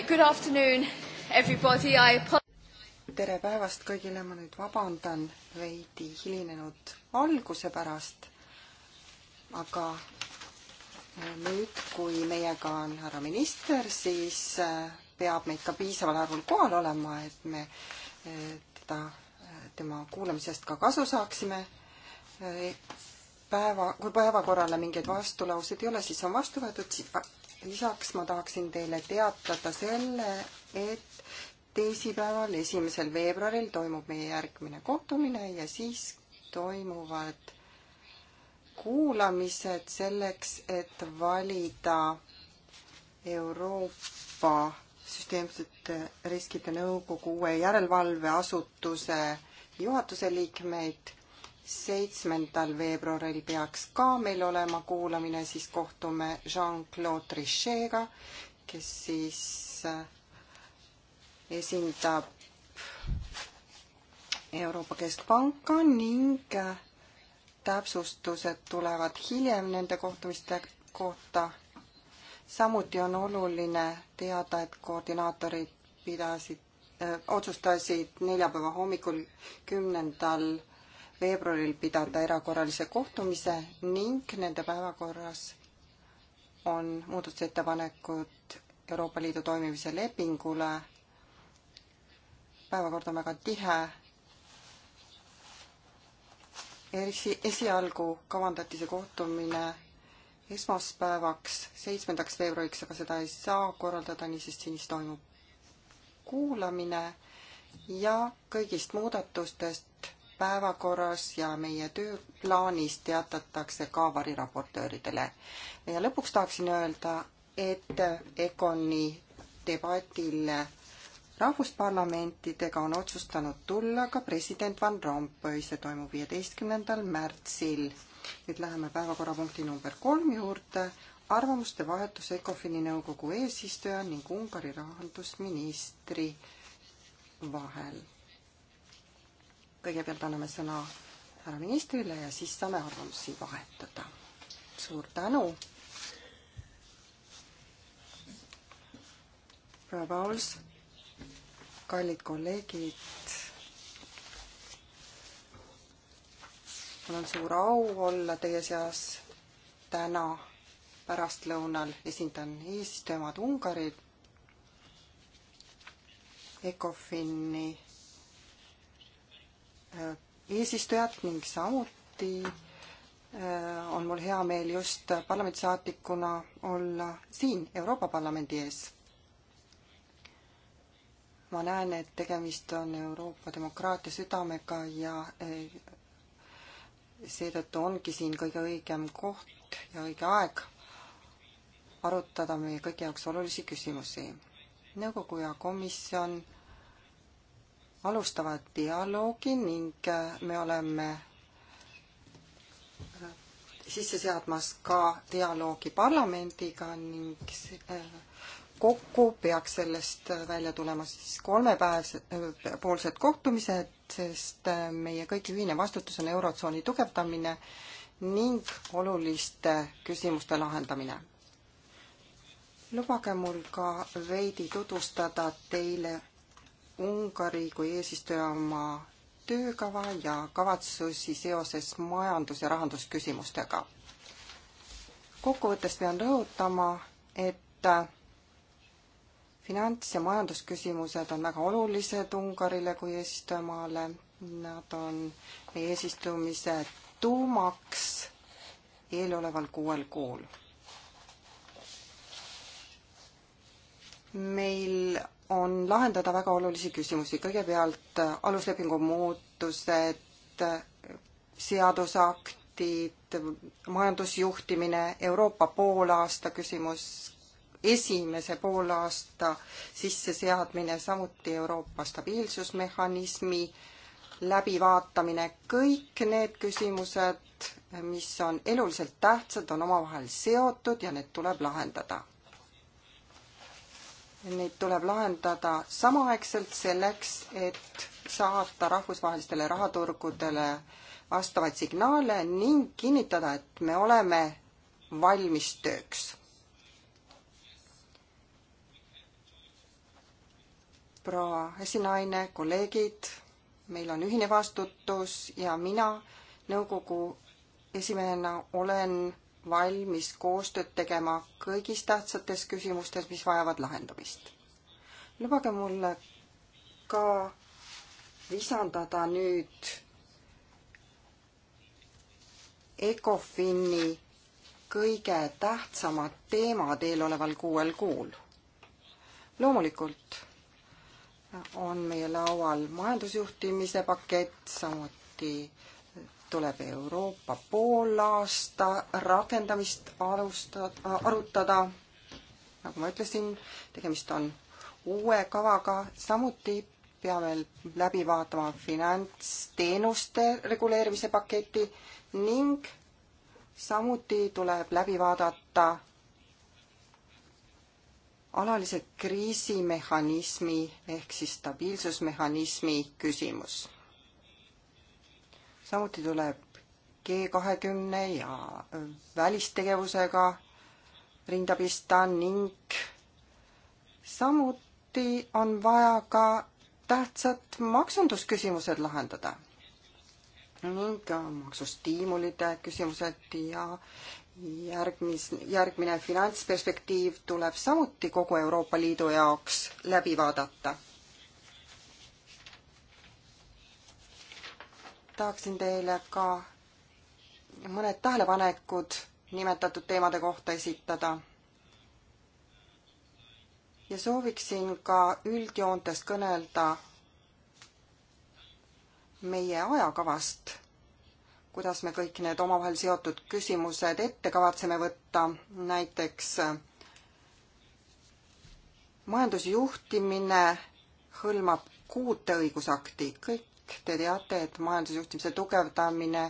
Right, good afternoon everybody, I tere päevast kõigile, ma nüüd vabandan veidi hilinenud alguse pärast, aga nüüd, kui meiega on härra minister, siis äh, peab meid ka piisaval arvul kohal olema, et me äh, teda, äh, tema kuulamisest ka kasu saaksime. päeva, kui päevakorrale mingeid vastulauseid ei ole, siis on vastu võetud, siis lisaks ma tahaksin teile teatada selle, et teisipäeval, esimesel veebruaril toimub meie järgmine kohtumine ja siis toimuvad kuulamised selleks, et valida Euroopa süsteemsete riskide nõukogu uue järelevalveasutuse juhatuse liikmeid seitsmendal veebruaril peaks ka meil olema kuulamine, siis kohtume Jean-Claude Trichet'ga, kes siis äh, esindab Euroopa Keskpanka ning äh, täpsustused tulevad hiljem nende kohtumiste kohta. samuti on oluline teada, et koordinaatorid pidasid, äh, otsustasid neljapäeva hommikul kümnendal veebruaril pidada erakorralise kohtumise ning nende päevakorras on muudatusettepanekud Euroopa Liidu toimimise lepingule. päevakord on väga tihe. esi, esialgu kavandati see kohtumine esmaspäevaks, seitsmendaks veebruariks, aga seda ei saa korraldada, niisiis siis toimub kuulamine ja kõigist muudatustest päevakorras ja meie tööplaanis teatatakse ka variraportööridele. ja lõpuks tahaksin öelda, et EKONi debatil rahvusparlamentidega on otsustanud tulla ka president Van Rompuy, see toimub viieteistkümnendal märtsil. nüüd läheme päevakorrapunkti number kolm juurde, arvamuste vahetus ECOFIN-i nõukogu eesistuja ning Ungari rahandusministri vahel kõigepealt anname sõna härra ministrile ja siis saame arvamusi vahetada. suur tänu. proua Pauls, kallid kolleegid. mul on suur au olla teie seas täna pärastlõunal, esindan eesistujamaad Ungarit. ECOFIN-i Äh, eesistujat ning samuti äh, on mul hea meel just parlamendisaadikuna olla siin Euroopa Parlamendi ees. ma näen, et tegemist on Euroopa demokraatia südamega ja äh, seetõttu ongi siin kõige õigem koht ja õige aeg arutada meie kõigi jaoks olulisi küsimusi. nõukogu ja komisjon alustavad dialoogi ning äh, me oleme äh, sisse seadmas ka dialoogi parlamendiga ning äh, kokku peaks sellest välja tulema siis kolmepoolsed kohtumised, sest meie kõigi ühine vastutus on Eurotsooni tugevdamine ning oluliste küsimuste lahendamine. lubage mul ka veidi tutvustada teile Ungari kui eesistuja oma töökava ja kavatsusi seoses majandus- ja rahandusküsimustega. kokkuvõttes pean rõhutama, et äh, finants- ja majandusküsimused on väga olulised Ungarile kui eesistujamaale. Nad on meie eesistumise tuumaks eeloleval kuuel kuul. meil on lahendada väga olulisi küsimusi, kõigepealt aluslepingu muutused, seadusaktid, majandusjuhtimine, Euroopa poolaasta küsimus, esimese poolaasta sisseseadmine, samuti Euroopa stabiilsusmehhanismi läbivaatamine, kõik need küsimused, mis on eluliselt tähtsad, on omavahel seotud ja need tuleb lahendada Neid tuleb lahendada samaaegselt selleks, et saata rahvusvahelistele rahaturgudele vastavaid signaale ning kinnitada, et me oleme valmis tööks. proua esinaine, kolleegid, meil on ühine vastutus ja mina nõukogu esimehena olen valmis koostööd tegema kõigis tähtsates küsimustes, mis vajavad lahendamist. lubage mulle ka lisandada nüüd ECOFIN-i kõige tähtsamad teemad eeloleval kuuel kuul. loomulikult on meie laual majandusjuhtimise pakett, samuti tuleb Euroopa poolaasta rakendamist alustada, arutada. nagu ma ütlesin, tegemist on uue kavaga, samuti peame läbi vaatama finantsteenuste reguleerimise paketi ning samuti tuleb läbi vaadata alalise kriisimehhanismi ehk siis stabiilsusmehhanismi küsimus samuti tuleb G kahekümne ja välistegevusega rinda pista ning samuti on vaja ka tähtsad maksundusküsimused lahendada ning maksustiimulide küsimused ja järgmis, järgmine finantsperspektiiv tuleb samuti kogu Euroopa Liidu jaoks läbi vaadata tahaksin teile ka mõned tähelepanekud nimetatud teemade kohta esitada. ja sooviksin ka üldjoontes kõnelda meie ajakavast, kuidas me kõik need omavahel seotud küsimused ette kavatseme võtta, näiteks majandusjuhtimine hõlmab kuute õigusakti, kõik kõik te teate, et majandusjuhtimise tugevdamine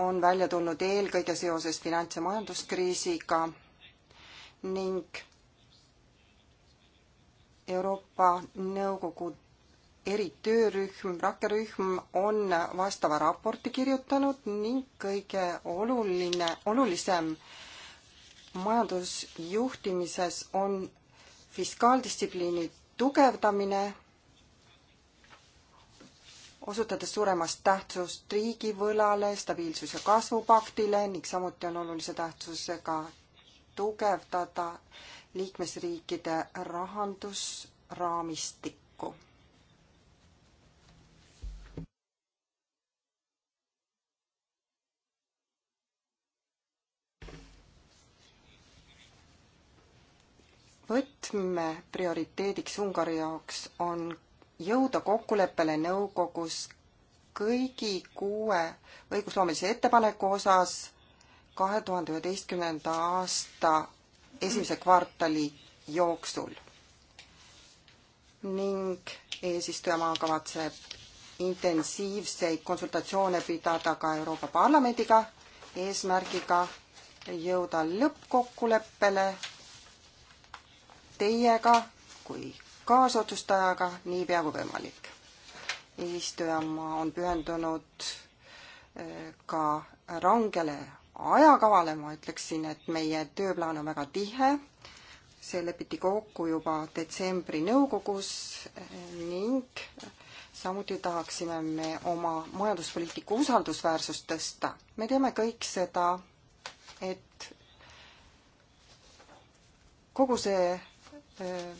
on välja tulnud eelkõige seoses finants- ja majanduskriisiga ning Euroopa Nõukogu eritöörühm, rakkerühm on vastava raporti kirjutanud ning kõige oluline, olulisem majandusjuhtimises on fiskaaldistsipliini tugevdamine osutades suuremast tähtsust riigivõlale, stabiilsus- ja kasvupaktile ning samuti on olulise tähtsusega tugevdada liikmesriikide rahandusraamistikku. võtme prioriteediks Ungari jaoks on jõuda kokkuleppele nõukogus kõigi kuue õigusloomelise ettepaneku osas kahe tuhande üheteistkümnenda aasta esimese kvartali jooksul. ning eesistujamaa kavatseb intensiivseid konsultatsioone pidada ka Euroopa Parlamendiga eesmärgiga jõuda lõppkokkuleppele teiega kui kaasotsustajaga niipea kui võimalik. eesistujamaa on pühendunud eh, ka rangele ajakavale, ma ütleksin, et meie tööplaan on väga tihe. see lepiti kokku juba detsembri nõukogus eh, ning samuti tahaksime me oma majanduspoliitika usaldusväärsust tõsta. me teeme kõik seda, et kogu see eh,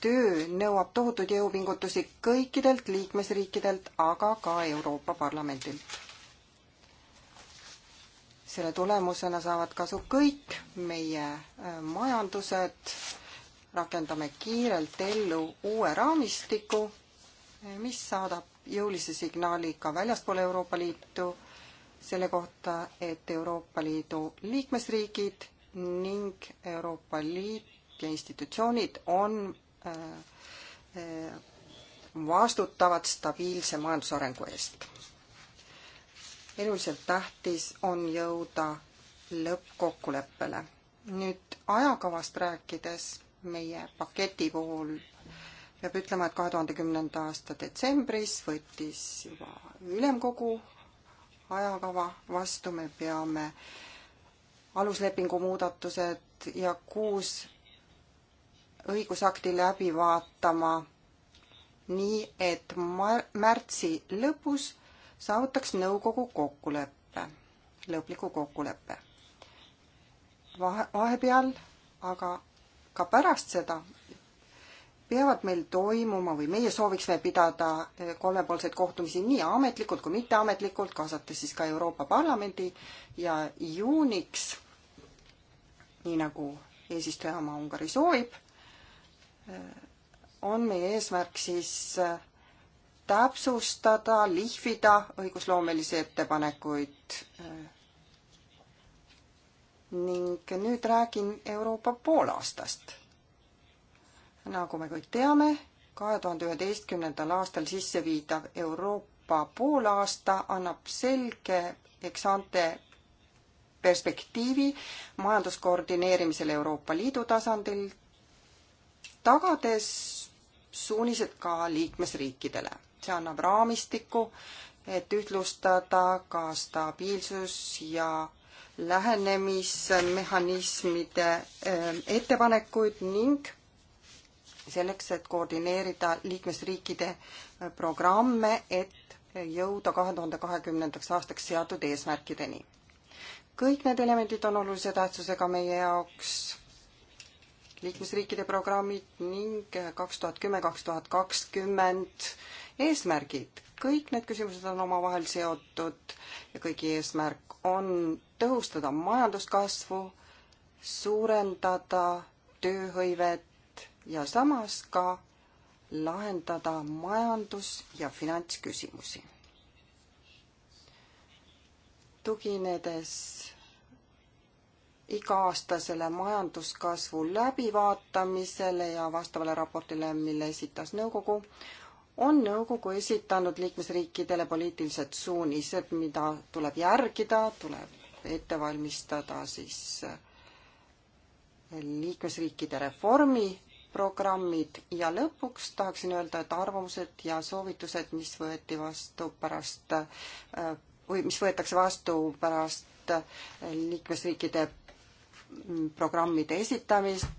töö nõuab tohutuid jõupingutusi kõikidelt liikmesriikidelt, aga ka Euroopa Parlamendilt. selle tulemusena saavad kasu kõik meie äh, majandused, rakendame kiirelt ellu uue raamistiku, äh, mis saadab jõulise signaali ka väljaspool Euroopa Liitu selle kohta, et Euroopa Liidu liikmesriigid ning Euroopa Liit ja institutsioonid on Äh, vastutavad stabiilse majandusarengu eest. eluliselt tähtis on jõuda lõppkokkuleppele. nüüd ajakavast rääkides meie paketi puhul peab ütlema, et kahe tuhande kümnenda aasta detsembris võttis juba ülemkogu ajakava vastu, me peame aluslepingu muudatused ja kuus õigusakti läbi vaatama nii, et märtsi lõpus saavutaks nõukogu kokkuleppe, lõpliku kokkuleppe. vahe, vahepeal aga ka pärast seda peavad meil toimuma või meie sooviksime pidada eh, kolmepoolseid kohtumisi nii ametlikult kui mitteametlikult, kaasates siis ka Euroopa Parlamendi ja juuniks, nii nagu eesistuja oma Ungari soovib, on meie eesmärk siis äh, täpsustada, lihvida õigusloomelisi ettepanekuid. Äh, ning nüüd räägin Euroopa poolaastast. nagu me kõik teame, kahe tuhande üheteistkümnendal aastal sisse viidav Euroopa poolaasta annab selge eksante perspektiivi majanduskoordineerimisele Euroopa Liidu tasandil, tagades suunised ka liikmesriikidele. see annab raamistiku, et ühtlustada ka stabiilsus ja lähenemismehhanismide ähm, ettepanekuid ning selleks, et koordineerida liikmesriikide äh, programme, et jõuda kahe tuhande kahekümnendaks aastaks seatud eesmärkideni. kõik need elemendid on olulise tähtsusega meie jaoks liikmesriikide programmid ning kaks tuhat kümme, kaks tuhat kakskümmend eesmärgid. kõik need küsimused on omavahel seotud ja kõigi eesmärk on tõhustada majanduskasvu, suurendada tööhõivet ja samas ka lahendada majandus- ja finantsküsimusi. tuginedes iga-aastasele majanduskasvu läbivaatamisele ja vastavale raportile, mille esitas nõukogu, on nõukogu esitanud liikmesriikidele poliitilised suunised, mida tuleb järgida, tuleb ette valmistada siis eh, liikmesriikide reformiprogrammid ja lõpuks tahaksin öelda, et arvamused ja soovitused, mis võeti vastu pärast eh, või mis võetakse vastu pärast eh, liikmesriikide programmide esitamist,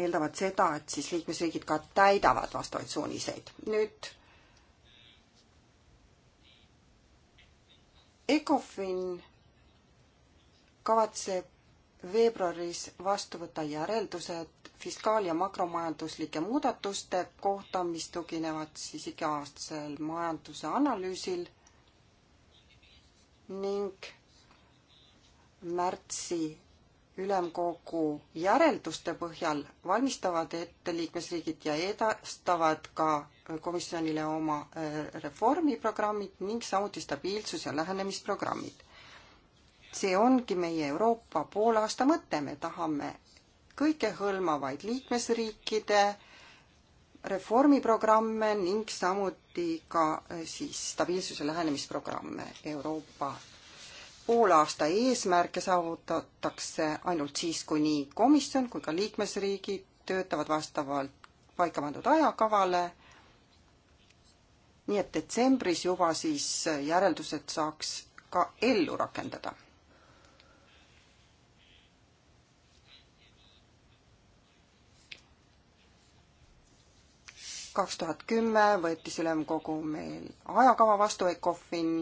eeldavad seda, et siis liikmesriigid ka täidavad vastavaid suuniseid. nüüd ECOFIN kavatseb veebruaris vastu võtta järeldused fiskaal- ja makromajanduslike muudatuste kohta, mis tuginevad siis iga-aastasel majanduse analüüsil ning märtsi ülemkogu järelduste põhjal valmistavad ette liikmesriigid ja edastavad ka komisjonile oma äh, reformiprogrammid ning samuti stabiilsus- ja lähenemisprogrammid. see ongi meie Euroopa poolaasta mõte, me tahame kõikehõlmavaid liikmesriikide reformiprogramme ning samuti ka äh, siis stabiilsuse lähenemisprogramme Euroopa poolaasta eesmärke saavutatakse ainult siis, kui nii komisjon kui ka liikmesriigid töötavad vastavalt paika pandud ajakavale. nii et detsembris juba siis järeldused saaks ka ellu rakendada. kaks tuhat kümme võttis ülemkogu meil ajakava vastu, ECOFIN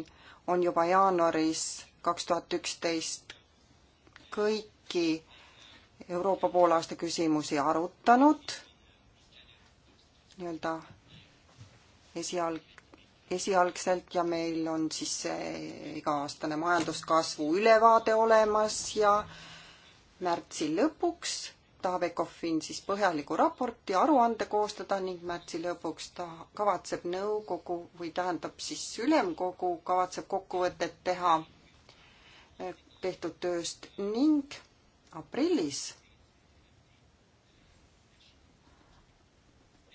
on juba jaanuaris kaks tuhat üksteist kõiki Euroopa poolaasta küsimusi arutanud nii-öelda esialg, esialgselt ja meil on siis see iga-aastane majanduskasvu ülevaade olemas ja märtsi lõpuks tahab Ecofin siis põhjaliku raporti, aruande koostada ning märtsi lõpuks ta kavatseb nõukogu või tähendab siis ülemkogu kavatseb kokkuvõtet teha tehtud tööst ning aprillis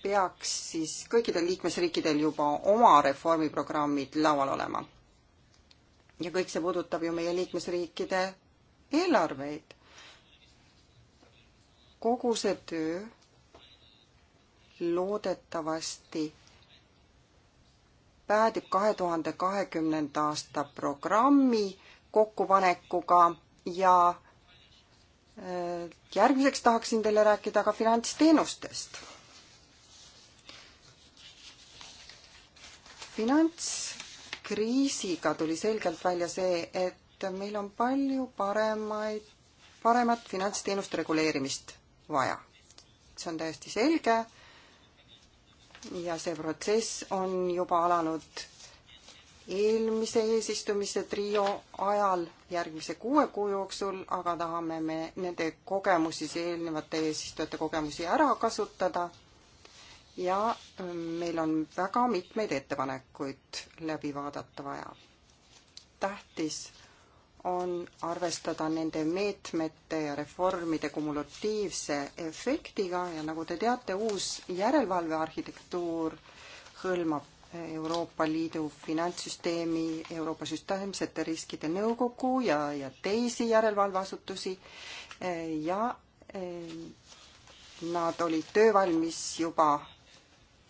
peaks siis kõikidel liikmesriikidel juba oma reformiprogrammid laual olema. ja kõik see puudutab ju meie liikmesriikide eelarveid. kogu see töö loodetavasti päädib kahe tuhande kahekümnenda aasta programmi kokkupanekuga ja äh, järgmiseks tahaksin teile rääkida ka finantsteenustest. finantskriisiga tuli selgelt välja see, et meil on palju paremaid, paremat finantsteenuste reguleerimist vaja. see on täiesti selge ja see protsess on juba alanud eelmise eesistumise trio ajal järgmise kuue kuu jooksul, aga tahame me nende kogemusi, eelnevate eesistujate kogemusi ära kasutada. ja meil on väga mitmeid ettepanekuid läbi vaadata vaja. tähtis on arvestada nende meetmete ja reformide kumulatiivse efektiga ja nagu te teate, uus järelevalvearhitektuur hõlmab Euroopa Liidu finantssüsteemi, Euroopa Süsteemsete Riskide Nõukogu ja, ja teisi järelevalveasutusi e, ja e, nad olid töövalmis juba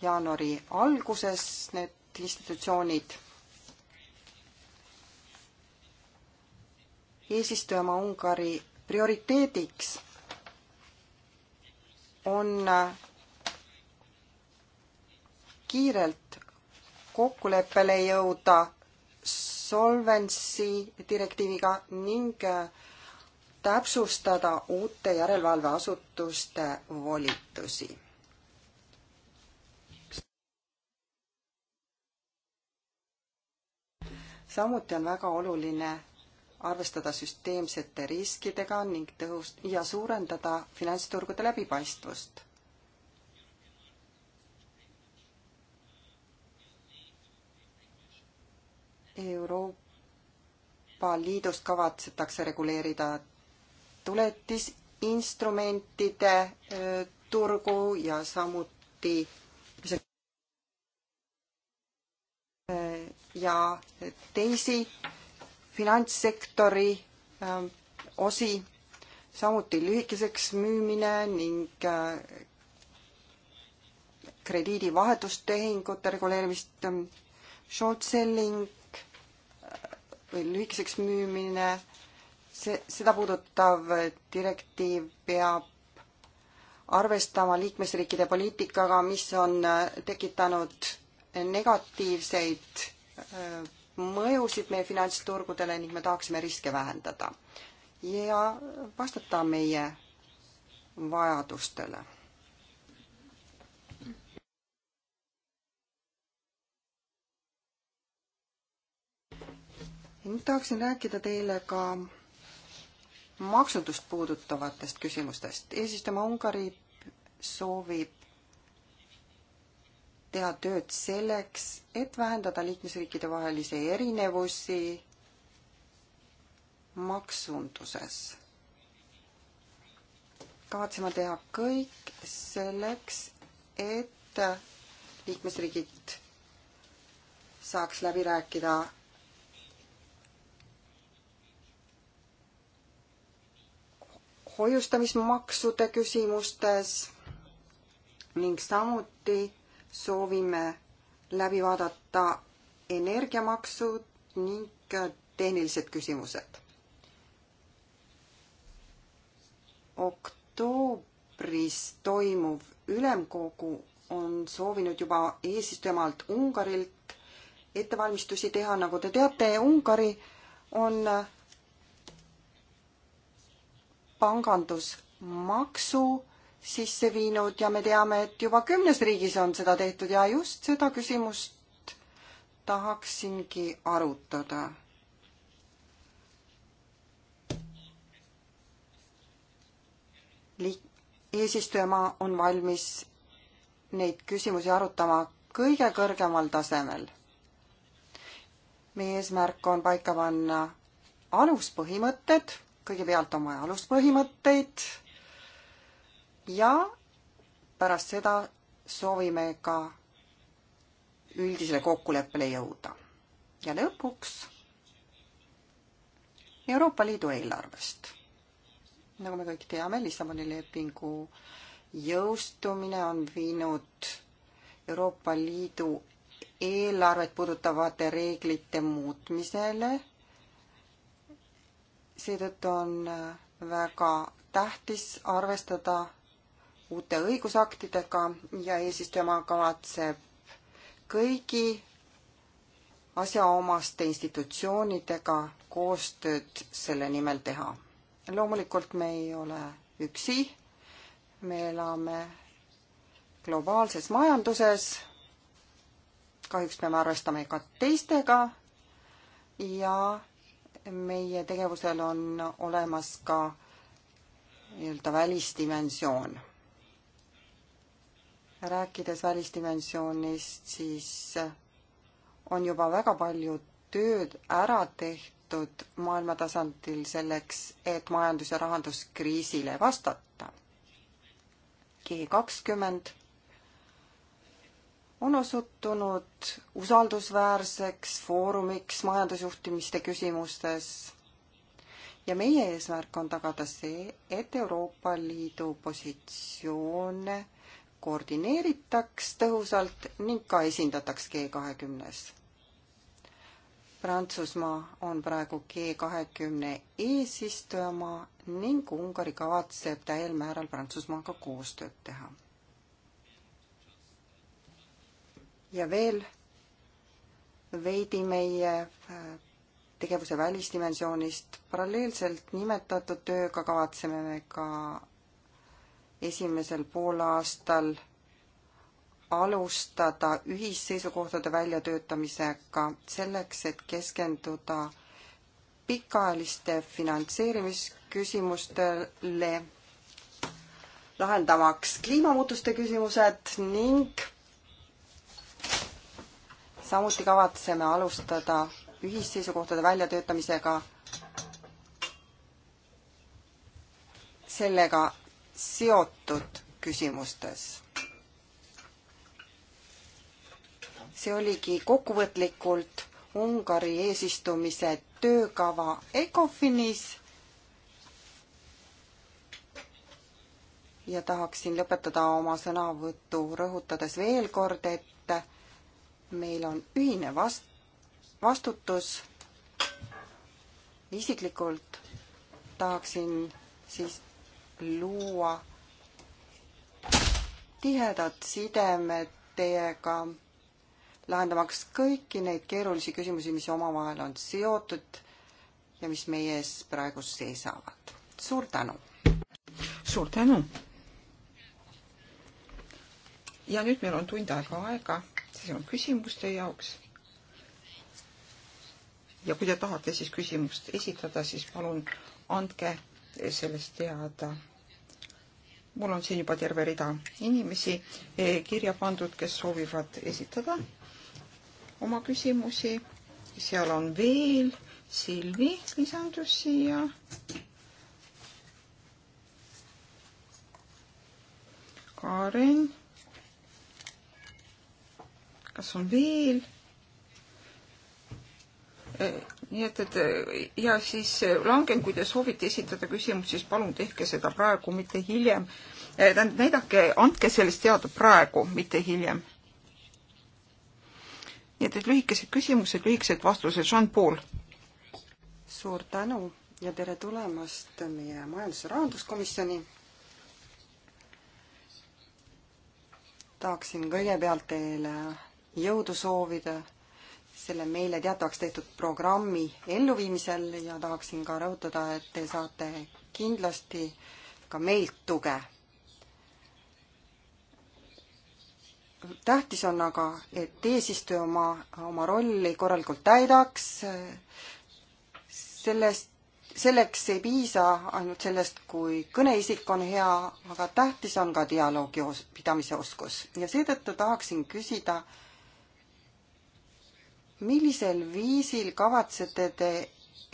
jaanuari alguses, need institutsioonid. eesistujamaa Ungari prioriteediks on kiirelt kokkuleppele jõuda solvency direktiiviga ning äh, täpsustada uute järelevalveasutuste volitusi. samuti on väga oluline arvestada süsteemsete riskidega ning tõhus- ja suurendada finantsturgude läbipaistvust Euroopa Liidust kavatsetakse reguleerida tuletisinstrumentide turgu ja samuti ja teisi finantssektori osi, samuti lühikeseks müümine ning krediidivahetustehingute reguleerimist short selling või lühikeseks müümine, see, seda puudutav direktiiv peab arvestama liikmesriikide poliitikaga, mis on äh, tekitanud negatiivseid äh, mõjusid meie finantsturgudele ning me tahaksime riske vähendada ja vastata meie vajadustele nüüd tahaksin rääkida teile ka maksundust puudutavatest küsimustest. eesistuja Ungari soovib teha tööd selleks, et vähendada liikmesriikide vahelisi erinevusi maksunduses. kavatseme teha kõik selleks, et liikmesriigid saaks läbi rääkida hoiustamismaksude küsimustes ning samuti soovime läbi vaadata energiamaksud ning tehnilised küsimused. oktoobris toimuv ülemkogu on soovinud juba eesistujamaalt Ungarilt ettevalmistusi teha, nagu te teate, Ungari on pangandusmaksu sisse viinud ja me teame, et juba kümnes riigis on seda tehtud ja just seda küsimust tahaksingi arutada. liik-, eesistujamaa on valmis neid küsimusi arutama kõige kõrgemal tasemel. meie eesmärk on paika panna aluspõhimõtted kõigepealt oma aluspõhimõtteid ja pärast seda soovime ka üldisele kokkuleppele jõuda. ja lõpuks Euroopa Liidu eelarvest. nagu me kõik teame, Lissaboni lepingu jõustumine on viinud Euroopa Liidu eelarvet puudutavate reeglite muutmisele seetõttu on äh, väga tähtis arvestada uute õigusaktidega ja eesistujamaa kavatseb kõigi asjaomaste institutsioonidega koostööd selle nimel teha. loomulikult me ei ole üksi, me elame globaalses majanduses, kahjuks peame arvestama ka teistega ja meie tegevusel on olemas ka nii-öelda välisdimensioon. rääkides välisdimensioonist, siis on juba väga palju tööd ära tehtud maailma tasandil selleks, et majandus- ja rahanduskriisile vastata. G kakskümmend on osutunud usaldusväärseks foorumiks majandusjuhtimiste küsimustes ja meie eesmärk on tagada see, et Euroopa Liidu positsioone koordineeritaks tõhusalt ning ka esindataks G kahekümnes. Prantsusmaa on praegu G kahekümne eesistujamaa ning Ungari kavatseb täiel määral Prantsusmaaga koostööd teha ja veel veidi meie äh, tegevuse välisdimensioonist. paralleelselt nimetatud tööga kavatseme me ka esimesel poolaastal alustada ühisseisukohtade väljatöötamisega selleks, et keskenduda pikaajaliste finantseerimisküsimustele, lahendamaks kliimamuutuste küsimused ning samuti kavatseme alustada ühisseisukohtade väljatöötamisega. sellega seotud küsimustes. see oligi kokkuvõtlikult Ungari eesistumise töökava ECOFINis. ja tahaksin lõpetada oma sõnavõttu rõhutades veel kord, et meil on ühine vast-, vastutus. isiklikult tahaksin siis luua tihedad sidemed teiega, lahendamaks kõiki neid keerulisi küsimusi, mis omavahel on seotud ja mis meie ees praegu seisavad. suur tänu! suur tänu! ja nüüd meil on tund aega aega tähtis on küsimuste jaoks. ja kui te tahate siis küsimust esitada, siis palun andke sellest teada. mul on siin juba terve rida inimesi eh, kirja pandud, kes soovivad esitada oma küsimusi. seal on veel Silvi lisandus siia. Karen kas on veel? Äh, nii et, et äh, ja siis äh, langen, kui te soovite esitada küsimust, siis palun tehke seda praegu, mitte hiljem. tähendab, näidake, andke sellest teada praegu, mitte hiljem. nii et, et lühikesed küsimused, lühikesed vastused, Jean-Paul. suur tänu ja tere tulemast meie majandus- ja rahanduskomisjoni. tahaksin kõigepealt teile jõudu soovida selle meile teatavaks tehtud programmi elluviimisel ja tahaksin ka rõhutada, et te saate kindlasti ka meilt tuge. tähtis on aga, et eesistuja oma, oma rolli korralikult täidaks. sellest, selleks ei piisa ainult sellest, kui kõneisik on hea, aga tähtis on ka dialoogi os pidamise oskus ja seetõttu tahaksin küsida äh, millisel viisil kavatsete te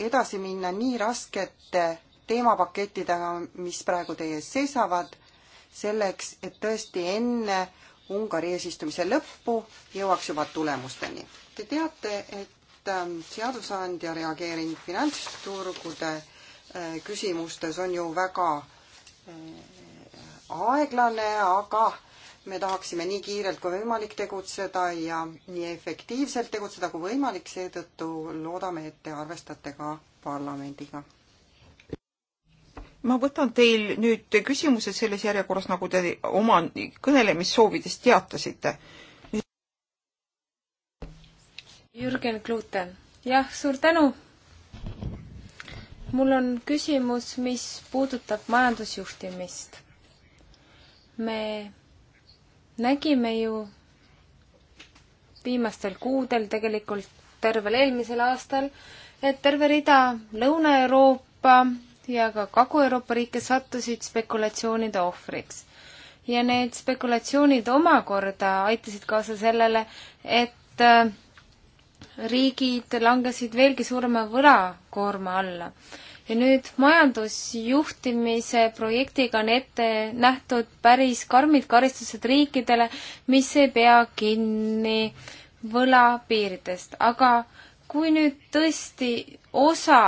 edasi minna nii raskete teemapakettidega, mis praegu teie ees seisavad, selleks, et tõesti enne Ungari eesistumise lõppu jõuaks juba tulemusteni. Te teate, et ähm, seadusandja reageering finantsturgude äh, küsimustes on ju väga äh, aeglane, aga me tahaksime nii kiirelt kui võimalik tegutseda ja nii efektiivselt tegutseda kui võimalik, seetõttu loodame, et te arvestate ka parlamendiga. ma võtan teil nüüd küsimuse selles järjekorras, nagu te oma kõnelemissoovidest teatasite. Jürgen Klute, jah, suur tänu! mul on küsimus, mis puudutab majandusjuhtimist. me nägime ju viimastel kuudel tegelikult tervel eelmisel aastal, et terve rida Lõuna-Euroopa ja ka Kagu-Euroopa riike sattusid spekulatsioonide ohvriks. ja need spekulatsioonid omakorda aitasid kaasa sellele, et äh, riigid langesid veelgi suurema võlakoorma alla ja nüüd majandusjuhtimise projektiga on ette nähtud päris karmid karistused riikidele, mis ei pea kinni võlapiiridest, aga kui nüüd tõesti osa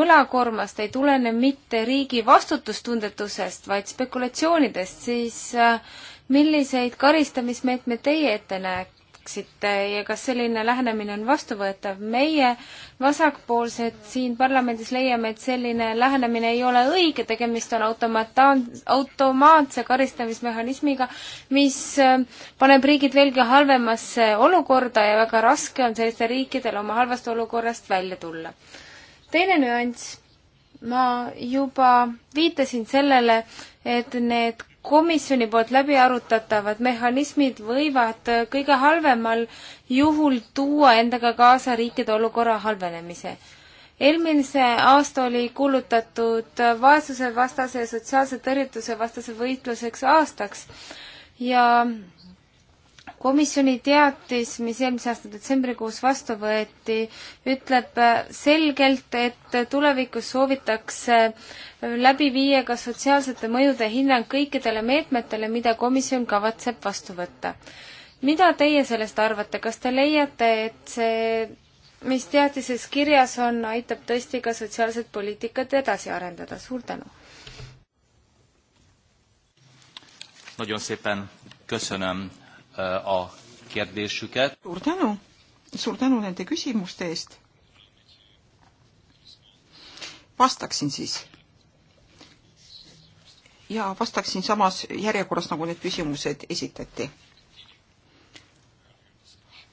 võlakoormast ei tulene mitte riigi vastutustundetusest, vaid spekulatsioonidest, siis äh, milliseid karistamismeetmeid teie ette näete? rääkisite ja kas selline lähenemine on vastuvõetav? meie vasakpoolsed siin parlamendis leiame, et selline lähenemine ei ole õige, tegemist on automaataan-, automaatse karistamismehhanismiga, mis äh, paneb riigid veelgi halvemasse olukorda ja väga raske on sellistel riikidel oma halvast olukorrast välja tulla. teine nüanss, ma juba viitasin sellele, et need komisjoni poolt läbi arutatavad mehhanismid võivad äh, kõige halvemal juhul tuua endaga kaasa riikide olukorra halvenemise. eelmise aasta oli kuulutatud äh, vaesusevastase ja sotsiaalse tõrjutuse vastase võitluseks aastaks ja komisjoni teatis, mis eelmise aasta detsembrikuus vastu võeti, ütleb äh, selgelt, et tulevikus soovitakse äh, läbi viia ka sotsiaalsete mõjude hinnang kõikidele meetmetele, mida komisjon kavatseb vastu võtta. mida teie sellest arvate, kas te leiate, et see mis teatises kirjas on, aitab tõesti ka sotsiaalset poliitikat edasi arendada, suur tänu! Nagyon szépen köszönöm a kérdésüket. suur tänu, suur tänu nende küsimuste eest. vastaksin siis. ja vastaksin samas järjekorras, nagu need küsimused esitati.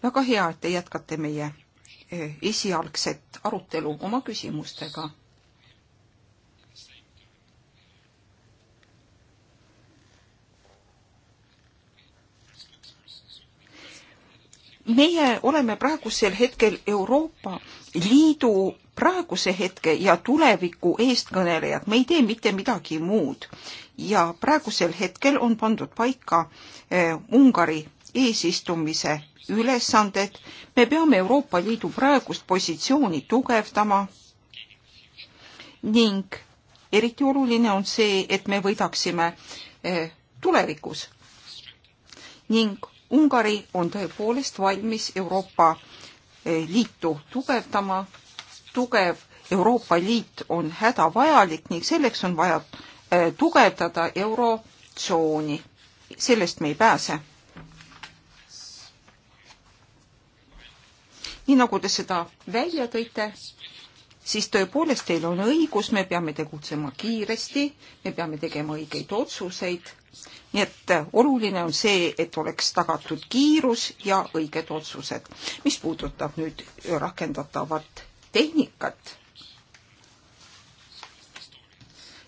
väga hea, et te jätkate meie eh, esialgset arutelu oma küsimustega meie oleme praegusel hetkel Euroopa Liidu praeguse hetke ja tuleviku eestkõnelejad, me ei tee mitte midagi muud. ja praegusel hetkel on pandud paika eh, Ungari eesistumise ülesanded, me peame Euroopa Liidu praegust positsiooni tugevdama ning eriti oluline on see, et me võidaksime eh, tulevikus ning Ungari on tõepoolest valmis Euroopa eh, Liitu tugevdama. tugev Euroopa Liit on hädavajalik ning selleks on vaja eh, tugevdada eurotsooni. sellest me ei pääse. nii nagu te seda välja tõite, siis tõepoolest teil on õigus, me peame tegutsema kiiresti, me peame tegema õigeid otsuseid nii et äh, oluline on see, et oleks tagatud kiirus ja õiged otsused. mis puudutab nüüd rakendatavat tehnikat,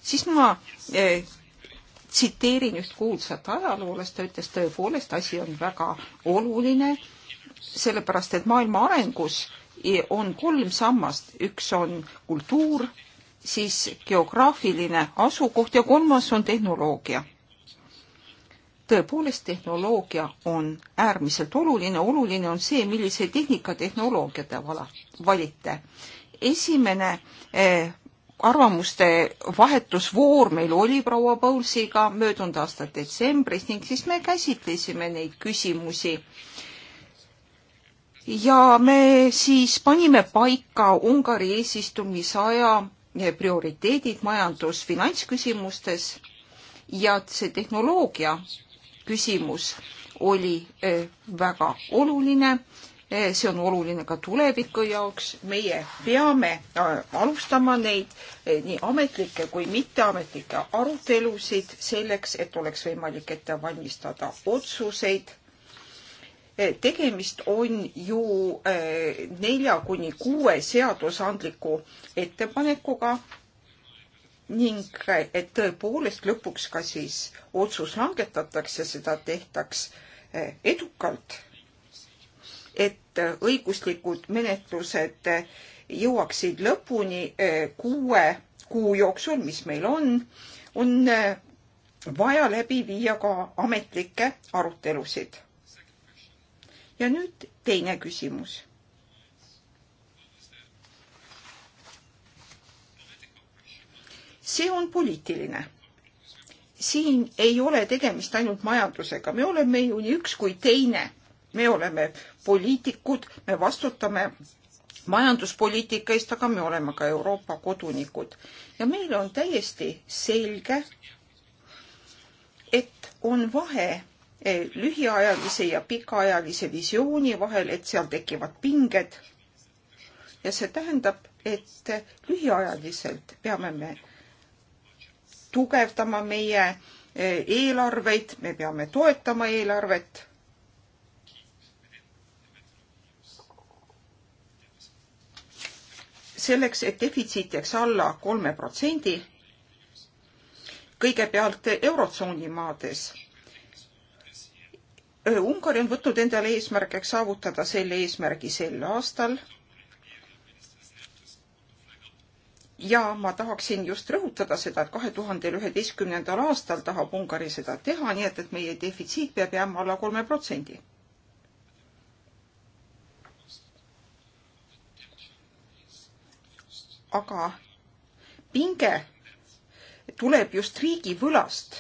siis ma äh, tsiteerin üht kuulsat ajaloolast, ta ütles tõepoolest, asi on väga oluline, sellepärast et maailma arengus e, on kolm sammast, üks on kultuur, siis geograafiline asukoht ja kolmas on tehnoloogia tõepoolest tehnoloogia on äärmiselt oluline, oluline on see, millise tehnika tehnoloogia te vala, valite. esimene eh, arvamuste vahetusvoor meil oli proua Paulsiga möödunud aasta detsembris ning siis me käsitlesime neid küsimusi. ja me siis panime paika Ungari eesistumisaja eh, prioriteedid majandus-finantsküsimustes ja see tehnoloogia, küsimus oli eh, väga oluline. Eh, see on oluline ka tuleviku jaoks. meie peame eh, alustama neid nii ametlikke kui mitteametlikke arutelusid selleks, et oleks võimalik ette valmistada otsuseid tegemist on ju nelja kuni kuue seadusandliku ettepanekuga ning et tõepoolest lõpuks ka siis otsus langetataks ja seda tehtaks eh, edukalt, et õiguslikud menetlused eh, jõuaksid lõpuni eh, kuue kuu jooksul, mis meil on, on vaja läbi viia ka ametlikke arutelusid. ja nüüd teine küsimus. see on poliitiline. siin ei ole tegemist ainult majandusega, me oleme ju nii üks kui teine. me oleme poliitikud, me vastutame majanduspoliitika eest, aga me oleme ka Euroopa kodunikud ja meile on täiesti selge, et on vahe eh, lühiajalise ja pikaajalise visiooni vahel, et seal tekivad pinged. ja see tähendab, et lühiajaliselt peame me tugevdama meie eh, eelarveid, me peame toetama eelarvet. selleks, et defitsiit jääks alla kolme protsendi, kõigepealt Eurotsooni maades. Ungari on võtnud endale eesmärgiks saavutada selle eesmärgi sel aastal ja ma tahaksin just rõhutada seda, et kahe tuhande üheteistkümnendal aastal tahab Ungari seda teha, nii et, et meie defitsiit peab jääma alla kolme protsendi. aga pinge tuleb just riigivõlast.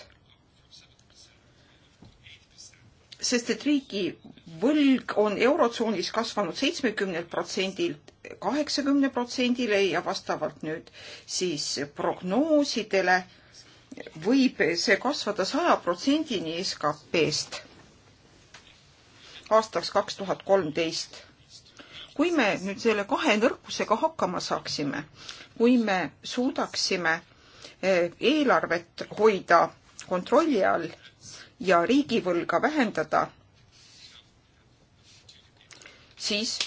sest et riigivõlg on Eurotsoonis kasvanud seitsmekümnelt protsendilt kaheksakümne protsendile ja vastavalt nüüd siis prognoosidele võib see kasvada saja protsendini SKP-st aastaks kaks tuhat kolmteist. kui me nüüd selle kahe nõrkusega hakkama saaksime, kui me suudaksime eh, eelarvet hoida kontrolli all ja riigivõlga vähendada, siis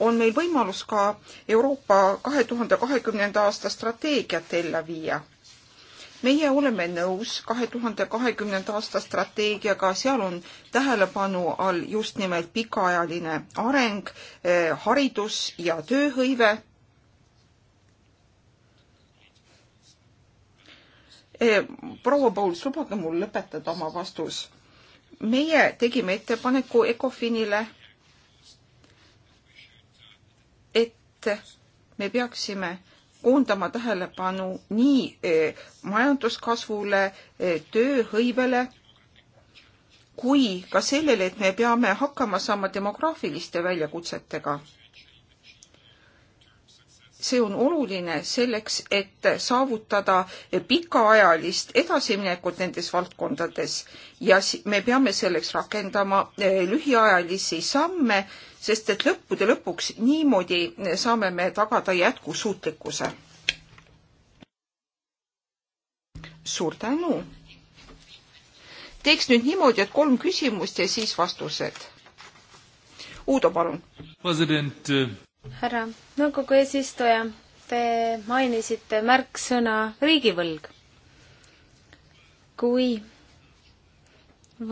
on meil võimalus ka Euroopa kahe tuhande kahekümnenda aasta strateegiat ellu viia. meie oleme nõus kahe tuhande kahekümnenda aasta strateegiaga, seal on tähelepanu all just nimelt pikaajaline areng, eh, haridus ja tööhõive. Eh, proua Pauls, lubage mul lõpetada oma vastus meie tegime ettepaneku ECOFINile et me peaksime koondama tähelepanu nii eh, majanduskasvule, eh, tööhõivele kui ka sellele, et me peame hakkama saama demograafiliste väljakutsetega see on oluline selleks, et saavutada pikaajalist edasiminekut nendes valdkondades ja me peame selleks rakendama eh, lühiajalisi samme, sest et lõppude lõpuks niimoodi saame me tagada jätkusuutlikkuse. suur tänu. teeks nüüd niimoodi, et kolm küsimust ja siis vastused. Uudo, palun. president eh, härra nõukogu no, eesistuja, te mainisite märksõna riigivõlg. kui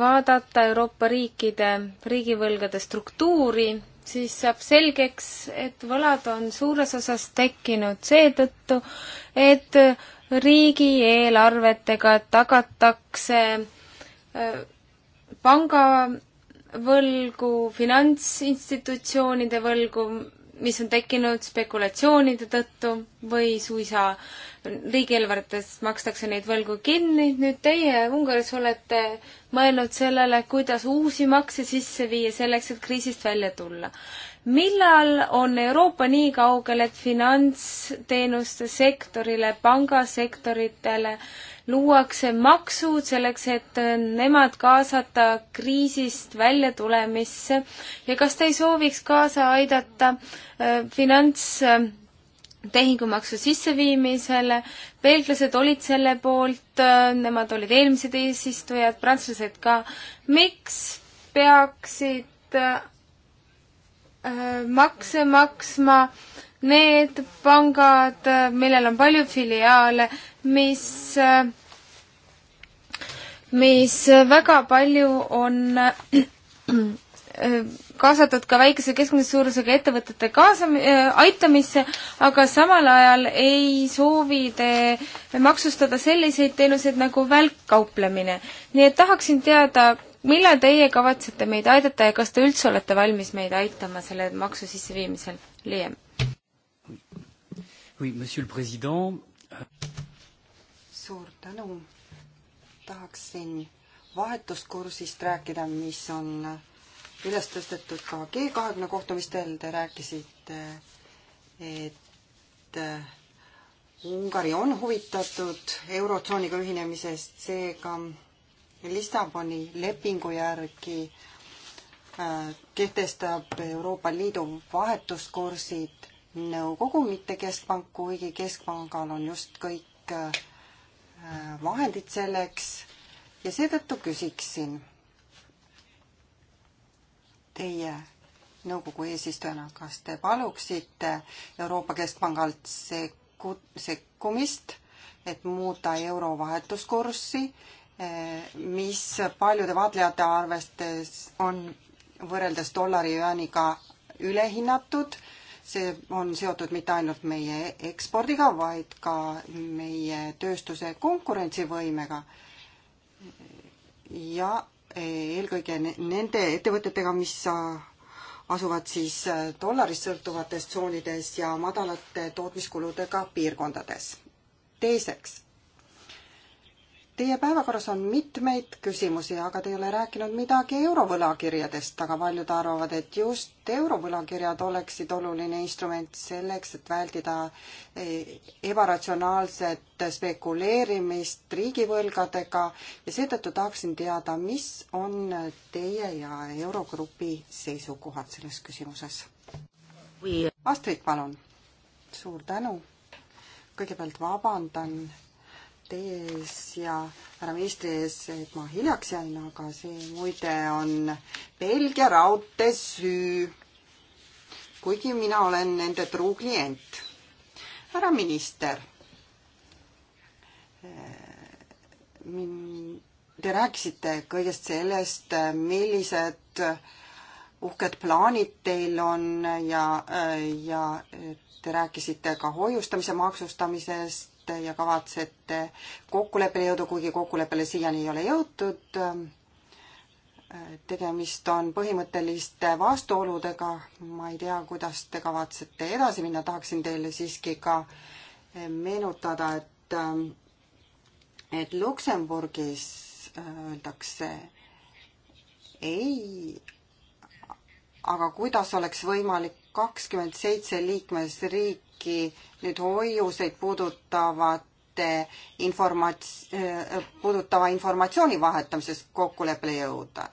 vaadata Euroopa riikide riigivõlgade struktuuri, siis saab selgeks, et võlad on suures osas tekkinud seetõttu, et riigieelarvetega tagatakse äh, pangavõlgu, finantsinstitutsioonide võlgu, mis on tekkinud spekulatsioonide tõttu või suisa riigieelarvetes makstakse neid võlgu kinni. nüüd teie Ungaris olete mõelnud sellele, kuidas uusi makse sisse viia selleks, et kriisist välja tulla. millal on Euroopa nii kaugel, et finantsteenuste sektorile, pangasektoritele luuakse maksud selleks, et nemad kaasata kriisist väljatulemisse ja kas te ei sooviks kaasa aidata äh, finantstehingumaksu äh, sisseviimisele, belglased olid selle poolt, äh, nemad olid eelmised eesistujad, prantslased ka, miks peaksid makse maksma äh, need pangad, millel on palju filiaale, mis, mis väga palju on kaasatud ka väikese keskmise suurusega ettevõtete kaasa äh,, aitamisse, aga samal ajal ei soovi te maksustada selliseid teenuseid nagu välkkauplemine. nii et tahaksin teada, millal teie kavatsete meid aidata ja kas te üldse olete valmis meid aitama selle maksu sisseviimisel? Liiem Oui, monsieur le president. suur tänu. tahaksin vahetuskursist rääkida, mis on üles tõstetud ka G kahekümne kohtumistel. Te rääkisite, et Ungari on huvitatud Eurotsooniga ühinemisest, seega Lissaboni lepingu järgi äh, kehtestab Euroopa Liidu vahetuskursid nõukogu, mitte keskpank, kuigi keskpangal on just kõik äh, vahendid selleks ja seetõttu küsiksin teie nõukogu eesistujana, kas te paluksite Euroopa Keskpangalt sekku-, sekkumist, et muuta euro vahetuskurssi, äh, mis paljude vaatlejate arvestes on võrreldes dollari jüaaniga ülehinnatud see on seotud mitte ainult meie ekspordiga, vaid ka meie tööstuse konkurentsivõimega ja eelkõige nende ettevõtetega, mis asuvad siis äh, dollarist sõltuvates tsoonides ja madalate tootmiskuludega piirkondades. teiseks Teie päevakorras on mitmeid küsimusi, aga te ei ole rääkinud midagi eurovõlakirjadest, aga paljud arvavad, et just eurovõlakirjad oleksid oluline instrument selleks, et vältida eh, ebaratsionaalset spekuleerimist riigivõlgadega ja seetõttu tahaksin teada, mis on teie ja Eurogrupi seisukohad selles küsimuses? Astrid, palun! suur tänu! kõigepealt vabandan teie ees ja härra ministri ees, et ma hiljaks jäin, aga see muide on Belgia raudtee süü. kuigi mina olen nende truu klient. härra minister min-, te rääkisite kõigest sellest, millised uhked plaanid teil on ja, ja te rääkisite ka hoiustamise maksustamisest, olete ja kavatsete kokkuleppele jõuda, kuigi kokkuleppele siiani ei ole jõutud. tegemist on põhimõtteliste vastuoludega, ma ei tea, kuidas te kavatsete edasi minna, tahaksin teile siiski ka meenutada, et et Luksemburgis öeldakse ei, aga kuidas oleks võimalik kakskümmend seitse liikmesriiki kõiki nüüd hoiuseid puudutavate informats-, äh, puudutava informatsiooni vahetamises kokkuleppele jõuda.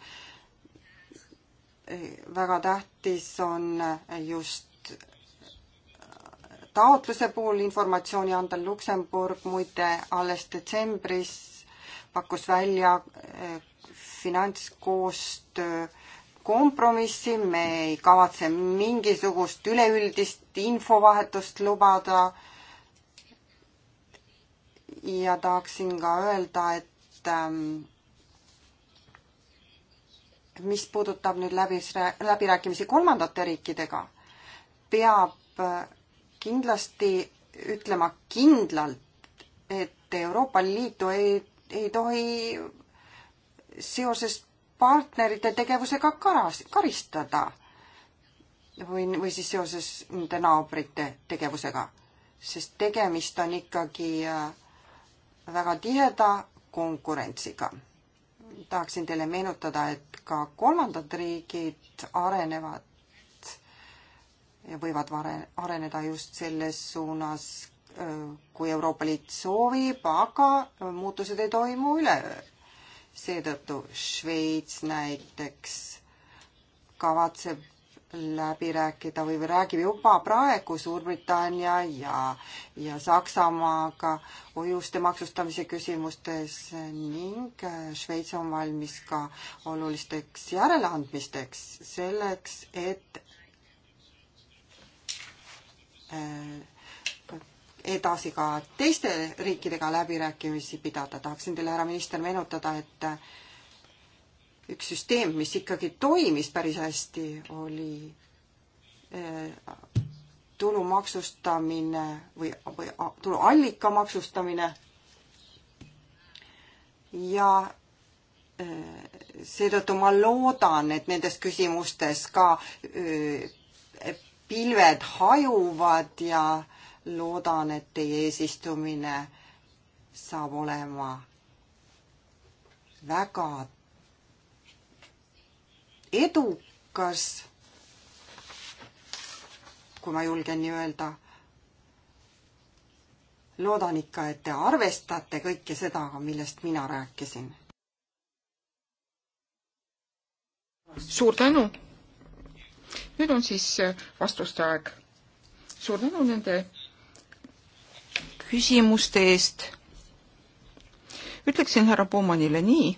väga tähtis on just taotluse puhul informatsiooni anda Luksemburg muide alles detsembris pakkus välja äh, finantskoostöö kompromissi, me ei kavatse mingisugust üleüldist infovahetust lubada. ja tahaksin ka öelda, et ähm, mis puudutab nüüd läbi, läbirääkimisi kolmandate riikidega, peab äh, kindlasti ütlema kindlalt, et Euroopa Liitu ei, ei tohi seoses partnerite tegevusega karas, karistada või, või siis seoses nende naabrite tegevusega, sest tegemist on ikkagi äh, väga tiheda konkurentsiga. tahaksin teile meenutada, et ka kolmandad riigid arenevad ja võivad vare-, areneda just selles suunas, äh, kui Euroopa Liit soovib, aga muutused ei toimu üleöö seetõttu Šveits näiteks kavatseb läbi rääkida või räägib juba praegu Suurbritannia ja, ja Saksamaaga hoiuste maksustamise küsimustes ning Šveits on valmis ka olulisteks järeleandmisteks selleks, et äh, edasi ka teiste riikidega läbirääkimisi pidada. tahaksin teile, härra minister, meenutada, et üks süsteem, mis ikkagi toimis päris hästi, oli äh, tulu maksustamine või, või tuluallika maksustamine ja äh, seetõttu ma loodan, et nendes küsimustes ka äh, pilved hajuvad ja äh, loodan, et teie eesistumine saab olema väga edukas, kui ma julgen nii öelda. loodan ikka, et te arvestate kõike seda, millest mina rääkisin. suur tänu! nüüd on siis äh, vastuste aeg. suur tänu nende küsimuste eest. ütleksin härra Puumanile nii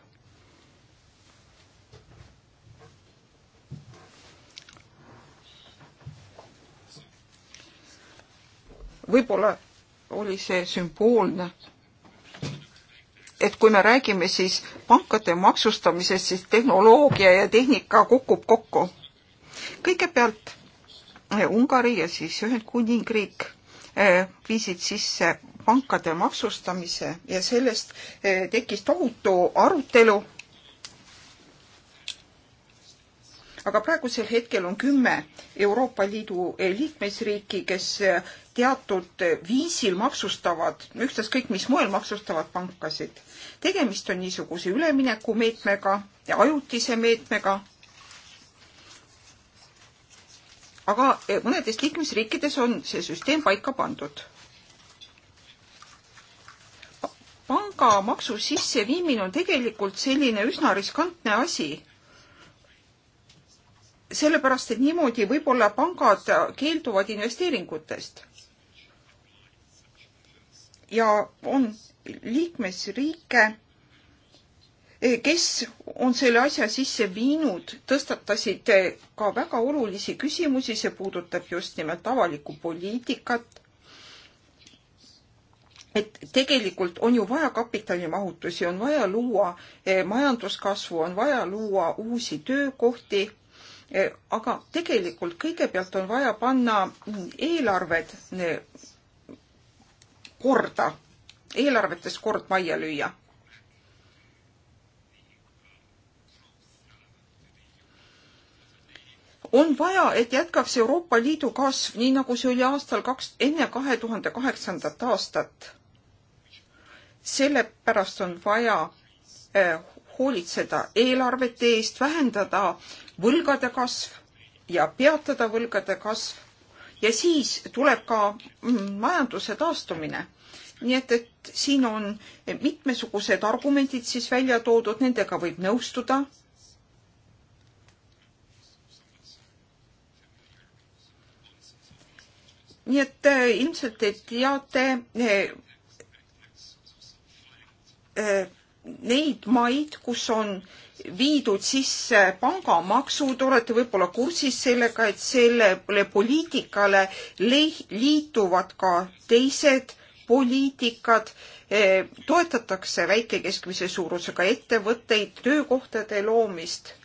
võib-olla oli see sümboolne. et kui me räägime siis pankade maksustamisest, siis tehnoloogia ja tehnika kukub kokku. kõigepealt eh, Ungari ja siis Ühendkuningriik eh, viisid sisse pankade maksustamise ja sellest eh, tekkis tohutu arutelu aga praegusel hetkel on kümme Euroopa Liidu eh, liikmesriiki, kes eh, teatud viisil maksustavad, ükstaskõik mis moel maksustavad pankasid. tegemist on niisuguse üleminekumeetmega ja ajutise meetmega. aga eh, mõnedes liikmesriikides on see süsteem paika pandud pangamaksu sisseviimine on tegelikult selline üsna riskantne asi sellepärast, et niimoodi võib-olla pangad keelduvad investeeringutest. ja on liikmesriike, eh, kes on selle asja sisse viinud, tõstatasid eh, ka väga olulisi küsimusi, see puudutab just nimelt avalikku poliitikat. et tegelikult on ju vaja kapitalimahutusi, on vaja luua eh, majanduskasvu, on vaja luua uusi töökohti Eh, aga tegelikult kõigepealt on vaja panna mm, eelarved korda, eelarvetes kord majja lüüa. on vaja, et jätkaks Euroopa Liidu kasv, nii nagu see oli aastal kaks, enne kahe tuhande kaheksandat aastat. sellepärast on vaja eh, hoolitseda eelarvete eest, vähendada võlgade kasv ja peatada võlgade kasv ja siis tuleb ka mm, majanduse taastumine. nii et, et siin on mitmesugused argumendid siis välja toodud, nendega võib nõustuda. nii et äh, ilmselt te teate äh, äh, neid maid, kus on viidud sisse pangamaksud, olete võib-olla kursis sellega, et sellele poliitikale liituvad ka teised poliitikad, eh, toetatakse väike keskmise suurusega ettevõtteid, töökohtade loomist.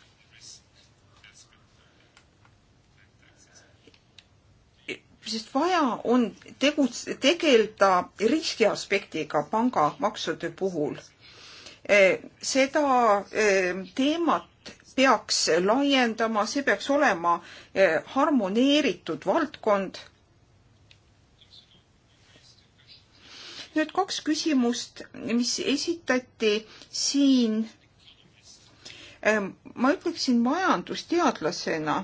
sest vaja on tegus-, tegeleda riski aspektiga pangamaksude puhul Eh, seda eh, teemat peaks laiendama, see peaks olema eh, harmoneeritud valdkond. nüüd kaks küsimust, mis esitati siin. ma ütleksin majandusteadlasena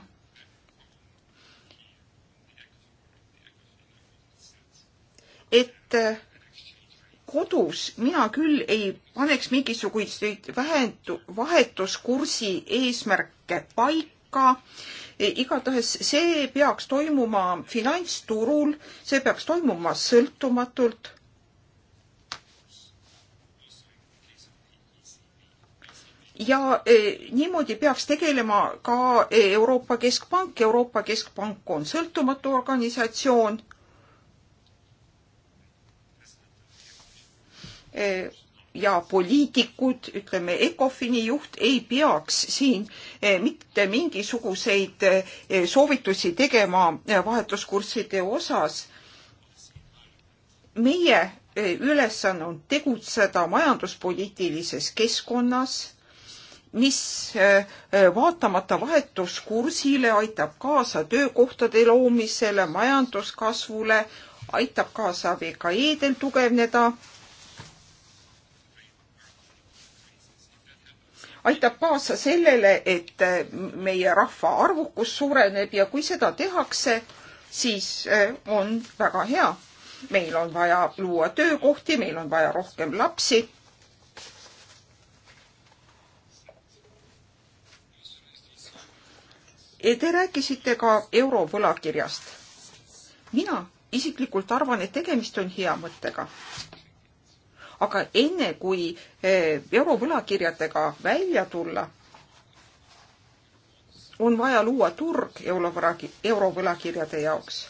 et kodus mina küll ei paneks mingisuguseid vähendu-, vahetuskursi eesmärke paika. E, igatahes see peaks toimuma finantsturul, see peaks toimuma sõltumatult. ja eh, niimoodi peaks tegelema ka Euroopa Keskpank. Euroopa Keskpank on sõltumatu organisatsioon Eh, ja poliitikud, ütleme, ECOFIN-i juht ei peaks siin eh, mitte mingisuguseid eh, soovitusi tegema vahetuskursside osas. meie ülesanne on tegutseda majanduspoliitilises keskkonnas, mis vaatamata vahetuskursile aitab kaasa töökohtade loomisele, majanduskasvule, aitab kaasa VKE-del tugevneda aitab kaasa sellele, et äh, meie rahva arvukus suureneb ja kui seda tehakse, siis äh, on väga hea. meil on vaja luua töökohti, meil on vaja rohkem lapsi. Te rääkisite ka eurovõlakirjast. mina isiklikult arvan, et tegemist on hea mõttega aga enne kui eh, eurovõlakirjadega välja tulla, on vaja luua turg eurovõlakirjade jaoks.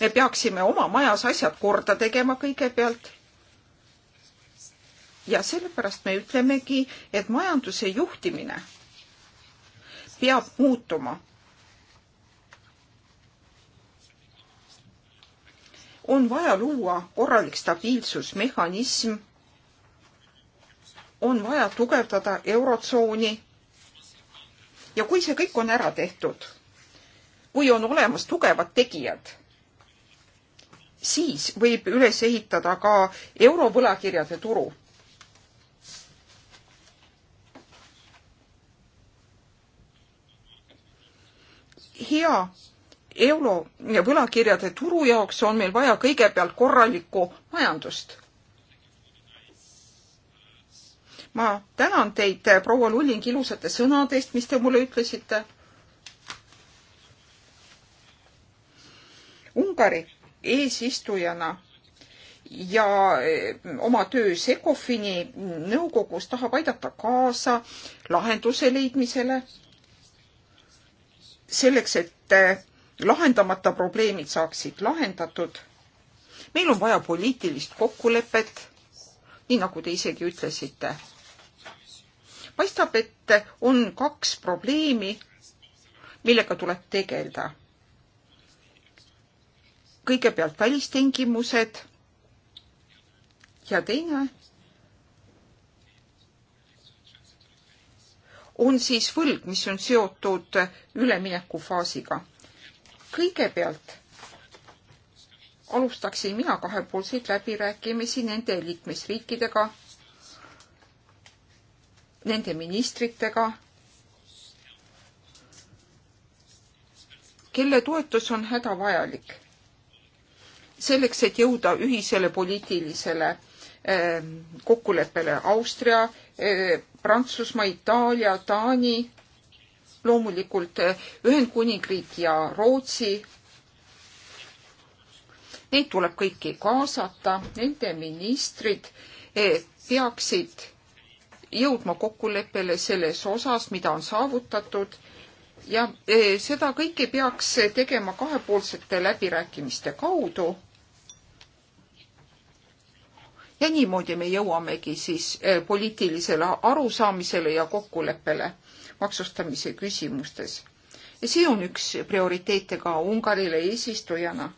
me peaksime oma majas asjad korda tegema kõigepealt. ja sellepärast me ütlemegi, et majanduse juhtimine peab muutuma on vaja luua korralik stabiilsusmehhanism, on vaja tugevdada Eurotsooni ja kui see kõik on ära tehtud, kui on olemas tugevad tegijad, siis võib üles ehitada ka eurovõlakirjade turu. hea euro ja võlakirjade turu jaoks on meil vaja kõigepealt korralikku majandust. ma tänan teid, proua Lulling, ilusate sõnade eest, mis te mulle ütlesite. Ungari eesistujana ja eh, oma töös ECOFIN-i nõukogus tahab aidata kaasa lahenduse leidmisele selleks, et eh, lahendamata probleemid saaksid lahendatud. meil on vaja poliitilist kokkulepet, nii nagu te isegi ütlesite. paistab, et on kaks probleemi, millega tuleb tegeleda. kõigepealt välistingimused ja teine on siis võlg, mis on seotud üleminekufaasiga kõigepealt alustaksin mina kahepoolseid läbirääkimisi nende liikmesriikidega, nende ministritega, kelle toetus on hädavajalik selleks, et jõuda ühisele poliitilisele ähm, kokkuleppele Austria, äh, Prantsusmaa, Itaalia, Taani loomulikult Ühendkuningriik ja Rootsi. Neid tuleb kõiki kaasata, nende ministrid eh, peaksid jõudma kokkuleppele selles osas, mida on saavutatud ja eh, seda kõike peaks tegema kahepoolsete läbirääkimiste kaudu. ja niimoodi me jõuamegi siis eh, poliitilisele arusaamisele ja kokkuleppele maksustamise küsimustes. ja see on üks prioriteete ka Ungarile eesistujana.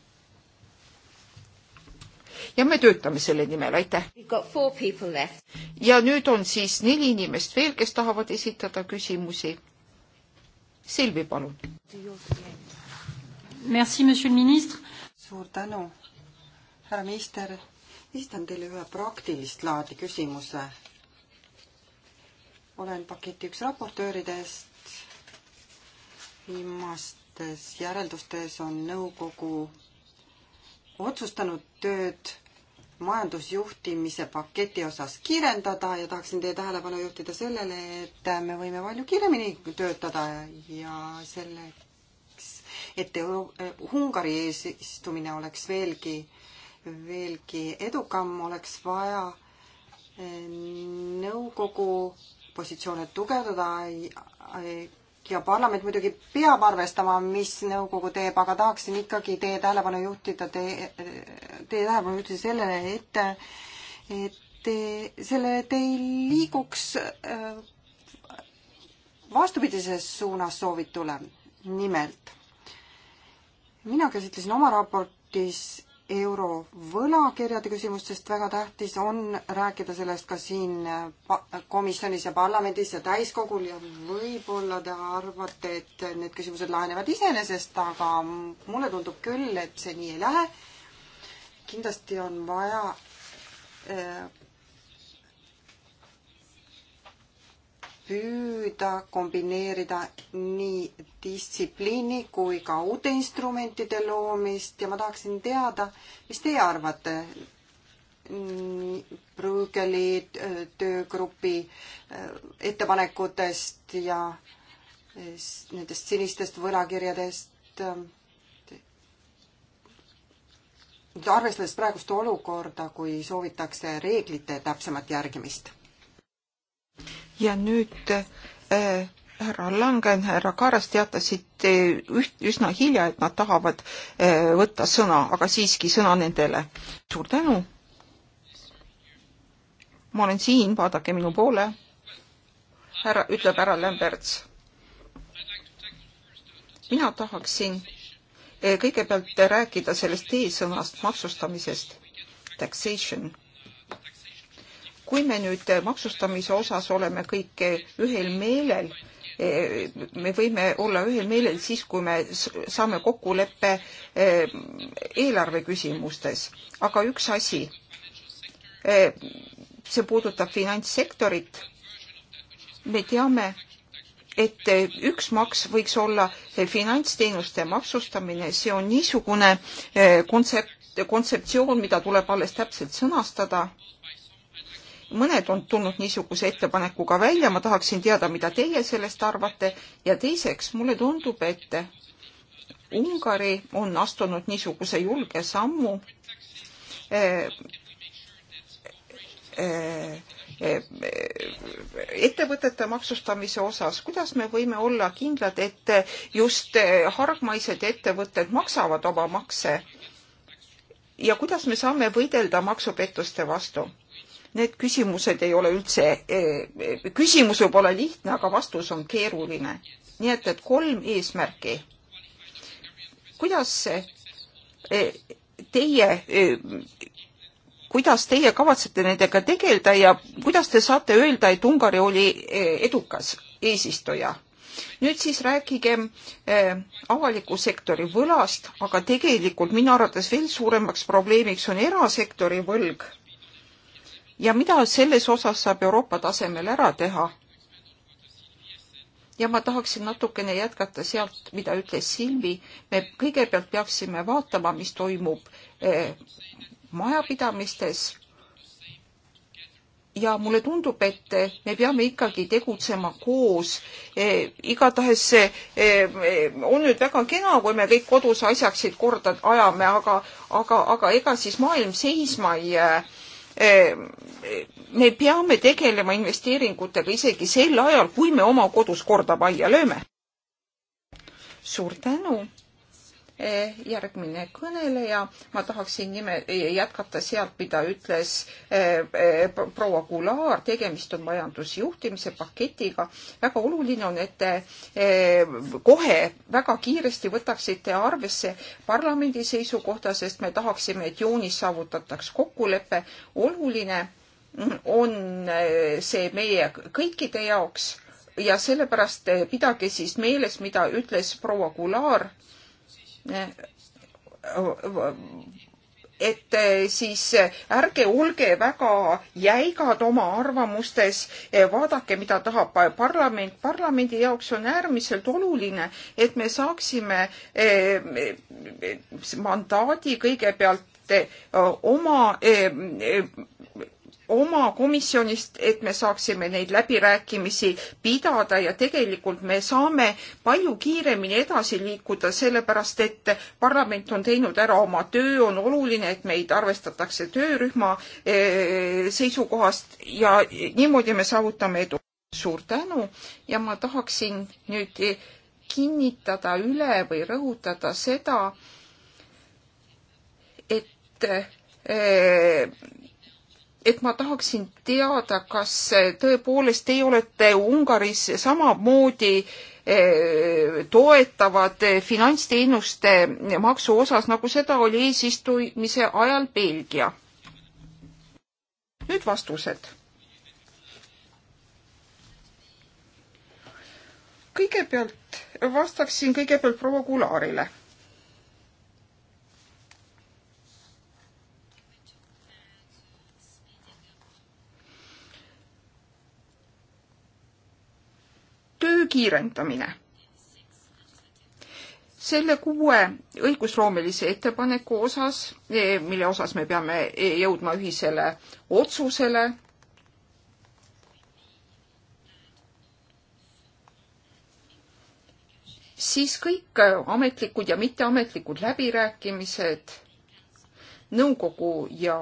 ja me töötame selle nimel, aitäh. ja nüüd on siis neli inimest veel, kes tahavad esitada küsimusi. Silvi, palun. Merci, monsieur le ministre. suur tänu, härra minister. esitan teile ühe praktilist laadi küsimuse olen paketi üks raportööridest. viimastes järeldustes on nõukogu otsustanud tööd majandusjuhtimise paketi osas kiirendada ja tahaksin teie tähelepanu juhtida sellele, et me võime palju kiiremini töötada ja selleks, et Euro-, eh, Ungari eesistumine oleks veelgi, veelgi edukam, oleks vaja eh, nõukogu positsioone tugevdada ja parlament muidugi peab arvestama, mis nõukogu teeb, aga tahaksin ikkagi teie tähelepanu juhtida, teie, teie tähelepanu juhtida sellele, et, et te, selle, et ei liiguks äh, vastupidises suunas soovitule. nimelt, mina käsitlesin oma raportis euro võlakirjade küsimust, sest väga tähtis on rääkida sellest ka siin komisjonis ja parlamendis ja täiskogul ja võib-olla te arvate, et need küsimused lahenevad iseenesest, aga mulle tundub küll, et see nii ei lähe. kindlasti on vaja eh, püüda kombineerida nii distsipliini kui ka uute instrumentide loomist ja ma tahaksin teada, mis teie arvate Brügeli äh, töögrupi äh, ettepanekutest ja äh, nendest sinistest võlakirjadest. Ähm, arvestades praegust olukorda, kui soovitakse reeglite täpsemat järgimist ja nüüd äh, härra Langen, härra Kaaras teatasid äh, üht, üsna hilja, et nad tahavad äh, võtta sõna, aga siiski sõna nendele. suur tänu. ma olen siin, vaadake minu poole. härra, ütleb härra Lämberts. mina tahaksin äh, kõigepealt rääkida sellest eesõnast maksustamisest, taxation kui me nüüd maksustamise osas oleme kõik ühel meelel, me võime olla ühel meelel siis, kui me saame kokkuleppe eh, eelarve küsimustes. aga üks asi, eh, see puudutab finantssektorit. me teame, et üks maks võiks olla finantsteenuste maksustamine, see on niisugune eh, kontsept, kontseptsioon, mida tuleb alles täpselt sõnastada mõned on tulnud niisuguse ettepanekuga välja, ma tahaksin teada, mida teie sellest arvate ja teiseks, mulle tundub, et Ungari on astunud niisuguse julge sammu eh, eh, eh, ettevõtete maksustamise osas, kuidas me võime olla kindlad, et just hargmaised ettevõtted maksavad oma makse ja kuidas me saame võidelda maksupettuste vastu? Need küsimused ei ole üldse, eh, küsimus võib olla lihtne, aga vastus on keeruline. nii et, et kolm eesmärki. kuidas eh, teie eh, kuidas teie kavatsete nendega tegeleda ja kuidas te saate öelda, et Ungari oli edukas eesistuja? nüüd siis rääkige avaliku sektori võlast, aga tegelikult minu arvates veel suuremaks probleemiks on erasektori võlg ja mida selles osas saab Euroopa tasemel ära teha? ja ma tahaksin natukene jätkata sealt, mida ütles Silvi. me kõigepealt peaksime vaatama, mis toimub eh, majapidamistes. ja mulle tundub, et eh, me peame ikkagi tegutsema koos. Eh, igatahes on nüüd väga kena, kui me kõik kodus asjaksid korda ajame, aga, aga, aga ega siis maailm seisma ei jää Ehm, me peame tegelema investeeringutega isegi sel ajal, kui me oma kodus korda majja lööme. suur tänu Eh, järgmine kõneleja. ma tahaksin nime, eh, jätkata sealt, mida ütles eh, proua Goulart, tegemist on majandusjuhtimise paketiga. väga oluline on, et te kohe väga kiiresti võtaksite arvesse parlamendi seisukohta, sest me tahaksime, et juunis saavutataks kokkulepe. oluline on see meie kõikide jaoks ja sellepärast pidage siis meeles, mida ütles proua Goulart et eh, siis eh, ärge olge väga jäigad oma arvamustes, eh, vaadake, mida tahab parlament. parlamendi jaoks on äärmiselt oluline, et me saaksime mandaadi kõigepealt oma oma komisjonist, et me saaksime neid läbirääkimisi pidada ja tegelikult me saame palju kiiremini edasi liikuda, sellepärast et parlament on teinud ära oma töö, on oluline, et meid arvestatakse töörühma eh, seisukohast ja niimoodi me saavutame edu. suur tänu ja ma tahaksin nüüd kinnitada üle või rõhutada seda, et eh, et ma tahaksin teada, kas tõepoolest teie olete Ungaris samamoodi eh, toetavad finantsteenuste maksu osas, nagu seda oli eesistumise ajal Belgia. nüüd vastused. kõigepealt vastaksin kõigepealt proua Kularile töö kiirendamine. selle kuue õigusloomelise ettepaneku osas, e, mille osas me peame e, jõudma ühisele otsusele, siis kõik ametlikud ja mitteametlikud läbirääkimised nõukogu ja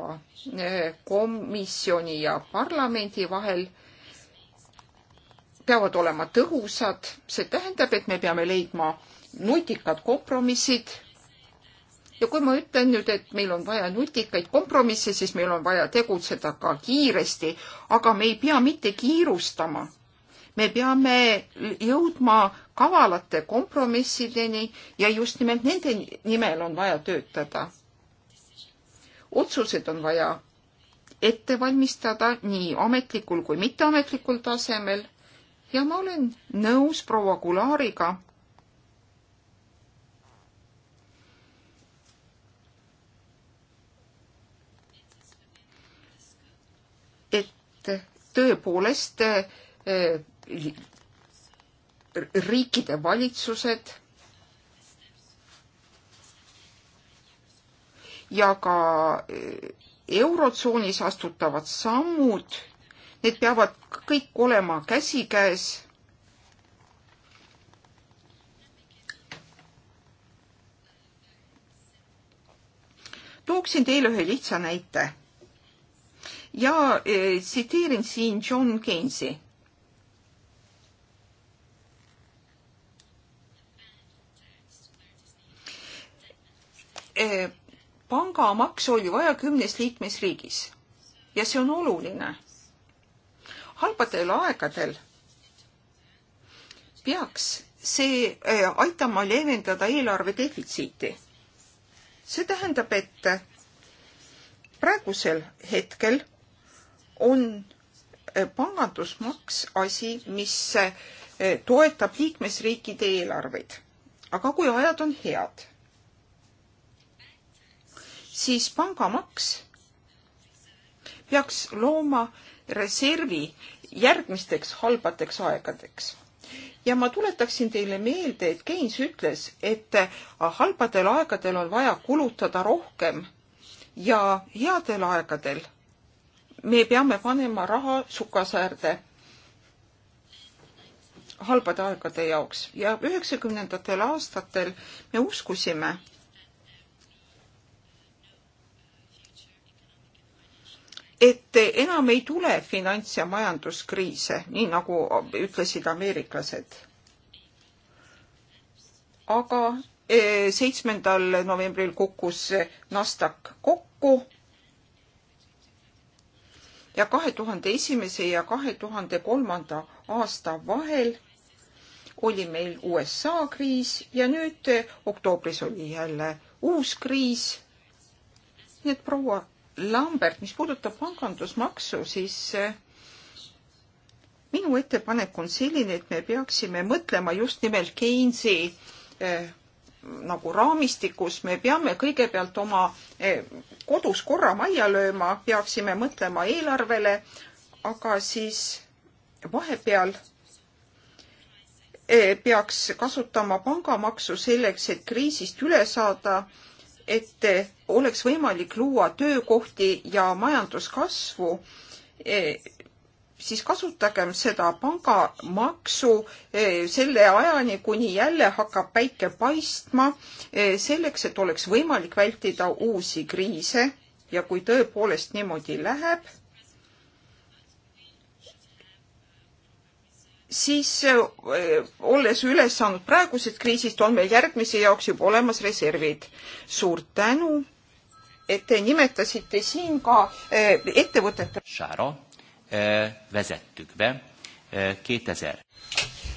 e, komisjoni ja parlamendi vahel peavad olema tõhusad, see tähendab, et me peame leidma nutikad kompromissid. ja kui ma ütlen nüüd, et meil on vaja nutikaid kompromisse, siis meil on vaja tegutseda ka kiiresti, aga me ei pea mitte kiirustama. me peame jõudma kavalate kompromissideni ja just nimelt nende nimel on vaja töötada. otsused on vaja ette valmistada nii ametlikul kui mitteametlikul tasemel ja ma olen nõus proua Kulaariga. et tõepoolest eh, riikide valitsused ja ka eh, Eurotsoonis astutavad sammud need peavad kõik olema käsikäes. tooksin teile ühe lihtsa näite ja e, tsiteerin siin John Keynesi. E, pangamaks oli vaja kümnes liikmesriigis ja see on oluline halbadel aegadel peaks see äh, aitama leevendada eelarve defitsiiti. see tähendab, et praegusel hetkel on äh, pangandusmaks asi, mis äh, toetab liikmesriikide eelarveid. aga kui ajad on head, siis pangamaks peaks looma reservi järgmisteks halbadeks aegadeks ja ma tuletaksin teile meelde, et Keins ütles, et ah, halbadel aegadel on vaja kulutada rohkem ja headel aegadel me peame panema raha sukasäärde halbade aegade jaoks ja üheksakümnendatel aastatel me uskusime, et enam ei tule finants- ja majanduskriise, nii nagu ütlesid ameeriklased. aga e, seitsmendal novembril kukkus Nasdaq kokku ja kahe tuhande esimese ja kahe tuhande kolmanda aasta vahel oli meil USA kriis ja nüüd oktoobris oli jälle uus kriis. nii et proua Lambert, mis puudutab pangandusmaksu, siis eh, minu ettepanek on selline, et me peaksime mõtlema just nimelt Keinsi eh, nagu raamistikus, me peame kõigepealt oma eh, kodus korra majja lööma, peaksime mõtlema eelarvele, aga siis vahepeal eh, peaks kasutama pangamaksu selleks, et kriisist üle saada et oleks võimalik luua töökohti ja majanduskasvu, e, siis kasutagem seda pangamaksu e, selle ajani, kuni jälle hakkab päike paistma, e, selleks, et oleks võimalik vältida uusi kriise ja kui tõepoolest niimoodi läheb, siis äh, olles üles saanud praegusest kriisist, on meil järgmise jaoks juba olemas reservid. suur tänu, et te nimetasite siin ka äh, ettevõtete. Sára vezettükbe 2000.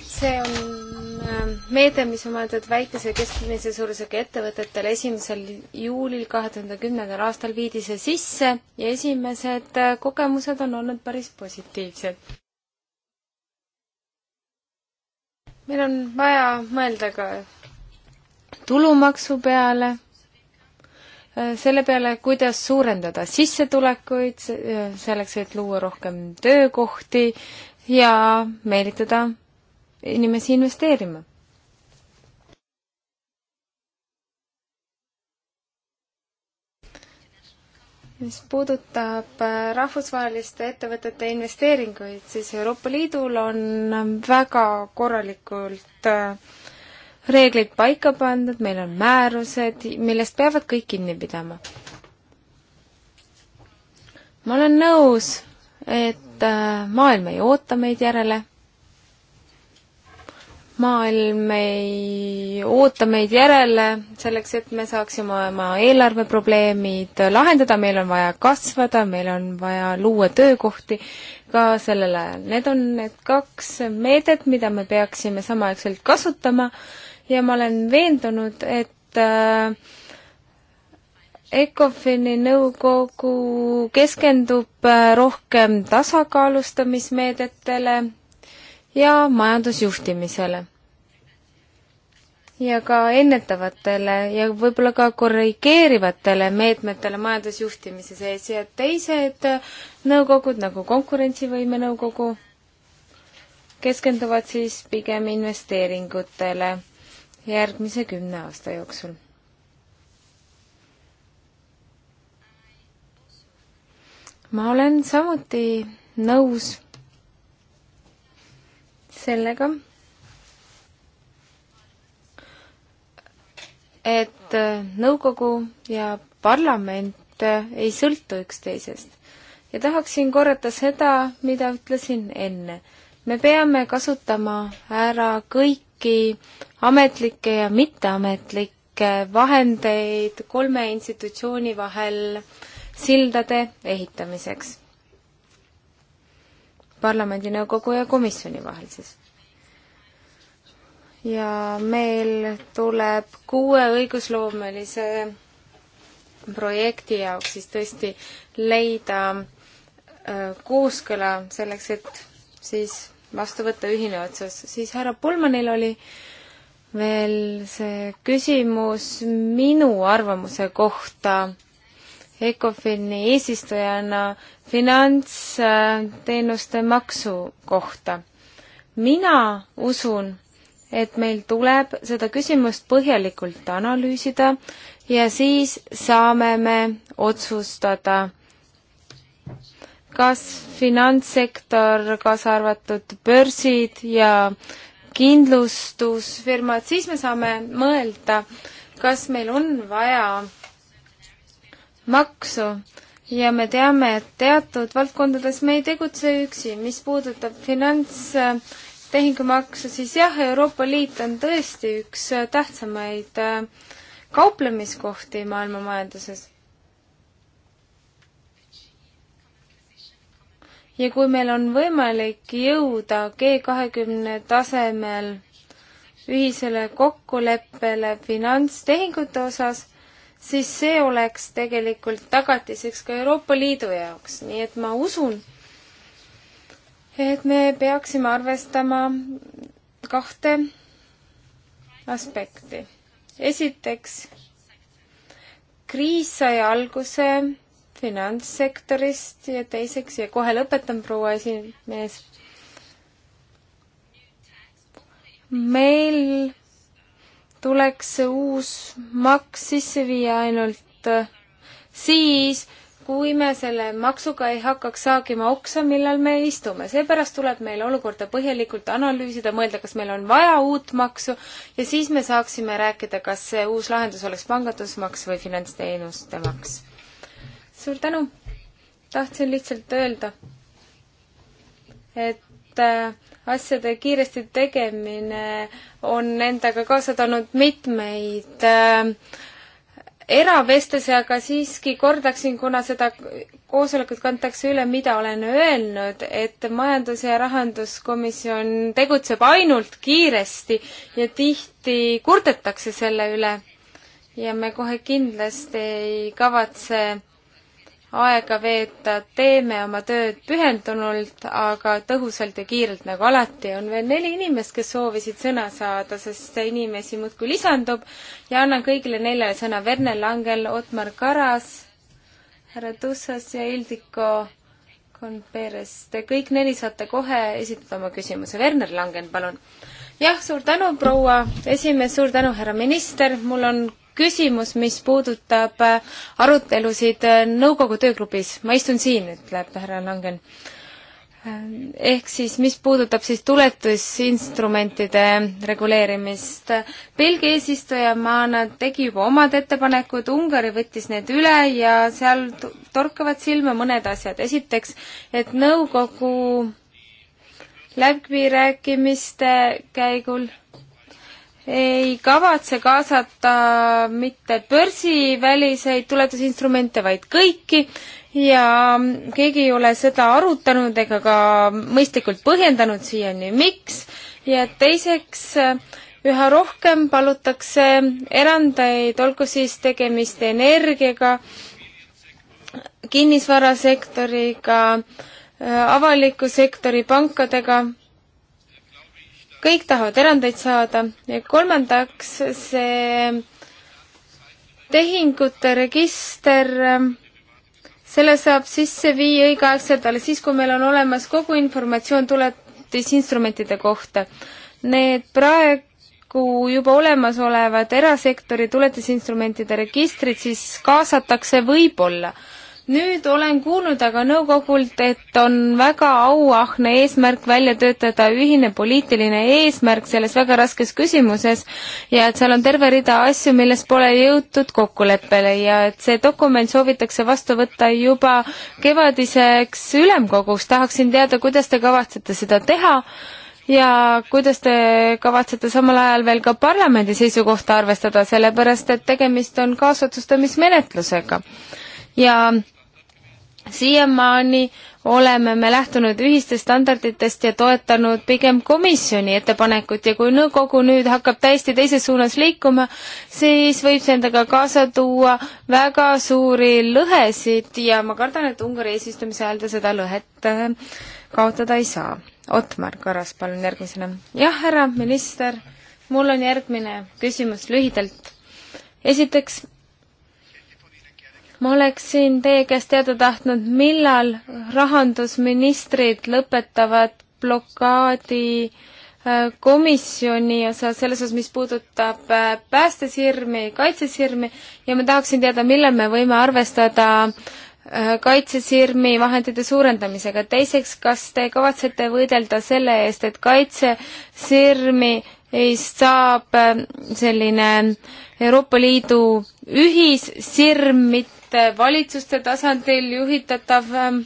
see on äh, meede, mis on mõeldud väikese keskmise suurusega ettevõtetele. esimesel juulil kahe tuhande kümnendal aastal viidi see sisse ja esimesed kogemused on olnud päris positiivsed meil on vaja mõelda ka tulumaksu peale, äh, selle peale, kuidas suurendada sissetulekuid äh, selleks, et luua rohkem töökohti ja meelitada inimesi investeerima. mis puudutab äh, rahvusvaheliste ettevõtete investeeringuid, siis Euroopa Liidul on ähm, väga korralikult äh, reeglid paika pandud, meil on määrused, millest peavad kõik kinni pidama. ma olen nõus, et äh, maailm ei oota meid järele maailm ei oota meid järele selleks, et me saaksime oma eelarveprobleemid lahendada, meil on vaja kasvada, meil on vaja luua töökohti ka sellel ajal. Need on need kaks meedet, mida me peaksime samaaegselt kasutama ja ma olen veendunud, et äh, ECOFIN-i nõukogu keskendub äh, rohkem tasakaalustamismeedetele ja majandusjuhtimisele. ja ka ennetavatele ja võib-olla ka korrigeerivatele meetmetele majandusjuhtimise sees ja teised nõukogud nagu Konkurentsivõime Nõukogu keskenduvad siis pigem investeeringutele järgmise kümne aasta jooksul. ma olen samuti nõus sellega, et nõukogu ja parlament ei sõltu üksteisest. ja tahaksin korrata seda, mida ütlesin enne. me peame kasutama ära kõiki ametlikke ja mitteametlikke vahendeid kolme institutsiooni vahel sildade ehitamiseks parlamendi, nõukogu ja komisjoni vahel siis. ja meil tuleb kuue õigusloomelise projekti jaoks siis tõesti leida äh, kooskõla selleks, et siis vastu võtta ühine otsus, siis härra Pulmanil oli veel see küsimus minu arvamuse kohta ECOFIN-i eesistujana finantsteenuste maksu kohta. mina usun, et meil tuleb seda küsimust põhjalikult analüüsida ja siis saame me otsustada, kas finantssektor, kaasa arvatud börsid ja kindlustusfirmad, siis me saame mõelda, kas meil on vaja maksu ja me teame, et teatud valdkondades me ei tegutse üksi, mis puudutab finantstehingumaksu, siis jah, Euroopa Liit on tõesti üks tähtsamaid äh, kauplemiskohti maailma majanduses. ja kui meil on võimalik jõuda G kahekümne tasemel ühisele kokkuleppele finantstehingute osas, siis see oleks tegelikult tagatiseks ka Euroopa Liidu jaoks, nii et ma usun, et me peaksime arvestama kahte aspekti. esiteks, kriis sai alguse finantssektorist ja teiseks, ja kohe lõpetan, proua esimees, meil tuleks see uus maks sisse viia ainult äh, siis, kui me selle maksuga ei hakkaks saagima oksa, millal me istume. seepärast tuleb meil olukorda põhjalikult analüüsida, mõelda, kas meil on vaja uut maksu ja siis me saaksime rääkida, kas see uus lahendus oleks pangandusmaks või finantsteenuste maks. suur tänu! tahtsin lihtsalt öelda, et Äh, asjade kiiresti tegemine on endaga kaasa toonud mitmeid äh, eravestlusi, aga siiski kordaksin, kuna seda koosolekut kantakse üle, mida olen öelnud, et majandus- ja rahanduskomisjon tegutseb ainult kiiresti ja tihti kurdetakse selle üle. ja me kohe kindlasti ei kavatse aega veeta, teeme oma tööd pühendunult, aga tõhusalt ja kiirelt nagu alati. on veel neli inimest, kes soovisid sõna saada, sest inimesi muudkui lisandub ja annan kõigile neljale sõna. Verne Langel, Otmar Karas, härra Tussas ja Ildiko Konperes. Te kõik neli saate kohe esitada oma küsimuse. Werner Langen, palun. jah, suur tänu, proua esimees, suur tänu, härra minister. mul on küsimus, mis puudutab äh, arutelusid äh, nõukogu töögrupis. ma istun siin, ütleb härra Langen. Äh, ehk siis, mis puudutab siis tuletusinstrumentide reguleerimist. Belgia eesistujamaana tegi juba omad ettepanekud, Ungari võttis need üle ja seal torkavad silma mõned asjad. esiteks, et nõukogu läbirääkimiste käigul ei kavatse kaasata mitte börsiväliseid tuletusinstrumente, vaid kõiki ja keegi ei ole seda arutanud ega ka mõistlikult põhjendanud siiani, miks. ja teiseks, üha rohkem palutakse erandeid, olgu siis tegemist energiaga, kinnisvarasektoriga, avaliku sektori pankadega kõik tahavad erandeid saada ja kolmandaks see tehingute register, selle saab sisse viia õigeaegselt alles siis, kui meil on olemas kogu informatsioon tuletisinstrumentide kohta. Need praegu juba olemasolevad erasektori tuletisinstrumentide registrid siis kaasatakse võib-olla äh, nüüd olen kuulnud aga nõukogult, et on väga auahne eesmärk välja töötada ühine poliitiline eesmärk selles väga raskes küsimuses ja et seal on terve rida asju, milles pole jõutud kokkuleppele ja et see dokument soovitakse vastu võtta juba kevadiseks ülemkoguks. tahaksin teada, kuidas te kavatsete seda teha ja kuidas te kavatsete samal ajal veel ka parlamendi seisukohta arvestada, sellepärast et tegemist on kaasotsustamismenetlusega ja siiamaani oleme me lähtunud ühistest standarditest ja toetanud pigem komisjoni ettepanekut ja kui nõukogu nüüd hakkab täiesti teises suunas liikuma, siis võib see endaga kaasa tuua väga suuri lõhesid ja ma kardan, et Ungari eesistumise ajal ta seda lõhet äh, kaotada ei saa. Otmar Karas, palun järgmisena. jah, härra minister, mul on järgmine küsimus lühidalt. esiteks, ma oleksin teie käest teada tahtnud, millal rahandusministrid lõpetavad blokaadi äh, komisjoni osa selles osas, mis puudutab äh, päästesirmi, kaitsesirmi ja ma tahaksin teada, millal me võime arvestada äh, kaitsesirmi vahendite suurendamisega. teiseks, kas te kavatsete võidelda selle eest, et kaitsesirmi neist saab selline Euroopa Liidu ühissirm, mitte valitsuste tasandil juhitatav ähm,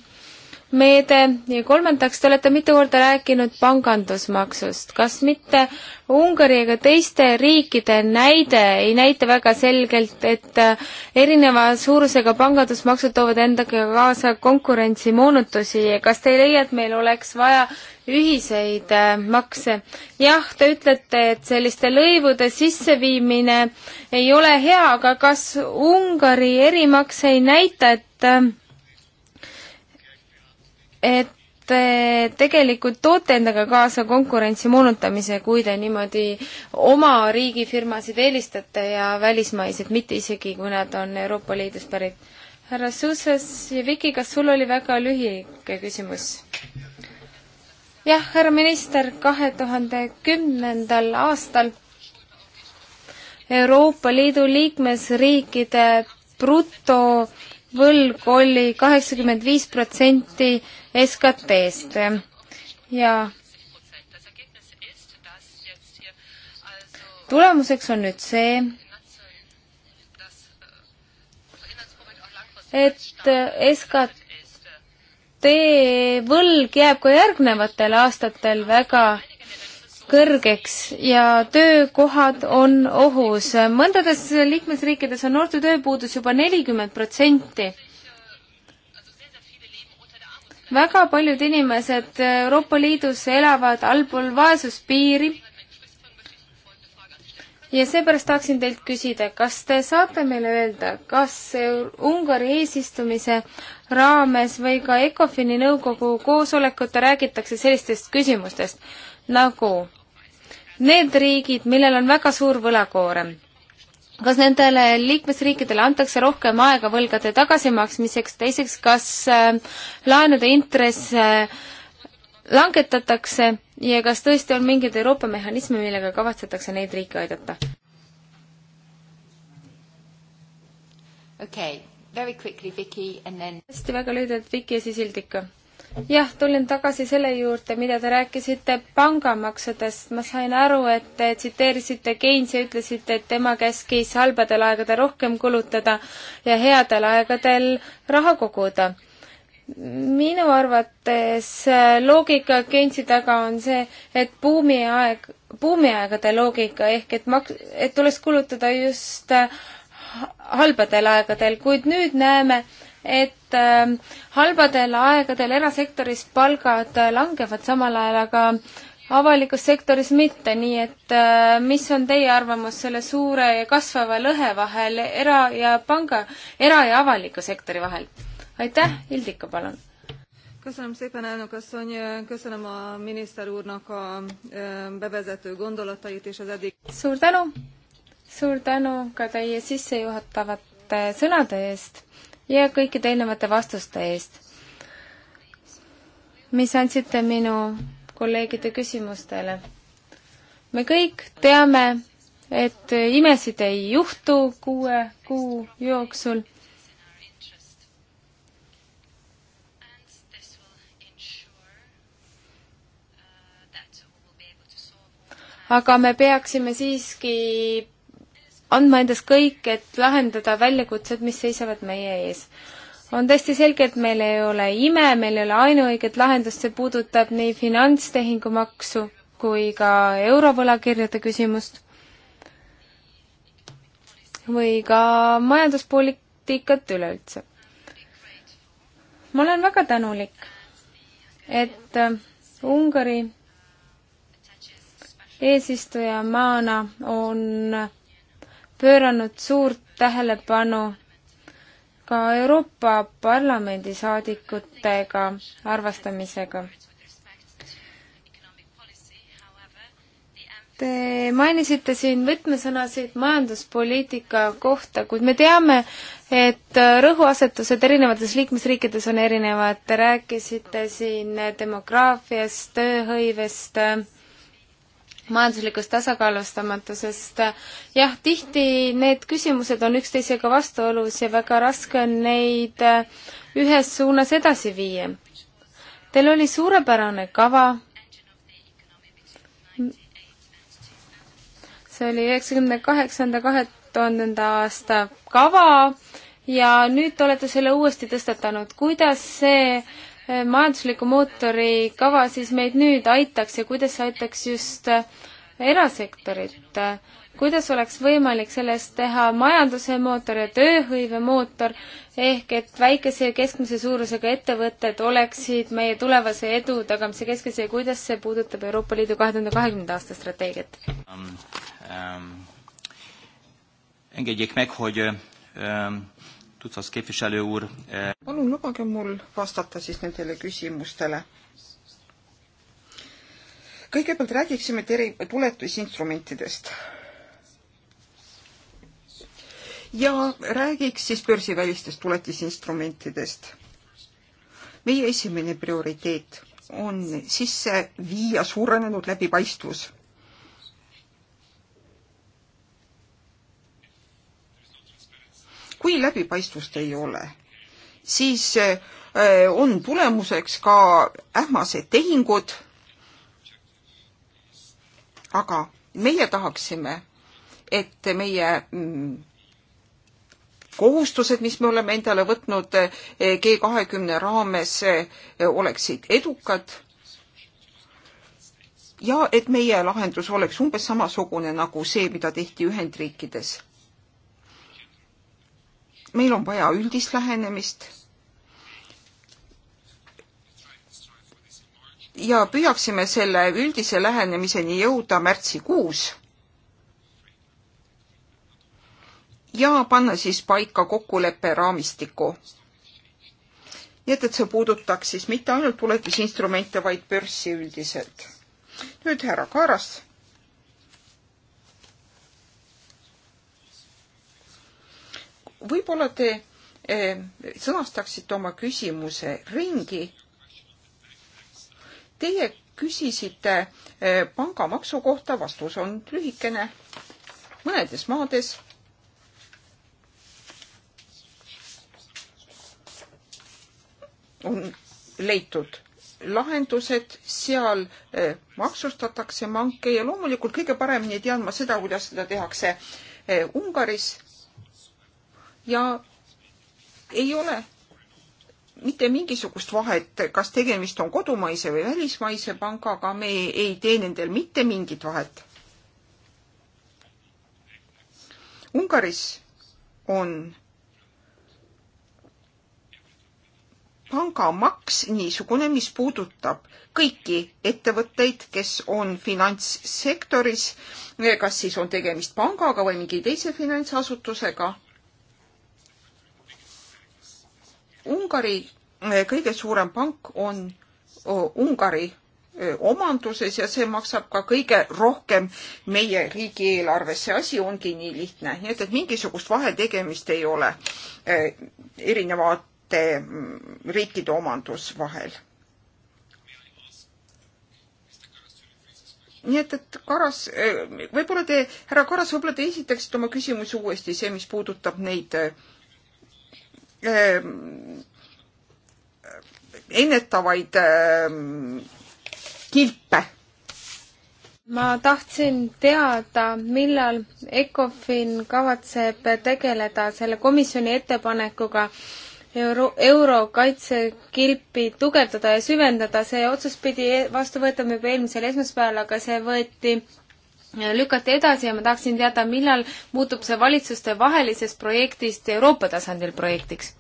meede ja kolmandaks, te olete mitu korda rääkinud pangandusmaksust. kas mitte Ungari ega teiste riikide näide ei näita väga selgelt, et äh, erineva suurusega pangandusmaksud toovad endaga kaasa konkurentsimoonutusi ja kas te ei leia, et meil oleks vaja ühiseid äh, makse? jah, te ütlete, et selliste lõivude sisseviimine ei ole hea, aga kas Ungari erimaks ei näita, et äh, et te tegelikult toote endaga kaasa konkurentsi moonutamise, kui te niimoodi oma riigi firmasid eelistate ja välismaised, mitte isegi, kui nad on Euroopa Liidust pärit. härra Suusas ja Viki, kas sul oli väga lühike küsimus? jah, härra minister, kahe tuhande kümnendal aastal Euroopa Liidu liikmesriikide brutovõlg oli kaheksakümmend viis protsenti SKT-st ja tulemuseks on nüüd see, et SKT võlg jääb ka järgnevatel aastatel väga kõrgeks ja töökohad on ohus. mõndades liikmesriikides on noorte tööpuudus juba nelikümmend protsenti väga paljud inimesed Euroopa Liidus elavad allpool vaesuspiiri ja seepärast tahaksin teilt küsida, kas te saate meile öelda, kas Ungari eesistumise raames või ka ECOFIN-i nõukogu koosolekutel räägitakse sellistest küsimustest nagu need riigid, millel on väga suur võlakoorem kas nendele liikmesriikidele antakse rohkem aega võlgade tagasimaksmiseks, teiseks, kas äh, laenude intress äh, langetatakse ja kas tõesti on mingeid Euroopa mehhanisme, millega kavatsetakse neid riike aidata? okei okay., very quickly Vicky and then hästi väga lühidalt Vicky ja siis Ildiko jah, tulin tagasi selle juurde, mida te rääkisite pangamaksudest. ma sain aru, et te tsiteerisite Keynes'i ja ütlesite, et tema käskis halbadel aegadel rohkem kulutada ja headel aegadel raha koguda. minu arvates loogika Keynes'i taga on see, et buumiaeg, buumiaegade loogika ehk et maks, et tuleks kulutada just halbadel aegadel, kuid nüüd näeme, et et ähm, halbadel aegadel erasektoris palgad äh, langevad, samal ajal aga avalikus sektoris mitte, nii et äh, mis on teie arvamus selle suure ja kasvava lõhe vahel era- ja panga, era- ja avaliku sektori vahel? aitäh, Ildiko, palun! Köszönöm szépen, elnök asszony, köszönöm a miniszter úrnak a bevezető gondolatait és az eddig... Suur tänu! Suur tänu ka teie sissejuhatavate sõnade eest ja kõikide eelnevate vastuste eest, mis andsite minu kolleegide küsimustele. me kõik teame, et imesid ei juhtu kuue kuu jooksul aga me peaksime siiski andma endast kõik, et lahendada väljakutsed, mis seisavad meie ees. on täiesti selge, et meil ei ole ime, meil ei ole ainuõiget lahendust, see puudutab nii finantstehingumaksu kui ka eurovõlakirjade küsimust või ka majanduspoliitikat üleüldse. ma olen väga tänulik, et äh, Ungari eesistujamaana on pööranud suurt tähelepanu ka Euroopa Parlamendi saadikutega arvestamisega. Te mainisite siin võtmesõnasid majanduspoliitika kohta, kuid me teame, et rõhuasetused erinevates liikmesriikides on erinevad. Te rääkisite siin demograafiast, tööhõivest äh,, majanduslikust tasakaalustamatusest. jah, tihti need küsimused on üksteisega vastuolus ja väga raske on neid äh, ühes suunas edasi viia. Teil oli suurepärane kava. see oli üheksakümne kaheksanda, kahe tuhandenda aasta kava ja nüüd te olete selle uuesti tõstatanud. kuidas see äh, Eh, majandusliku mootori kava siis meid nüüd aitaks ja kuidas aitaks just eh, erasektorit? Eh, kuidas oleks võimalik sellest teha majanduse mootor ja tööhõive mootor, ehk et väikese ja keskmise suurusega ettevõtted oleksid meie tulevase edu tagamise keskmes ja kuidas see puudutab Euroopa Liidu kahe tuhande kahekümnenda aasta strateegiat um,? Um, engedjék meg, hogy um, Tutsas képviselő úr. Eh, palun lubage mul vastata siis nendele küsimustele. kõigepealt räägiksime teri-, tuletusinstrumentidest. ja räägiks siis börsivälistest tuletisinstrumentidest. meie esimene prioriteet on sisse viia suurenenud läbipaistvus kui läbipaistvust ei ole, siis eh, on tulemuseks ka ähmased tehingud. aga meie tahaksime, et meie mm, kohustused, mis me oleme endale võtnud eh, G kahekümne raames, eh, oleksid edukad. ja et meie lahendus oleks umbes samasugune nagu see, mida tehti Ühendriikides meil on vaja üldist lähenemist. ja püüaksime selle üldise lähenemiseni jõuda märtsikuus. ja panna siis paika kokkuleppe raamistiku. nii et, et see puudutaks siis mitte ainult tuletisinstrumente, vaid börssi üldiselt. nüüd härra Kaaras võib-olla te eh, sõnastaksite oma küsimuse ringi. Teie küsisite eh, pangamaksu kohta, vastus on lühikene. mõnedes maades on leitud lahendused, seal eh, maksustatakse manke ja loomulikult kõige paremini tean ma seda, kuidas seda tehakse Ungaris ja ei ole mitte mingisugust vahet, kas tegemist on kodumaise või välismaise pangaga, me ei, ei tee nendel mitte mingit vahet. Ungaris on pangamaks niisugune, mis puudutab kõiki ettevõtteid, kes on finantssektoris, kas siis on tegemist pangaga või mingi teise finantsasutusega Ungari eh, kõige suurem pank on oh, Ungari eh, omanduses ja see maksab ka kõige rohkem meie riigieelarves. see asi ongi nii lihtne, nii et, et mingisugust vahetegemist ei ole eh, erinevate mm, riikide omandus vahel. nii et, et Karas, võib-olla te, härra Karas, võib-olla te esitaksite oma küsimuse uuesti, see, mis puudutab neid äh, Ehm, ennetavaid ehm, kilpe. ma tahtsin teada, millal Ecofin kavatseb tegeleda selle komisjoni ettepanekuga euro, euro kaitsekilpi tugevdada ja süvendada, see otsus pidi vastu võetama juba eelmisel esmaspäeval, aga see võeti lükati edasi ja ma tahaksin teada, millal muutub see valitsuste vahelisest projektist Euroopa tasandil projektiks?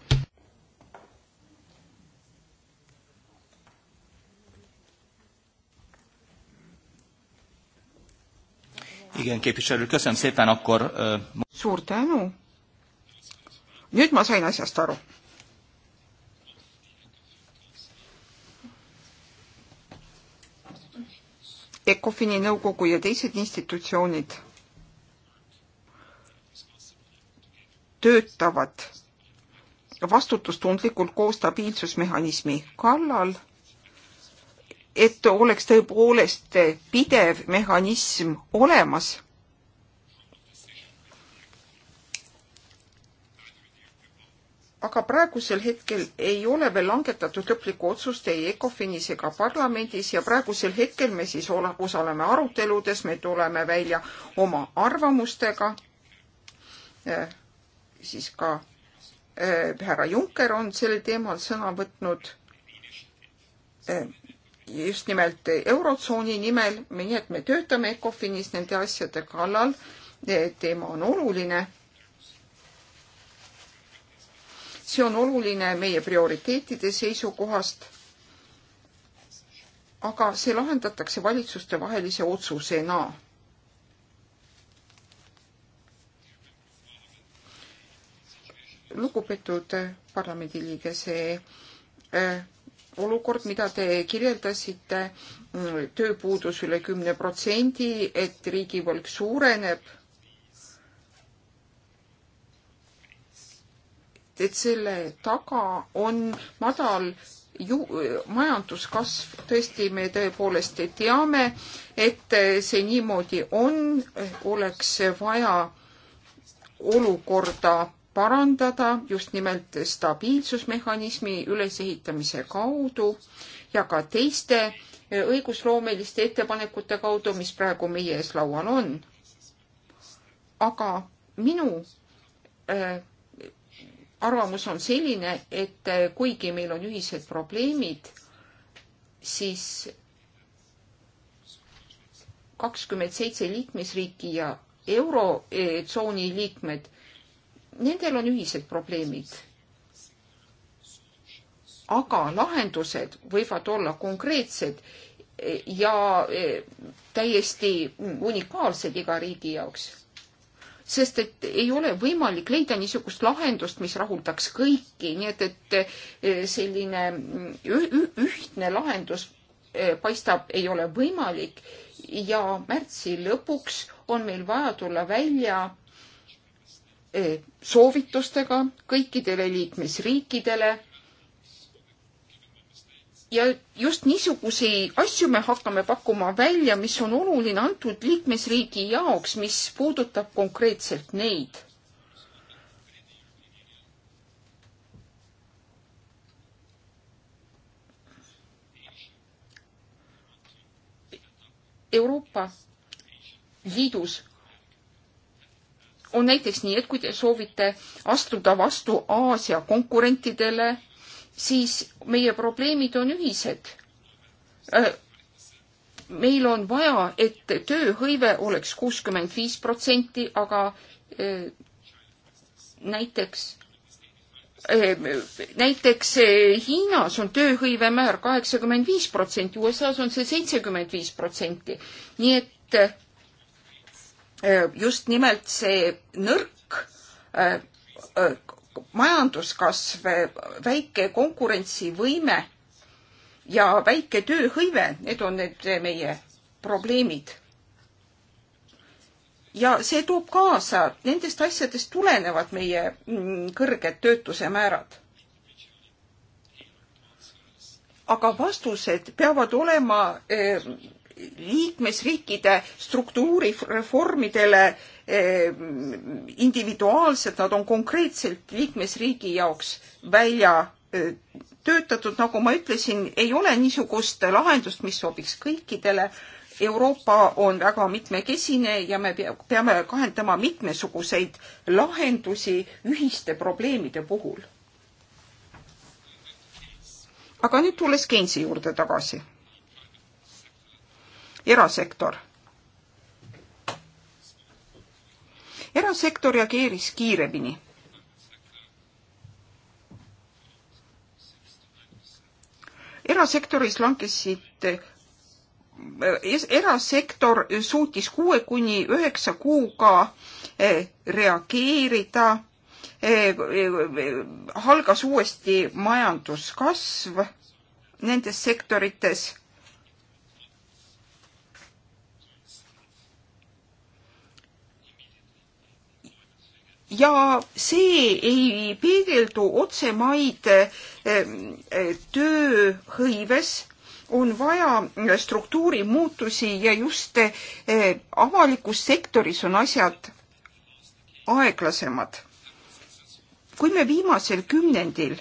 igen, képviselő, köszönöm szépen, akkor... Suur tänu! Nüüd ma sain asjast aru ECOFIN-i nõukogu ja teised institutsioonid töötavad vastutustundlikult koos stabiilsusmehhanismi kallal, et oleks tõepoolest pidev mehhanism olemas aga praegusel hetkel ei ole veel langetatud lõplikku otsust ei ECOFINis ega parlamendis ja praegusel hetkel me siis osaleme aruteludes, me tuleme välja oma arvamustega. Eh, siis ka eh, härra Juncker on sel teemal sõna võtnud eh, just nimelt Eurotsooni nimel, nii et me töötame ECOFINis nende asjade kallal. teema on oluline see on oluline meie prioriteetide seisukohast. aga see lahendatakse valitsuste vahelise otsusena lugupeetud parlamendiliige, see äh, olukord, mida te kirjeldasite, äh, tööpuudus üle kümne protsendi, et riigivõlg suureneb et selle taga on madal ju, majanduskasv, tõesti, me tõepoolest teame, et see niimoodi on, oleks vaja olukorda parandada just nimelt stabiilsusmehhanismi ülesehitamise kaudu ja ka teiste õigusloomeliste ettepanekute kaudu, mis praegu meie ees laual on. aga minu äh, arvamus on selline, et kuigi meil on ühised probleemid, siis kakskümmend seitse liikmesriiki ja eurotsooni liikmed, nendel on ühised probleemid. aga lahendused võivad olla konkreetsed ja täiesti unikaalsed iga riigi jaoks sest et ei ole võimalik leida niisugust lahendust, mis rahuldaks kõiki, nii et, et eh, selline mm, ühtne lahendus eh, paistab, ei ole võimalik ja märtsi lõpuks on meil vaja tulla välja eh, soovitustega kõikidele liikmesriikidele ja just niisuguseid asju me hakkame pakkuma välja, mis on oluline antud liikmesriigi jaoks, mis puudutab konkreetselt neid. Euroopa Liidus on näiteks nii, et kui te soovite astuda vastu Aasia konkurentidele siis meie probleemid on ühised. Äh, meil on vaja, et tööhõive oleks kuuskümmend viis protsenti, aga äh, näiteks äh, näiteks Hiinas on tööhõive määr kaheksakümmend viis protsenti, USA-s on see seitsekümmend viis protsenti. nii et just nimelt see nõrk majanduskasv, väike konkurentsivõime ja väike tööhõive, need on need meie probleemid. ja see toob kaasa, nendest asjadest tulenevad meie mm, kõrged töötuse määrad. aga vastused peavad olema eh, liikmesriikide struktuurireformidele Ehm, individuaalsed, nad on konkreetselt liikmesriigi jaoks välja töötatud, nagu ma ütlesin, ei ole niisugust lahendust, mis sobiks kõikidele. Euroopa on väga mitmekesine ja me peame kahendama mitmesuguseid lahendusi ühiste probleemide puhul. aga nüüd tulles Keinsi juurde tagasi. erasektor erasektor reageeris kiiremini. erasektoris langesid eh, erasektor suutis kuue kuni üheksa kuuga eh, reageerida, eh, algas uuesti majanduskasv nendes sektorites ja see ei peegeldu otsemaid eh, eh, tööhõives, on vaja eh, struktuurimuutusi ja just avalikus sektoris on asjad aeglasemad. kui me viimasel kümnendil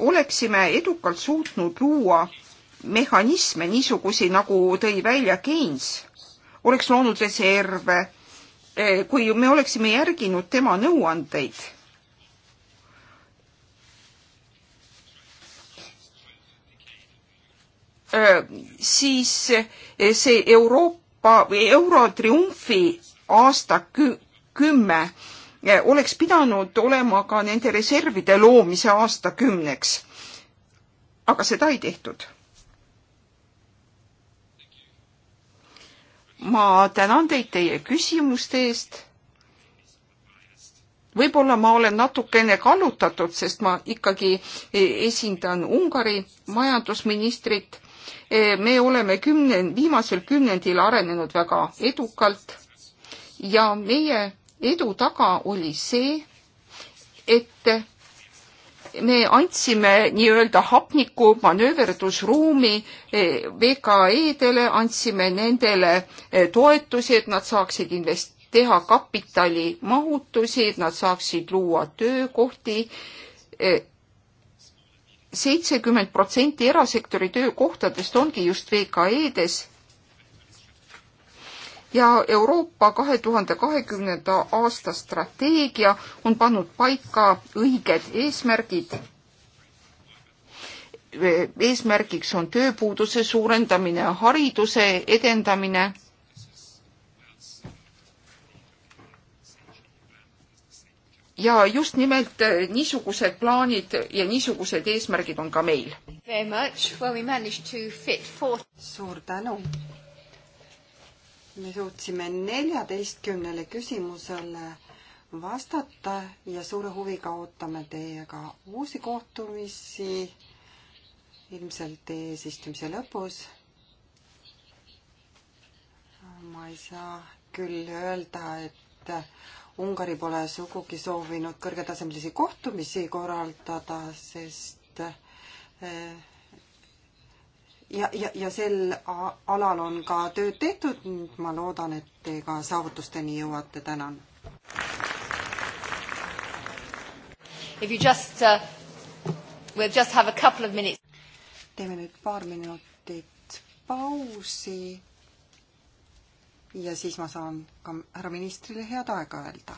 oleksime edukalt suutnud luua mehhanisme niisugusi, nagu tõi välja Keynes, oleks loonud reserve Eh, kui me oleksime järginud tema nõuandeid, eh, siis eh, see Euroopa või Eurotriumfi aasta kü kümme oleks pidanud olema ka nende reservide loomise aastakümneks. aga seda ei tehtud ma tänan teid teie küsimuste eest. võib-olla ma olen natukene kallutatud, sest ma ikkagi e-, esindan Ungari majandusministrit. E, me oleme kümne, viimasel kümnendil arenenud väga edukalt ja meie edu taga oli see, et me andsime nii-öelda hapniku manööverdusruumi e, VKE-dele, andsime nendele e, toetusi, et nad saaksid invest-, teha kapitalimahutusi, et nad saaksid luua töökohti. E, seitsekümmend protsenti erasektori töökohtadest ongi just VKE-des ja Euroopa kahe tuhande kahekümnenda aasta strateegia on pannud paika õiged eesmärgid. eesmärgiks on tööpuuduse suurendamine, hariduse edendamine. ja just nimelt niisugused plaanid ja niisugused eesmärgid on ka meil. suur tänu me suutsime neljateistkümnele küsimusele vastata ja suure huviga ootame teiega uusi kohtumisi ilmselt eesistumise lõpus. ma ei saa küll öelda, et Ungari pole sugugi soovinud kõrgetasemelisi kohtumisi korraldada, sest äh, ja, ja, ja sel alal on ka tööd tehtud, ma loodan, et te ka saavutusteni jõuate, tänan. If you just uh,, we'll just have a couple of minutes. teeme nüüd paar minutit pausi ja siis ma saan ka härra ministrile head aega öelda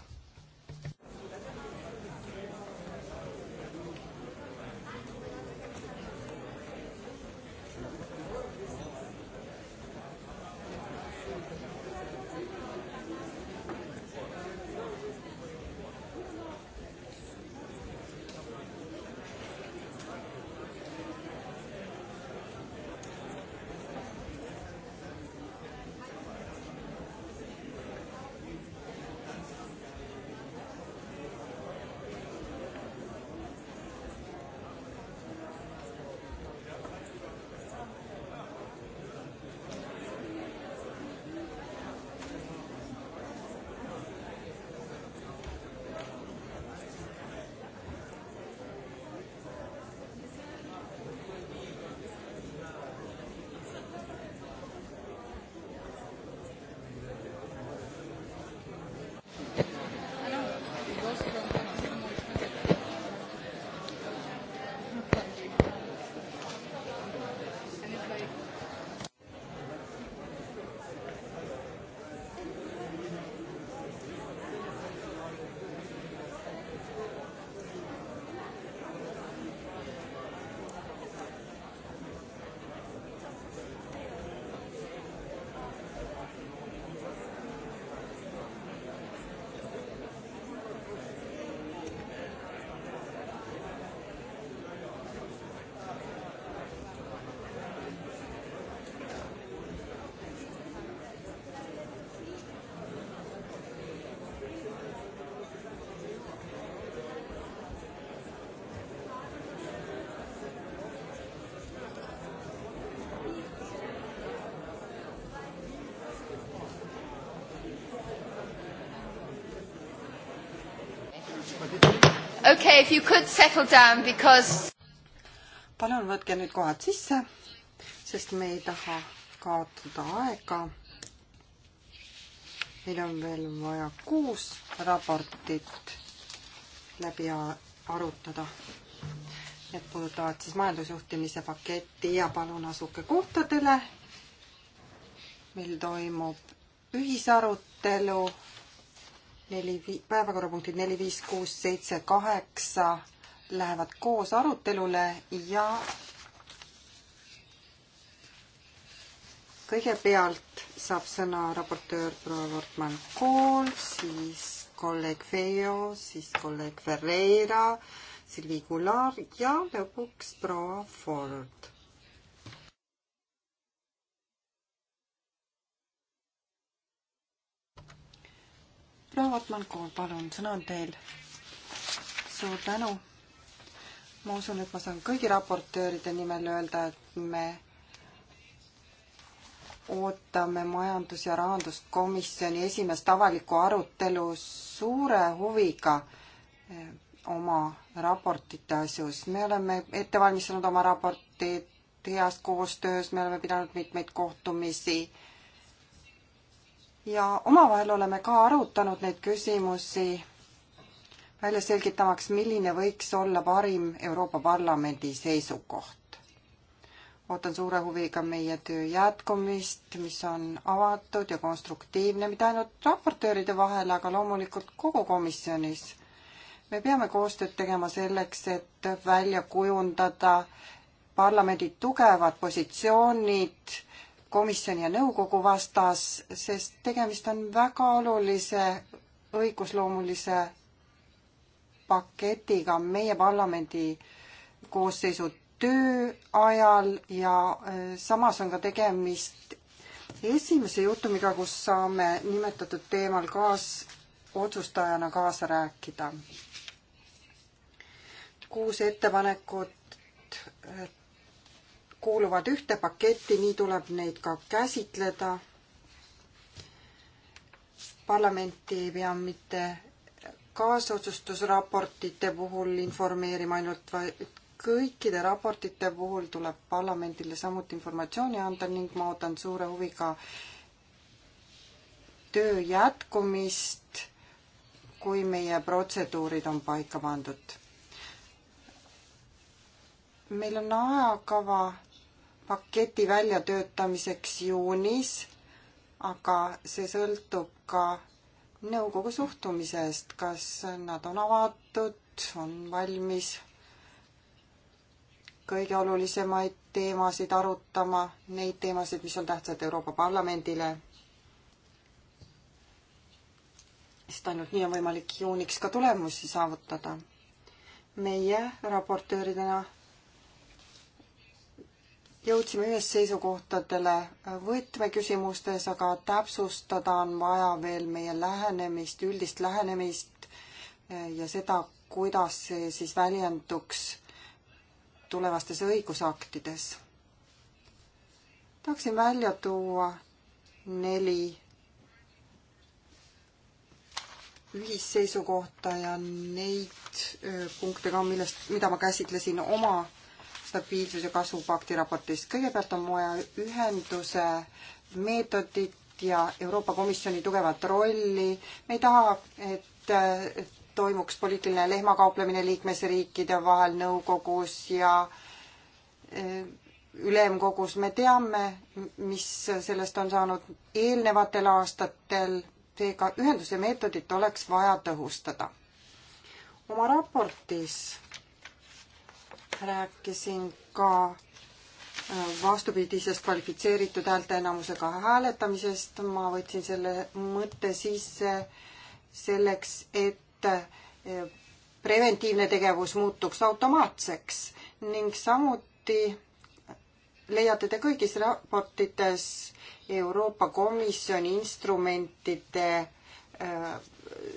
Okay, if you could settle down because palun võtke nüüd kohad sisse, sest me ei taha kaotada aega. meil on veel vaja kuus raportit läbi arutada. Need puudutavad siis majandusjuhtimise paketti ja palun asuke kohtadele. meil toimub ühisarutelu neli, päevakorrapunktid neli, viis, kuus, seitse, kaheksa lähevad koos arutelule ja kõigepealt saab sõna raportöör proua Wortmann Kool, siis kolleeg Feio, siis kolleeg Ferreira, Silvi Kular ja lõpuks proua Ford proua Votman-Kool, palun, sõna on teil. suur tänu. ma usun, et ma saan kõigi raportööride nimel öelda, et me ootame majandus- ja rahanduskomisjoni esimest avalikku arutelu suure huviga eh, oma raportite asjus. me oleme ette valmistanud oma raportid heas koostöös, me oleme pidanud mitmeid kohtumisi äh, ja omavahel oleme ka arutanud neid küsimusi, välja selgitamaks, milline võiks olla parim Euroopa Parlamendi seisukoht. ootan suure huviga meie töö jätkumist, mis on avatud ja konstruktiivne mitte ainult raportööride vahel, aga loomulikult kogu komisjonis. me peame koostööd tegema selleks, et välja kujundada parlamendi tugevad positsioonid komisjoni ja nõukogu vastas, sest tegemist on väga olulise õigusloomulise paketiga meie parlamendi koosseisu töö ajal ja äh, samas on ka tegemist esimese juhtumiga, kus saame nimetatud teemal kaasotsustajana kaasa rääkida. kuus ettepanekut äh, kuuluvad ühte paketti, nii tuleb neid ka käsitleda. parlamenti ei pea mitte kaasotsustusraportite puhul informeerima ainult, vaid kõikide raportite puhul tuleb parlamendile samuti informatsiooni anda ning ma ootan suure huviga töö jätkumist, kui meie protseduurid on paika pandud. meil on ajakava paketi väljatöötamiseks juunis, aga see sõltub ka nõukogu suhtumisest, kas nad on avatud, on valmis kõige olulisemaid teemasid arutama, neid teemasid, mis on tähtsad Euroopa Parlamendile. sest ainult nii on võimalik juuniks ka tulemusi saavutada. meie raportööridena jõudsime ühes seisukohtadele võtmeküsimustes, aga täpsustada on vaja veel meie lähenemist, üldist lähenemist eh, ja seda, kuidas see siis väljenduks tulevastes õigusaktides. tahaksin välja tuua neli ühisseisukohta ja neid eh, punkte ka, millest, mida ma käsitlesin oma stabiilsuse kasvupakti raportist. kõigepealt on vaja ühenduse meetodit ja Euroopa Komisjoni tugevat rolli. me ei taha, et äh, toimuks poliitiline lehmakauplemine liikmesriikide vahel nõukogus ja äh, ülemkogus. me teame, mis sellest on saanud eelnevatel aastatel, seega ühenduse meetodit oleks vaja tõhustada. oma raportis rääkisin ka äh, vastupidisest kvalifitseeritud häälteenamusega hääletamisest, ma võtsin selle mõtte sisse selleks, et äh, preventiivne tegevus muutuks automaatseks ning samuti leiate te kõigis raportites Euroopa Komisjoni instrumentide äh,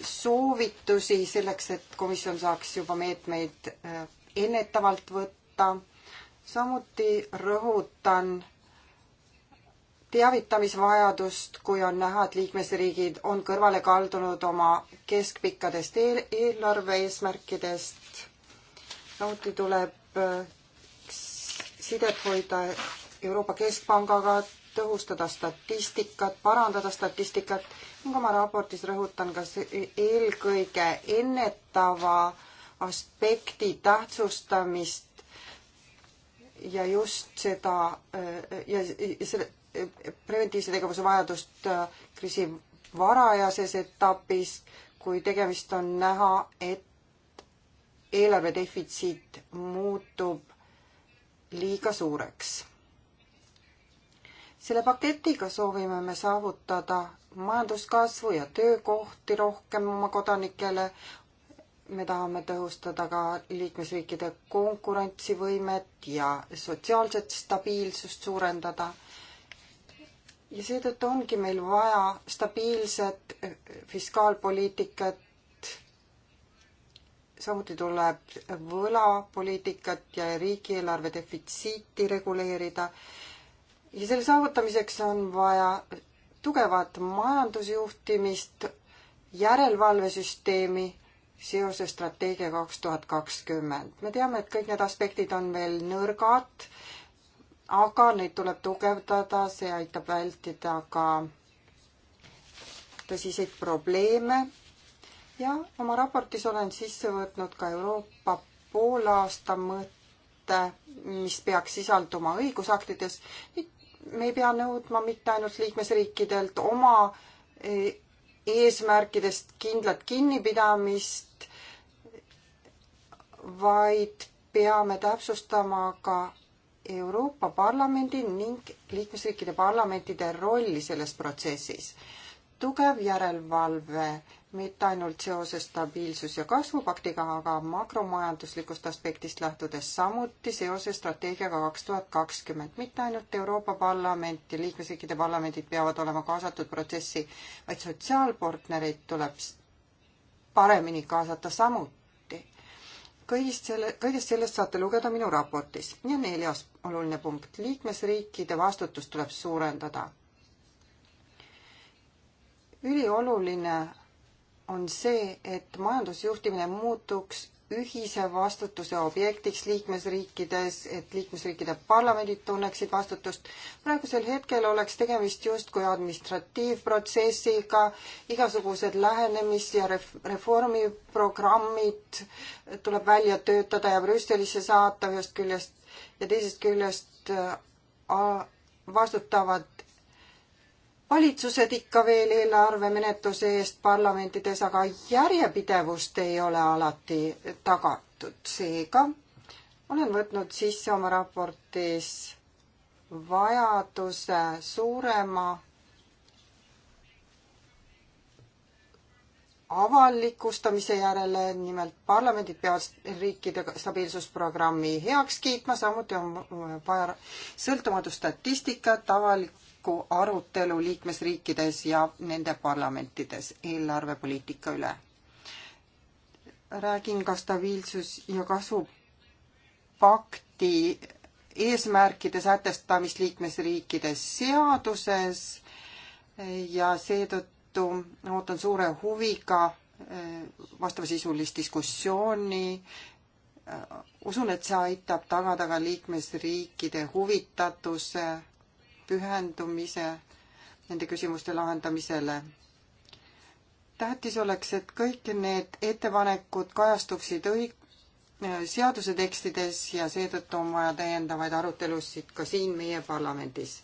soovitusi selleks, et komisjon saaks juba meetmeid ennetavalt võtta. samuti rõhutan teavitamisvajadust, kui on näha, et liikmesriigid on kõrvale kaldunud oma keskpikkadest eel eelarve eesmärkidest. samuti tuleb eh, sidet hoida Euroopa Keskpangaga, tõhustada statistikat, parandada statistikat ning oma raportis rõhutan ka eelkõige ennetava aspekti tähtsustamist ja just seda ja, ja selle preventiivse tegevuse vajadust äh, kriisi varajases etapis, kui tegemist on näha, et eelarve defitsiit muutub liiga suureks. selle paketiga soovime me saavutada majanduskasvu ja töökohti rohkem oma kodanikele, me tahame tõhustada ka liikmesriikide konkurentsivõimet ja sotsiaalset stabiilsust suurendada. ja seetõttu ongi meil vaja stabiilset fiskaalpoliitikat. samuti tuleb võlapoliitikat ja riigieelarve defitsiiti reguleerida. ja selle saavutamiseks on vaja tugevat majandusjuhtimist, järelevalvesüsteemi seoses strateegia kaks tuhat kakskümmend. me teame, et kõik need aspektid on veel nõrgad, aga neid tuleb tugevdada, see aitab vältida ka tõsiseid probleeme ja oma raportis olen sisse võtnud ka Euroopa poolaasta mõtte, mis peaks sisalduma õigusaktides. me ei pea nõudma mitte ainult liikmesriikidelt oma eh, eesmärkidest kindlat kinnipidamist, vaid peame täpsustama ka Euroopa Parlamendi ning liikmesriikide parlamentide rolli selles protsessis. tugev järelevalve mitte ainult seoses stabiilsus- ja kasvupaktiga, aga makromajanduslikust aspektist lähtudes samuti seoses strateegiaga kaks tuhat kakskümmend. mitte ainult Euroopa Parlament ja liikmesriikide parlamendid peavad olema kaasatud protsessi, vaid sotsiaalpartnereid tuleb paremini kaasata samuti kõigist selle, kõigest sellest saate lugeda minu raportis. ja neljas oluline punkt, liikmesriikide vastutust tuleb suurendada. ülioluline on see, et majandusjuhtimine muutuks ühise vastutuse objektiks liikmesriikides, et liikmesriikide parlamendid tunneksid vastutust. praegusel hetkel oleks tegemist justkui administratiivprotsessiga, igasugused lähenemis- ja ref-, reformiprogrammid tuleb välja töötada ja Brüsselisse saata ühest küljest ja teisest küljest äh, vastutavad valitsused ikka veel eelarvemenetluse eest parlamentides, aga järjepidevust ei ole alati tagatud, seega olen võtnud sisse oma raportis vajaduse suurema avalikustamise järele, nimelt parlamendid peavad riikide stabiilsusprogrammi heaks kiitma, samuti on vaja sõltumatut statistikat avalik, avalikku arutelu liikmesriikides ja nende parlamentides eelarvepoliitika üle. räägin ka stabiilsus ja kasvupakti eesmärkide sätestamist liikmesriikide seaduses ja seetõttu ootan suure huviga eh, vastavasisulist diskussiooni. usun, et see aitab tagada ka liikmesriikide huvitatuse pühendumise nende küsimuste lahendamisele. tähtis oleks, et kõik need ettepanekud kajastuksid õig-, äh, seaduse tekstides ja seetõttu on vaja täiendavaid arutelusid ka siin meie parlamendis.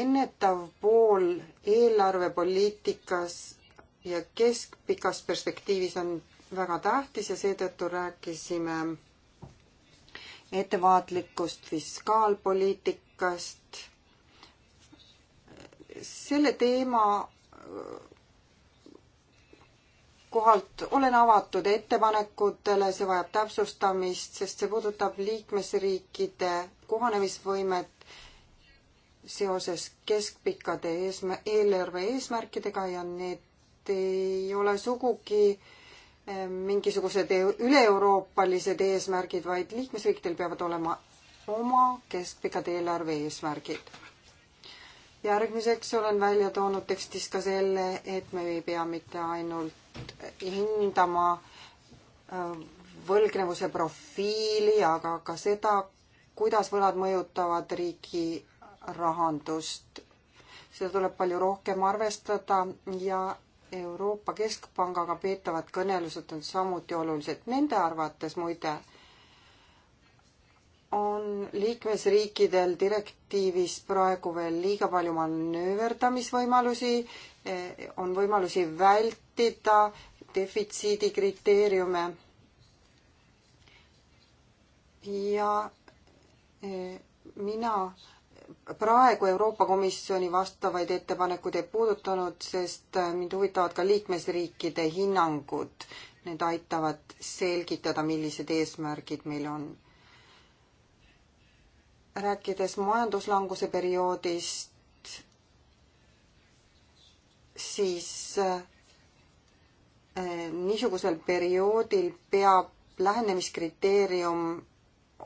ennetav pool eelarvepoliitikas ja keskpikas perspektiivis on väga tähtis ja seetõttu rääkisime ettevaatlikkust fiskaalpoliitikast. selle teema äh, kohalt olen avatud ettepanekutele, see vajab täpsustamist, sest see puudutab liikmesriikide kohanemisvõimet seoses keskpikkade eesmä-, eelarve eesmärkidega ja need ei ole sugugi äh, Ehm, mingisugused üle-euroopalised eesmärgid, vaid liikmesriikidel peavad olema oma keskpikad eelarve eesmärgid. järgmiseks olen välja toonud tekstis ka selle, et me ei pea mitte ainult hindama äh, võlgnevuse profiili, aga ka seda, kuidas võlad mõjutavad riigi rahandust. seda tuleb palju rohkem arvestada ja Euroopa Keskpangaga peetavad kõnelused on samuti olulised. Nende arvates muide on liikmesriikidel direktiivis praegu veel liiga palju manööverdamisvõimalusi, eh, on võimalusi vältida defitsiidi kriteeriume ja eh, mina praegu Euroopa Komisjoni vastavaid ettepanekuid ei puudutanud, sest äh, mind huvitavad ka liikmesriikide hinnangud. Need aitavad selgitada, millised eesmärgid meil on. rääkides majanduslanguse perioodist, siis äh, niisugusel perioodil peab lähenemiskriteerium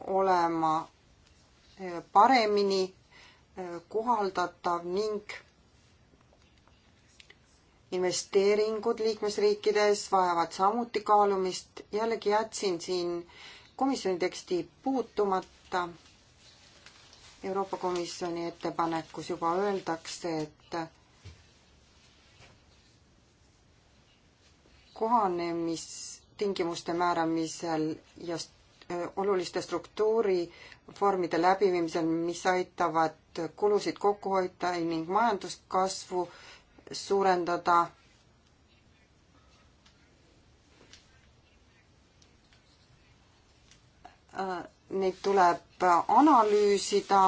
olema äh, paremini kohaldatav ning investeeringud liikmesriikides vajavad samuti kaalumist. jällegi jätsin siin komisjoni teksti puutumata. Euroopa Komisjoni ettepanekus juba öeldakse, et kohanemistingimuste määramisel ja Äh, oluliste struktuuriformide läbiviimisel, mis aitavad kulusid kokku hoida ning majanduskasvu suurendada. Äh, neid tuleb analüüsida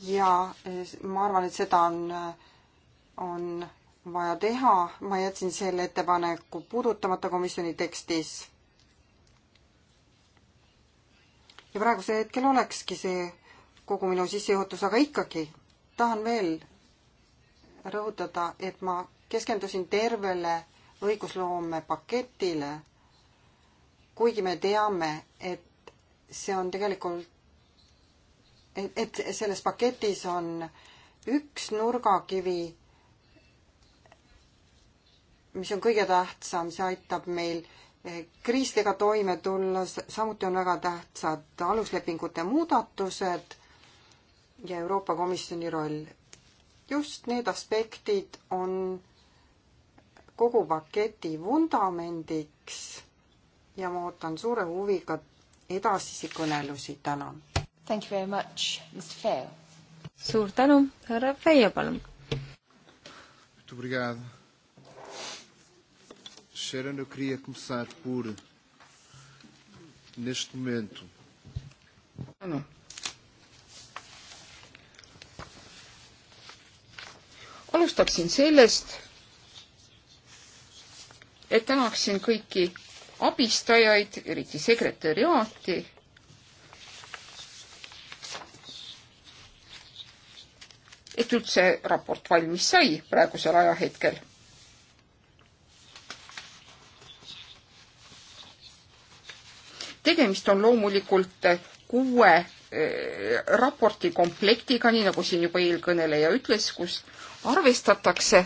ja äh, ma arvan, et seda on, on vaja teha, ma jätsin selle ettepaneku puudutamata komisjoni tekstis ja praegusel hetkel olekski see kogu minu sissejuhatus, aga ikkagi tahan veel rõhutada, et ma keskendusin tervele õigusloome paketile, kuigi me teame, et see on tegelikult, et, et selles paketis on üks nurgakivi, mis on kõige tähtsam, see aitab meil kriisidega toime tulla, samuti on väga tähtsad aluslepingute muudatused ja Euroopa Komisjoni roll. just need aspektid on kogu paketi vundamendiks ja ma ootan suure huviga edasisi kõnelusi, tänan. Thank you very much, Mr Feo. suur tänu, härra Feio, palun. Sharon, eu queria começar por, neste momento. Não. alustaksin sellest, et tänaksin kõiki abistajaid, eriti sekretäriaati. et üldse raport valmis sai praegusel ajahetkel tegemist on loomulikult kuue eh, raporti komplektiga, nii nagu siin juba eelkõneleja ütles, kus arvestatakse,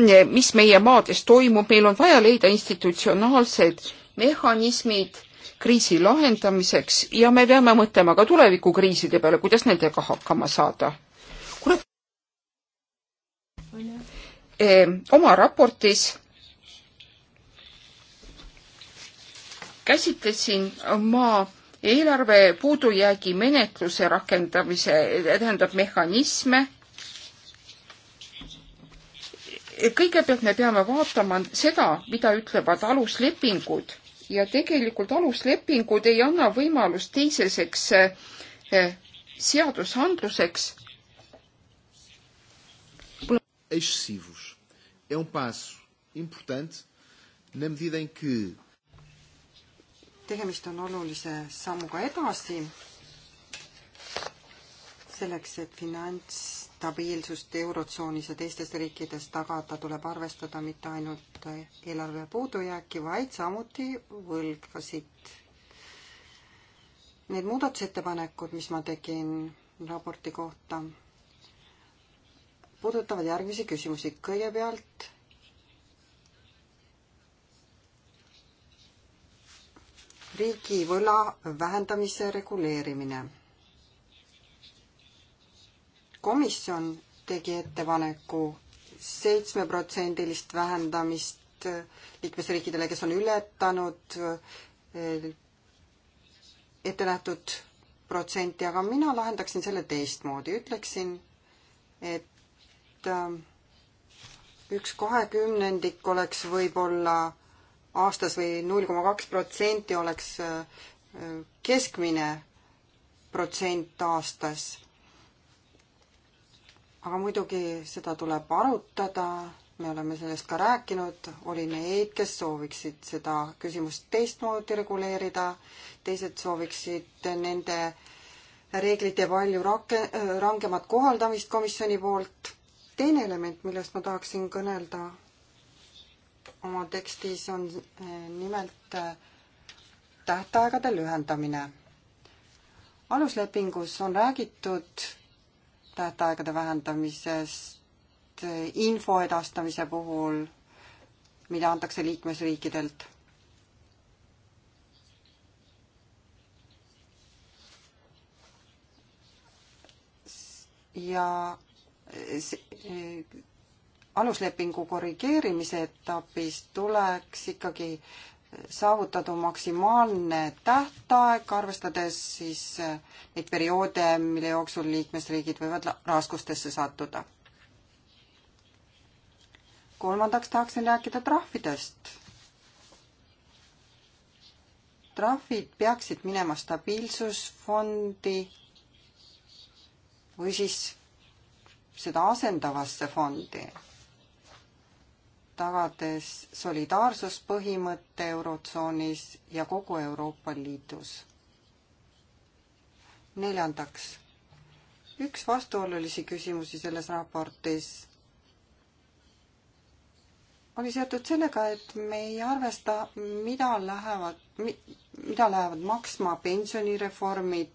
eh, mis meie maades toimub, meil on vaja leida institutsionaalsed mehhanismid kriisi lahendamiseks ja me peame mõtlema ka tulevikukriiside peale, kuidas nendega hakkama saada. Eh, oma raportis käsitlesin ma eelarve puudujäägi menetluse rakendamise, tähendab mehhanisme. kõigepealt me peame vaatama seda, mida ütlevad aluslepingud ja tegelikult aluslepingud ei anna võimalust teiseseks eh, seadusandluseks. excessivos. É um passo importante na medida em que tegemist on olulise sammuga edasi, selleks, et finantsstabiilsust Eurotsoonis ja teistes riikides tagada, tuleb arvestada mitte ainult eelarve puudujääki, vaid samuti võlgasid. Need muudatusettepanekud, mis ma tegin raporti kohta, puudutavad järgmisi küsimusi. kõigepealt riigivõla vähendamise reguleerimine. komisjon tegi ettepaneku seitsmeprotsendilist vähendamist liikmesriikidele, kes on ületanud eh, ette nähtud protsenti, aga mina lahendaksin selle teistmoodi, ütleksin, et eh, üks kahekümnendik oleks võib-olla aastas või null koma kaks protsenti oleks äh, keskmine protsent aastas. aga muidugi seda tuleb arutada, me oleme sellest ka rääkinud, oli neid, kes sooviksid seda küsimust teistmoodi reguleerida, teised sooviksid nende reeglite palju rake-, rangemat kohaldamist komisjoni poolt. teine element, millest ma tahaksin kõnelda, oma tekstis on eh, nimelt eh, tähtaegade lühendamine. aluslepingus on räägitud tähtaegade vähendamisest eh, info edastamise puhul, mida antakse liikmesriikidelt. ja see aluslepingu korrigeerimise etapis tuleks ikkagi saavutada maksimaalne tähtaeg, arvestades siis eh, neid perioode, mille jooksul liikmesriigid võivad raskustesse sattuda. kolmandaks tahaksin rääkida trahvidest. trahvid peaksid minema stabiilsusfondi või siis seda asendavasse fondi tagades solidaarsuspõhimõtte Eurotsoonis ja kogu Euroopa Liidus. neljandaks, üks vastuolulisi küsimusi selles raportis oli seotud sellega, et me ei arvesta, mida lähevad, mida lähevad maksma pensionireformid,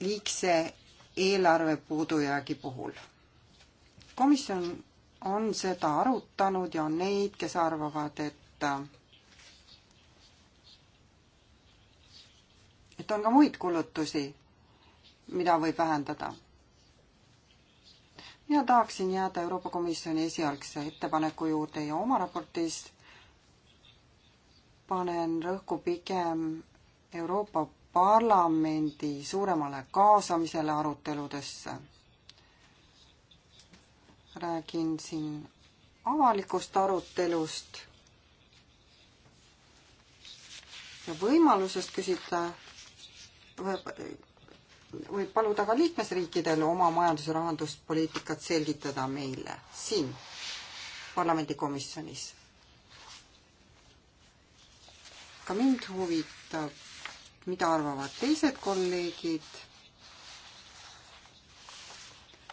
liigse eelarve puudujäägi puhul. komisjon on seda arutanud ja on neid, kes arvavad, et et on ka muid kulutusi, mida võib vähendada. mina tahaksin jääda Euroopa Komisjoni esialgse ettepaneku juurde ja oma raportis panen rõhku pigem Euroopa parlamendi suuremale kaasamisele aruteludesse. räägin siin avalikust arutelust ja võimalusest küsida või paluda ka liikmesriikidel oma majandus- ja rahanduspoliitikat selgitada meile siin parlamendikomisjonis. ka mind huvitab mida arvavad teised kolleegid.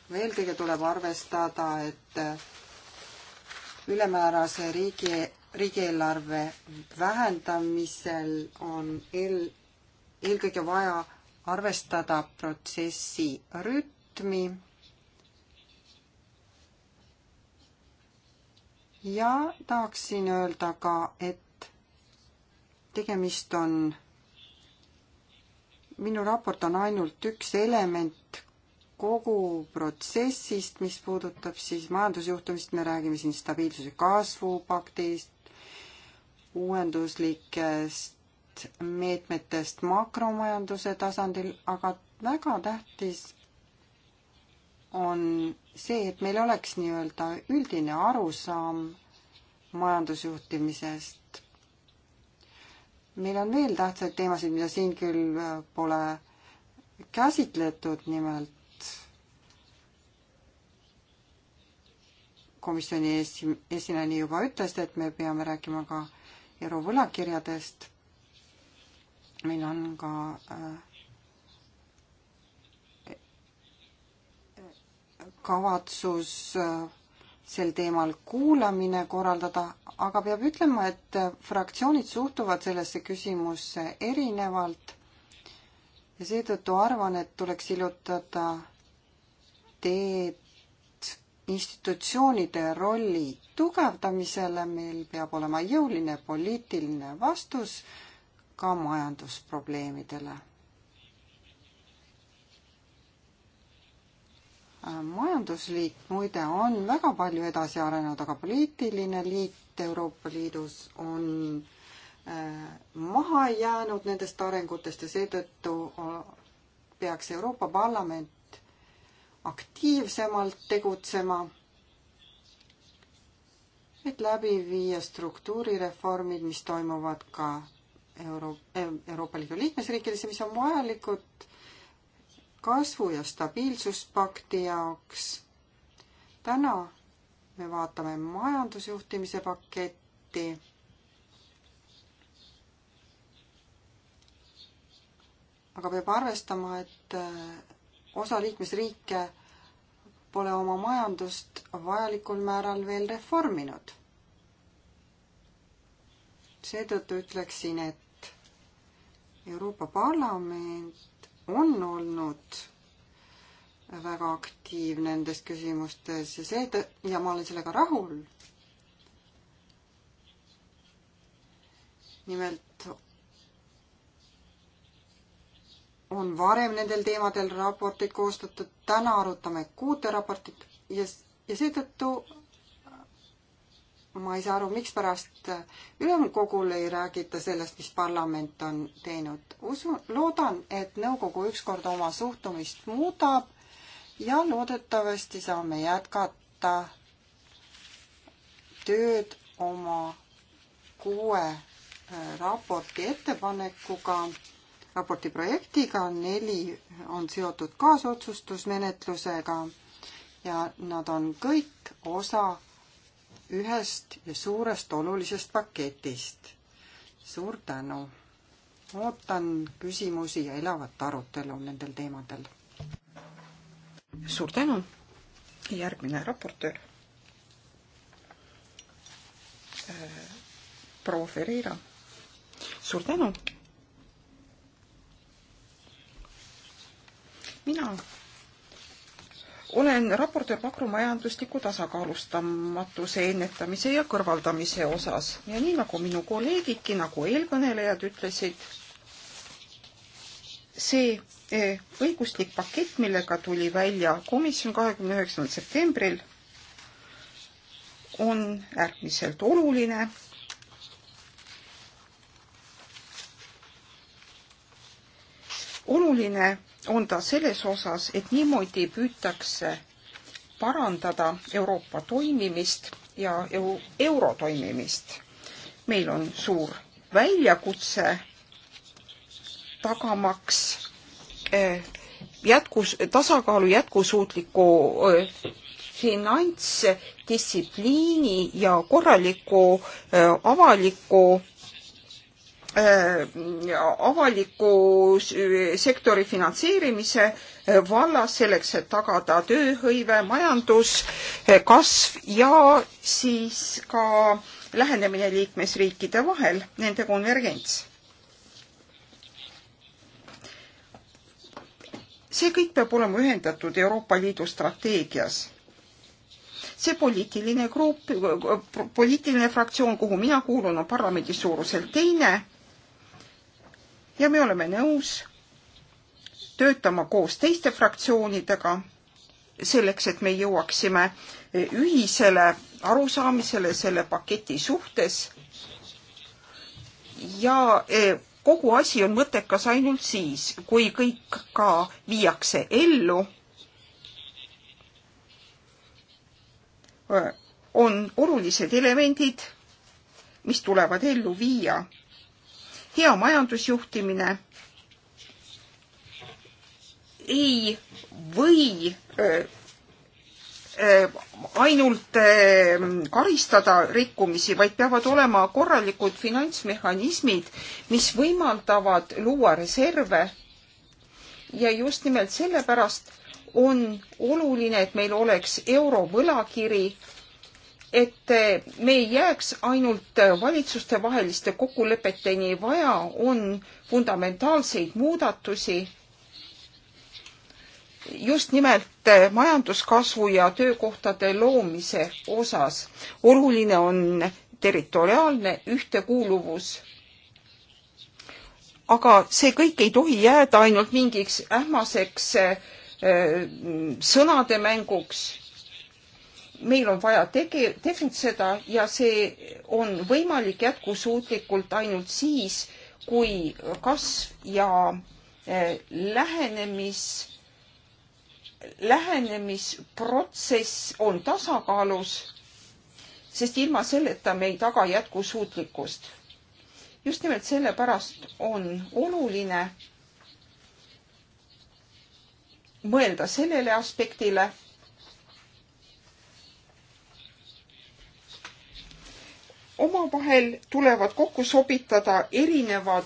eelkõige tuleb arvestada, et ülemäärase riigi, riigieelarve vähendamisel on eel, eelkõige vaja arvestada protsessi rütmi ja tahaksin öelda ka, et tegemist on minu raport on ainult üks element kogu protsessist, mis puudutab siis majandusjuhtumist, me räägime siin stabiilsuse kasvupaktist, uuenduslikest meetmetest makromajanduse tasandil, aga väga tähtis on see, et meil oleks nii-öelda üldine arusaam majandusjuhtimisest, meil on veel tähtsaid teemasid, mida siin küll äh, pole käsitletud, nimelt komisjoni esi-, esinejani juba ütles, et me peame rääkima ka eurovõlakirjadest. meil on ka äh, kavatsus äh, sel teemal kuulamine korraldada, aga peab ütlema, et fraktsioonid suhtuvad sellesse küsimusse erinevalt ja seetõttu arvan, et tuleks sillutada teed institutsioonide rolli tugevdamisele, meil peab olema jõuline poliitiline vastus ka majandusprobleemidele. majandusliit muide on väga palju edasi arenenud, aga poliitiline liit Euroopa Liidus on äh, maha jäänud nendest arengutest ja seetõttu äh, peaks Euroopa Parlament aktiivsemalt tegutsema, et läbi viia struktuurireformid, mis toimuvad ka Euro-, Euroopa Liidu liikmesriikides ja mis on vajalikud kasvu- ja stabiilsuspakti jaoks. täna me vaatame majandusjuhtimise paketti. aga peab arvestama, et äh, osa liikmesriike pole oma majandust vajalikul määral veel reforminud. seetõttu ütleksin, et Euroopa Parlament on olnud väga aktiiv nendes küsimustes ja see, ja ma olen sellega rahul. nimelt on varem nendel teemadel raporteid koostatud, täna arutame kuute raportit ja, ja seetõttu ma ei saa aru, mikspärast ülemkogul ei räägita sellest, mis parlament on teinud. usun, loodan, et nõukogu ükskord oma suhtumist muudab ja loodetavasti saame jätkata tööd oma kuue äh, raporti ettepanekuga, raporti projektiga, neli on seotud kaasotsustusmenetlusega ja nad on kõik osa ühest ja suurest olulisest paketist. suur tänu! ootan küsimusi ja elavat arutelu nendel teemadel. suur tänu! järgmine raportöör. Äh, proua Ferreira, suur tänu! mina olen raportöör makromajandusliku tasakaalustamatuse ennetamise ja kõrvaldamise osas ja nii nagu minu kolleegidki, nagu eelkõnelejad ütlesid, see eh, õiguslik pakett, millega tuli välja komisjon kahekümne üheksandal septembril, on äärmiselt oluline. oluline on ta selles osas, et niimoodi püütakse parandada Euroopa toimimist ja euro toimimist. meil on suur väljakutse tagamaks eh, jätkus, tasakaalu jätkusuutliku eh, finantsdistsipliini ja korraliku eh, avaliku Äh, avaliku sektori finantseerimise äh, vallas selleks, et tagada tööhõive, majanduskasv äh, ja siis ka lähenemine liikmesriikide vahel, nende konvergents. see kõik peab olema ühendatud Euroopa Liidu strateegias see poliitiline grupp, poliitiline fraktsioon, kuhu mina kuulun, on parlamendis suuruselt teine ja me oleme nõus töötama koos teiste fraktsioonidega selleks, et me jõuaksime ühisele arusaamisele selle paketi suhtes. ja e, kogu asi on mõttekas ainult siis, kui kõik ka viiakse ellu. E, on olulised elemendid, mis tulevad ellu viia hea majandusjuhtimine ei või äh, äh, ainult äh, karistada rikkumisi, vaid peavad olema korralikud finantsmehhanismid, mis võimaldavad luua reserve. ja just nimelt sellepärast on oluline, et meil oleks eurovõlakiri et me ei jääks ainult valitsustevaheliste kokkulepeteni, vaja on fundamentaalseid muudatusi just nimelt majanduskasvu ja töökohtade loomise osas. oluline on territoriaalne ühtekuuluvus. aga see kõik ei tohi jääda ainult mingiks ähmaseks äh, sõnademänguks meil on vaja tege-, tegutseda ja see on võimalik jätkusuutlikult ainult siis, kui kasv ja eh, lähenemis, lähenemisprotsess on tasakaalus, sest ilma selleta me ei taga jätkusuutlikkust. just nimelt sellepärast on oluline mõelda sellele aspektile omavahel tulevad kokku sobitada erinevad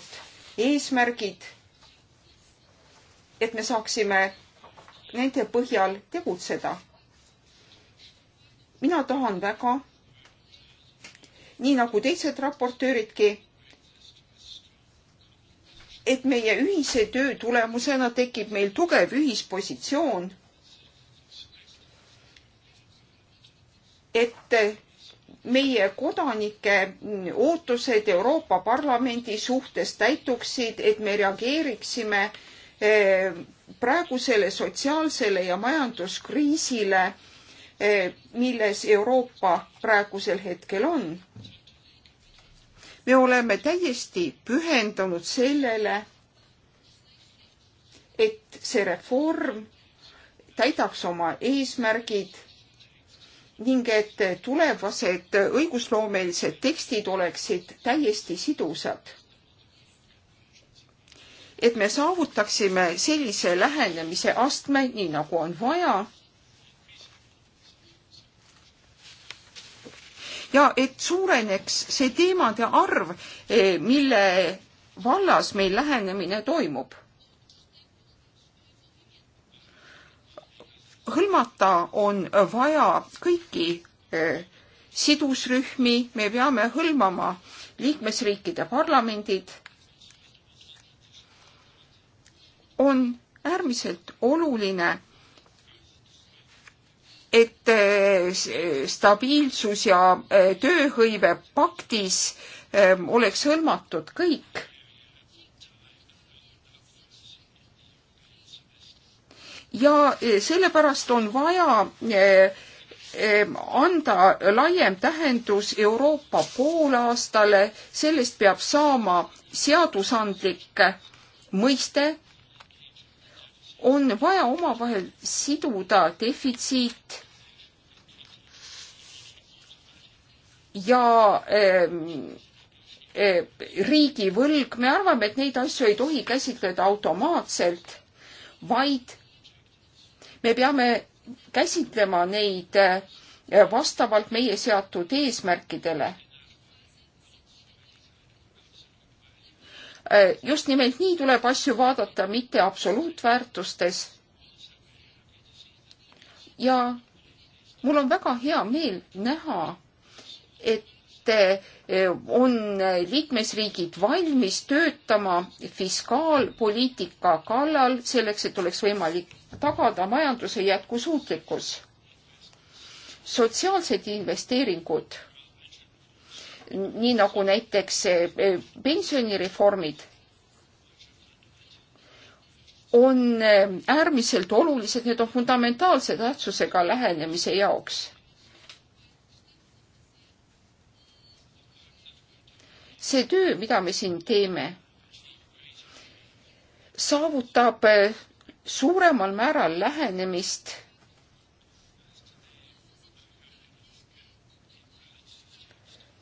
eesmärgid, et me saaksime nende põhjal tegutseda. mina tahan väga, nii nagu teised raportööridki, et meie ühise töö tulemusena tekib meil tugev ühispositsioon, et meie kodanike ootused Euroopa Parlamendi suhtes täituksid, et me reageeriksime eh, praegusele sotsiaalsele ja majanduskriisile, eh, milles Euroopa praegusel hetkel on. me oleme täiesti pühendunud sellele, et see reform täidaks oma eesmärgid ning et tulevased õigusloomelised tekstid oleksid täiesti sidusad. et me saavutaksime sellise lähenemise astme, nii nagu on vaja. ja et suureneks see teemade arv, eh, mille vallas meil lähenemine toimub hõlmata on vaja kõiki eh, sidusrühmi, me peame hõlmama liikmesriikide parlamendid. on äärmiselt oluline, et eh, stabiilsus ja eh, tööhõive paktis oleks hõlmatud kõik ja eh, sellepärast on vaja eh, eh, anda laiem tähendus Euroopa poolaastale, sellest peab saama seadusandlik mõiste. on vaja omavahel siduda defitsiit ja ähm, äh, riigivõlg, me arvame, et neid asju ei tohi käsitleda automaatselt, vaid me peame käsitlema neid eh, vastavalt meie seatud eesmärkidele. Eh, just nimelt nii tuleb asju vaadata, mitte absoluutväärtustes. ja mul on väga hea meel näha, et Eh, on liikmesriigid valmis töötama fiskaalpoliitika kallal selleks, et oleks võimalik tagada majanduse jätkusuutlikkus. sotsiaalsed investeeringud, nii nagu näiteks eh, pensionireformid on eh, äärmiselt olulised, need on fundamentaalse tähtsusega lähenemise jaoks. see töö, mida me siin teeme, saavutab äh, suuremal määral lähenemist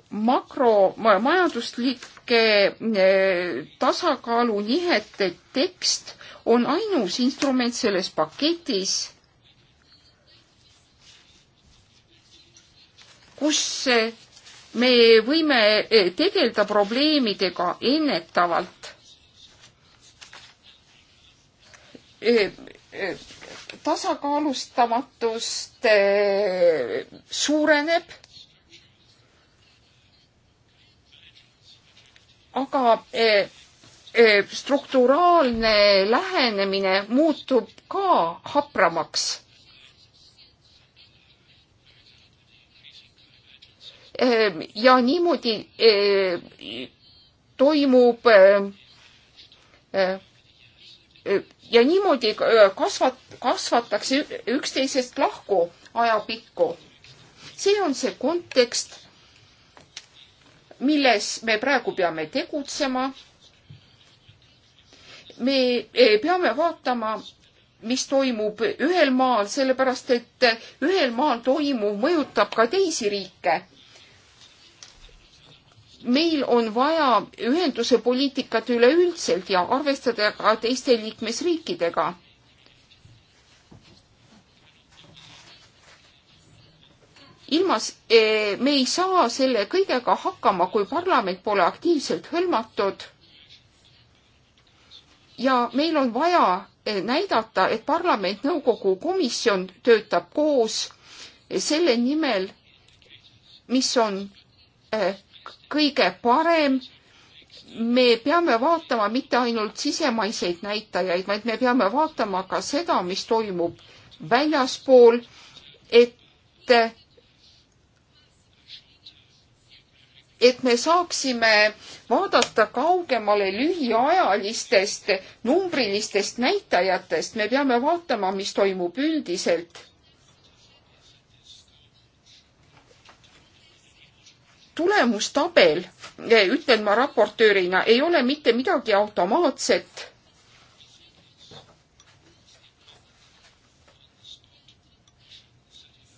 makromajanduslike äh, tasakaalunihete tekst on ainus instrument selles paketis, kus äh, me võime eh, tegeleda probleemidega ennetavalt. Eh, eh, tasakaalustamatust suureneb aga strukturaalne lähenemine muutub ka hapramaks. Ehm, ja niimoodi ehm, toimub ehm, ja niimoodi kasvat-, kasvatakse üksteisest lahku ajapikku. see on see kontekst, milles me praegu peame tegutsema. me eh, peame vaatama, mis toimub ühel maal, sellepärast et ühel maal toimuv mõjutab ka teisi riike meil on vaja ühenduse poliitikat üleüldselt ja arvestada ka teiste liikmesriikidega. ilmas, eh, me ei saa selle kõigega hakkama, kui parlament pole aktiivselt hõlmatud. ja meil on vaja eh, näidata, et parlament, nõukogu, komisjon töötab koos selle nimel, mis on eh, kõige parem. me peame vaatama mitte ainult sisemaiseid näitajaid, vaid me peame vaatama ka seda, mis toimub väljaspool, et et me saaksime vaadata kaugemale lühiajalistest numbrilistest näitajatest, me peame vaatama, mis toimub üldiselt. tulemustabel, eh, ütlen ma raportöörina, ei ole mitte midagi automaatset.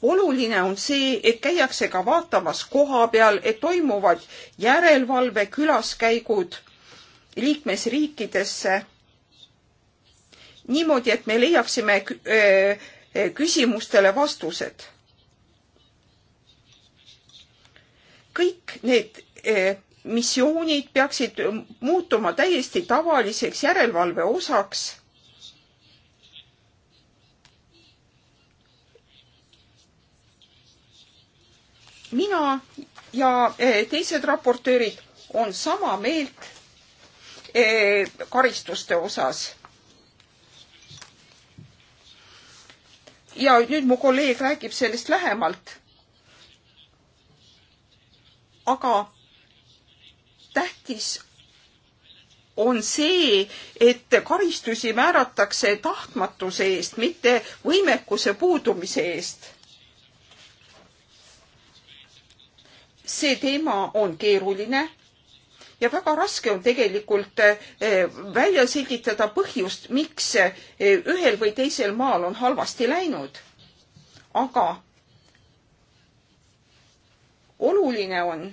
oluline on see, et käiakse ka vaatamas koha peal, et toimuvad järelevalve külaskäigud liikmesriikidesse. niimoodi, et me leiaksime eh, eh, küsimustele vastused kõik need eh, missioonid peaksid muutuma täiesti tavaliseks järelevalve osaks. mina ja eh, teised raportöörid on sama meelt eh, karistuste osas. ja nüüd mu kolleeg räägib sellest lähemalt aga tähtis on see, et karistusi määratakse tahtmatuse eest, mitte võimekuse puudumise eest. see teema on keeruline ja väga raske on tegelikult eh, välja selgitada põhjust, miks eh, ühel või teisel maal on halvasti läinud. aga oluline on,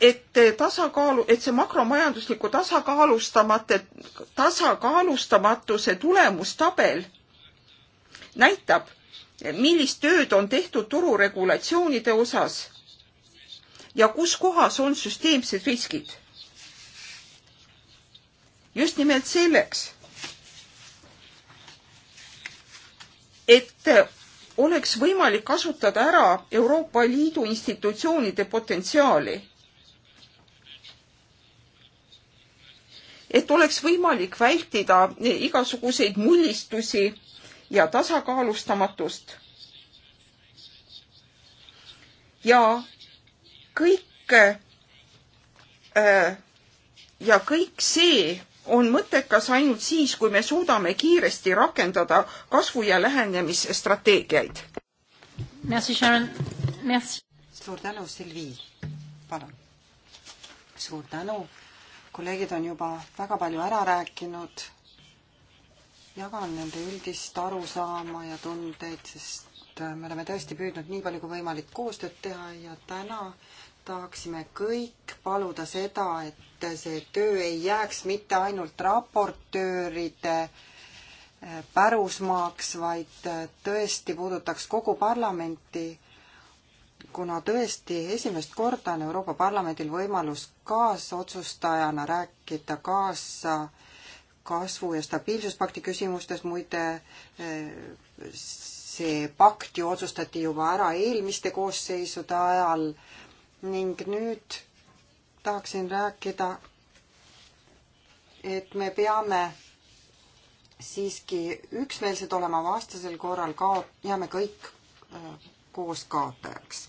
et tasakaalu, et see makromajandusliku tasakaalustamate, tasakaalustamatuse tulemustabel näitab, millist tööd on tehtud tururegulatsioonide osas ja kus kohas on süsteemsed riskid. just nimelt selleks, et oleks võimalik kasutada ära Euroopa Liidu institutsioonide potentsiaali. et oleks võimalik vältida igasuguseid mullistusi ja tasakaalustamatust. ja kõik äh, ja kõik see on mõttekas ainult siis, kui me suudame kiiresti rakendada kasvu- ja lähenemisstrateegiaid. suur tänu, Silvi, palun. suur tänu, kolleegid on juba väga palju ära rääkinud. jagan nende üldist arusaama ja tundeid, sest me oleme tõesti püüdnud nii palju kui võimalik koostööd teha ja täna äh, tahaksime kõik paluda seda, et see töö ei jääks mitte ainult raportööride äh, pärusmaaks, vaid äh, tõesti puudutaks kogu parlamenti, kuna tõesti esimest korda on Euroopa Parlamendil võimalus kaasotsustajana rääkida kaasa kasvu- ja stabiilsuspakti küsimustes, muide äh, see pakt ju otsustati juba ära eelmiste koosseisude ajal, ning nüüd tahaksin rääkida, et me peame siiski üksmeelsed olema, vastasel korral kaot-, jääme kõik äh, koos kaotajaks.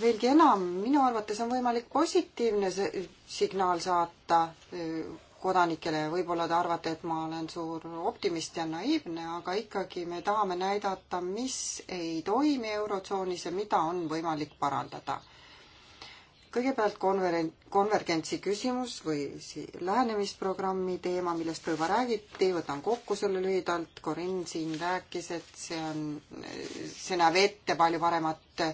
veelgi enam, minu arvates on võimalik positiivne signaal saata äh, kodanikele ja võib-olla te arvate, et ma olen suur optimist ja naiivne, aga ikkagi me tahame näidata, mis ei toimi Eurotsoonis ja mida on võimalik parandada. kõigepealt konveren-, konvergentsi küsimus või lähenemisprogrammi teema, millest ka juba räägiti, võtan kokku selle lühidalt, Corinne siin rääkis, et see on, see näeb ette palju paremat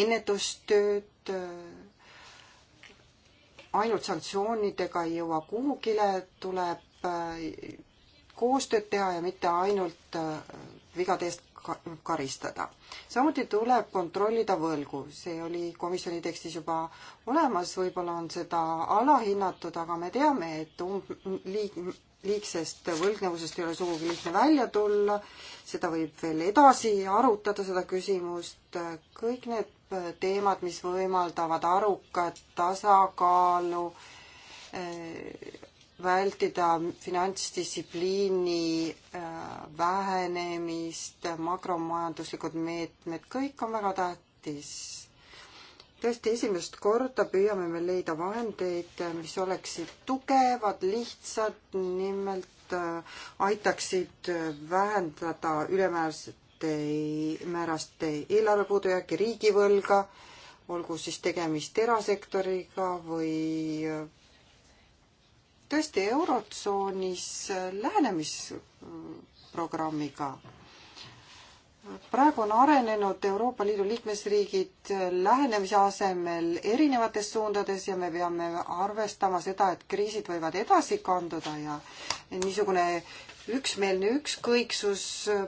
ennetustööd, ainult sanktsioonidega ei jõua kuhugile, tuleb äh, koostööd teha ja mitte ainult äh, vigade eest karistada. samuti tuleb kontrollida võlgu, see oli komisjoni tekstis juba olemas, võib-olla on seda alahinnatud, aga me teame, et umb-, liig-, liigsest võlgnevusest ei ole sugugi lihtne välja tulla, seda võib veel edasi arutada, seda küsimust, kõik need teemad, mis võimaldavad arukat tasakaalu, eh, vältida finantsdistsipliini eh, vähenemist, makromajanduslikud meetmed, kõik on väga tähtis. tõesti, esimest korda püüame me leida vahendeid, mis oleksid tugevad, lihtsad, nimelt eh, aitaksid vähendada ülemäärset ei, määrast eelarve puudujääki, riigivõlga, olgu siis tegemist erasektoriga või tõesti Eurotsoonis lähenemisprogrammiga. praegu on arenenud Euroopa Liidu liikmesriigid lähenemise asemel erinevates suundades ja me peame arvestama seda, et kriisid võivad edasi kanduda ja niisugune üksmeelne ükskõiksus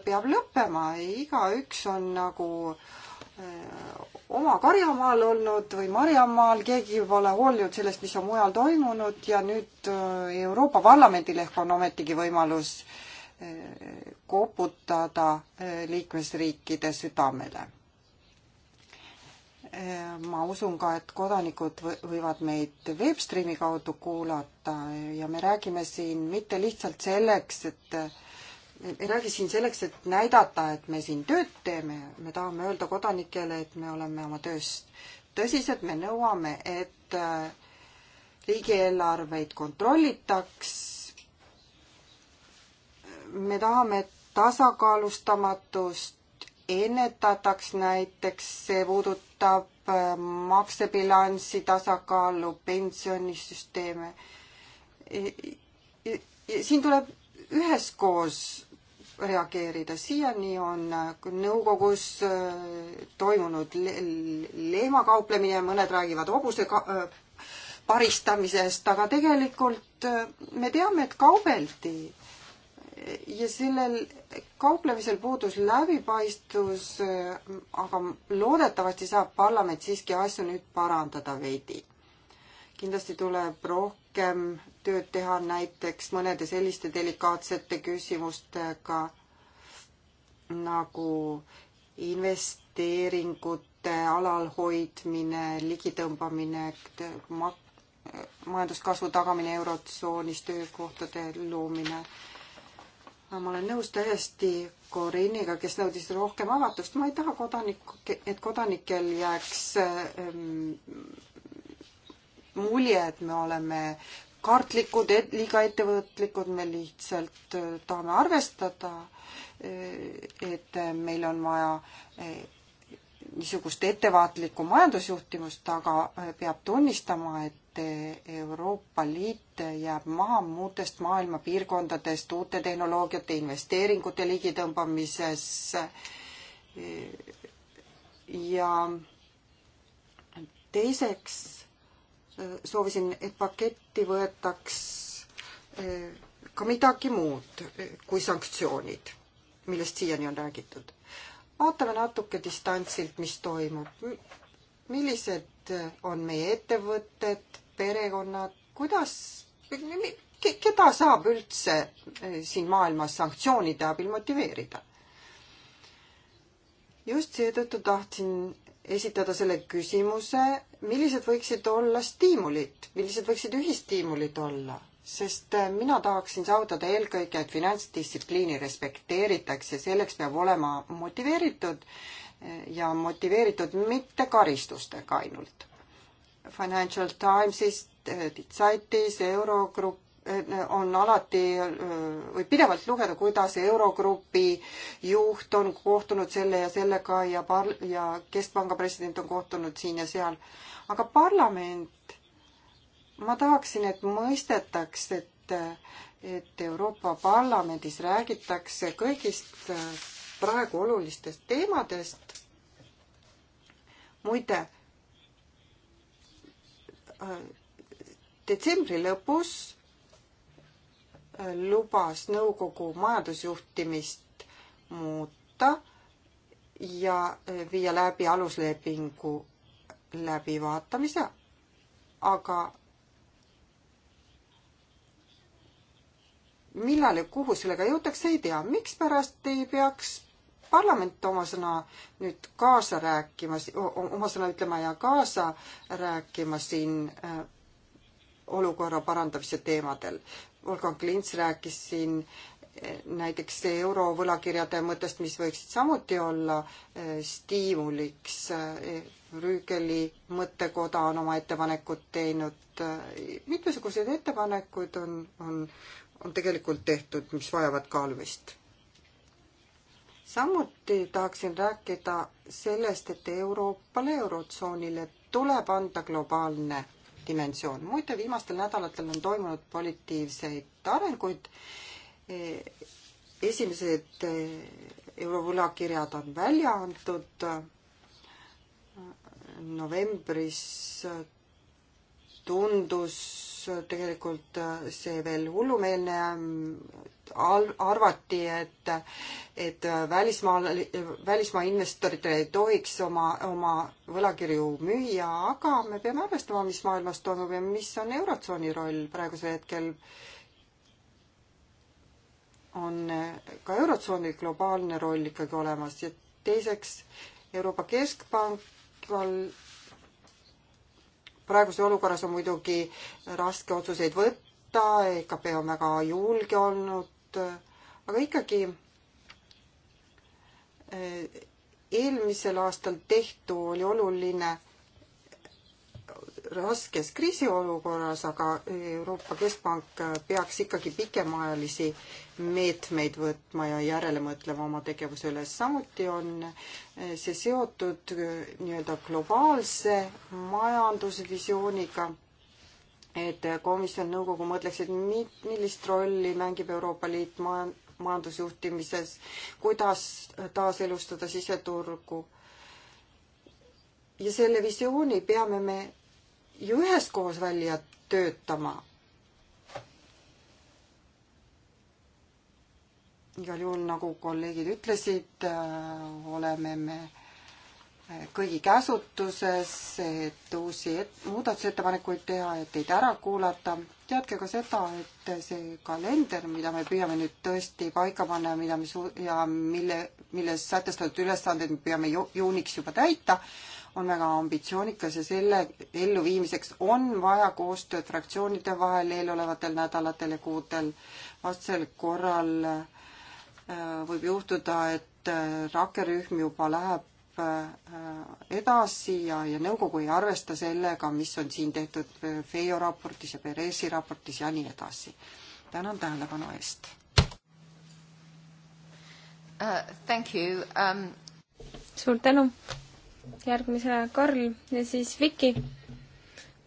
peab lõppema, igaüks on nagu äh, oma karjamaal olnud või marjamaal, keegi pole hoolinud sellest, mis on mujal toimunud ja nüüd äh, Euroopa Parlamendil ehk on ometigi võimalus äh, koputada liikmesriikide südamele Äh, ma usun ka, et kodanikud võivad meid webstreami kaudu kuulata ja me räägime siin mitte lihtsalt selleks, et äh, ei räägi siin selleks, et näidata, et me siin tööd teeme, me tahame öelda kodanikele, et me oleme oma tööst tõsised, me nõuame, et äh, riigieelarveid kontrollitaks. me tahame, et tasakaalustamatust ennetataks näiteks, see puudutab puudutab maksebilanssi ähm, tasakaalu, pensionisüsteeme. siin tuleb üheskoos reageerida, siiani on äh, nõukogus äh, toimunud le lehmakauplemine, mõned räägivad hobuse äh, paristamisest, aga tegelikult me teame, et kaubeldi ja sellel kauplemisel puudus läbipaistvus, aga loodetavasti saab parlament siiski asju nüüd parandada veidi. kindlasti tuleb rohkem tööd teha näiteks mõnede selliste delikaatsete küsimustega nagu investeeringute alalhoidmine, ligitõmbamine, majanduskasvu tagamine Eurotsoonis, töökohtade loomine ma olen nõus täiesti Koriniga, kes nõudis rohkem avatust, ma ei taha kodanik, et kodanikel jääks ähm, mulje, et me oleme kartlikud et,, liiga ettevõtlikud, me lihtsalt äh, tahame arvestada, äh, et äh, meil on vaja niisugust ettevaatlikku majandusjuhtimust, aga äh, peab tunnistama, et äh, Euroopa Liit jääb maha muudest maailma piirkondadest uute tehnoloogiate investeeringute ligitõmbamises ja teiseks äh, soovisin, et paketti võetaks ka midagi muud kui sanktsioonid, millest siiani on räägitud vaatame natuke distantsilt, mis toimub. millised on meie ettevõtted, perekonnad, kuidas, keda saab üldse eh, siin maailmas sanktsioonide abil motiveerida? just seetõttu tahtsin esitada selle küsimuse, millised võiksid olla stiimulid, millised võiksid ühistiimulid olla sest äh, mina tahaksin saavutada eelkõige, et finantsdistsipliini respekteeritakse, selleks peab olema motiveeritud äh, ja motiveeritud mitte karistustega ainult. Financial Timesist, äh, The Zeitis, Eurogrupp on alati või pidevalt lugeda, kuidas Eurogrupi juht on kohtunud selle ja sellega ja par-, ja Keskpanga president on kohtunud siin ja seal. aga parlament ma tahaksin, et mõistetaks, et, et Euroopa Parlamendis räägitakse kõigist äh, praegu olulistest teemadest. muide, äh, detsembri lõpus äh, lubas nõukogu majandusjuhtimist muuta ja viia läbi aluslepingu läbivaatamise, aga millal ja kuhu sellega jõutakse, ei tea. mikspärast ei peaks parlament oma sõna nüüd kaasa rääkima, oma sõna ütlema ja kaasa rääkima siin äh, olukorra parandamise teemadel. Volkan Klints rääkis siin äh, näiteks eurovõlakirjade mõttest, mis võiksid samuti olla äh, stiimuliks. Rüügeli mõttekoda on oma ettepanekud teinud. mitmesuguseid ettepanekuid on, on on tegelikult tehtud, mis vajavad kaalumist. samuti tahaksin rääkida sellest, et Euroopale, Eurotsoonile tuleb anda globaalne dimensioon. muide, viimastel nädalatel on toimunud positiivseid arenguid. E, esimesed e, eurovõlakirjad on välja antud. E, novembris tundus tegelikult äh, see veel hullumeelne arvati, et, et välismaal, välismaa investoritele ei tohiks oma, oma võlakirju müüa, aga me peame arvestama, mis maailmas toimub ja mis on Eurotsooni roll praegusel hetkel. on äh, ka Eurotsooni globaalne roll ikkagi olemas ja teiseks Euroopa Keskpank on praeguses olukorras on muidugi raske otsuseid võtta, EKP on väga julge olnud, aga ikkagi eh, eelmisel aastal tehtu oli oluline raskes kriisiolukorras, aga Euroopa Keskpank peaks ikkagi pikemaajalisi meetmeid võtma ja järele mõtlema oma tegevuse üle. samuti on see seotud nii-öelda globaalse majandusvisiooniga, et komisjon, nõukogu mõtleksid, millist rolli mängib Euroopa Liit maja, majandusjuhtimises, kuidas taaselustada siseturgu ja selle visiooni peame me ju üheskoos välja töötama. igal juhul, nagu kolleegid ütlesid, äh, oleme me äh, kõigi käsutuses, et uusi et, muudatusettepanekuid teha, et teid ära kuulata. teadke ka seda, et see kalender, mida me püüame nüüd tõesti paika panna ja mida me su-, ja mille, milles sätestatud ülesanded me püüame ju-, juuniks juba täita, on väga ambitsioonikas ja selle elluviimiseks on vaja koostööd fraktsioonide vahel eelolevatel nädalatel ja kuudel. vastasel korral äh, võib juhtuda, et äh, rakkerühm juba läheb äh, edasi ja, ja nõukogu ei arvesta sellega, mis on siin tehtud Feio raportis ja Peresi raportis ja nii edasi. tänan tähelepanu eest uh,. Thank you um.... suur tänu järgmisena Karl ja siis Viki.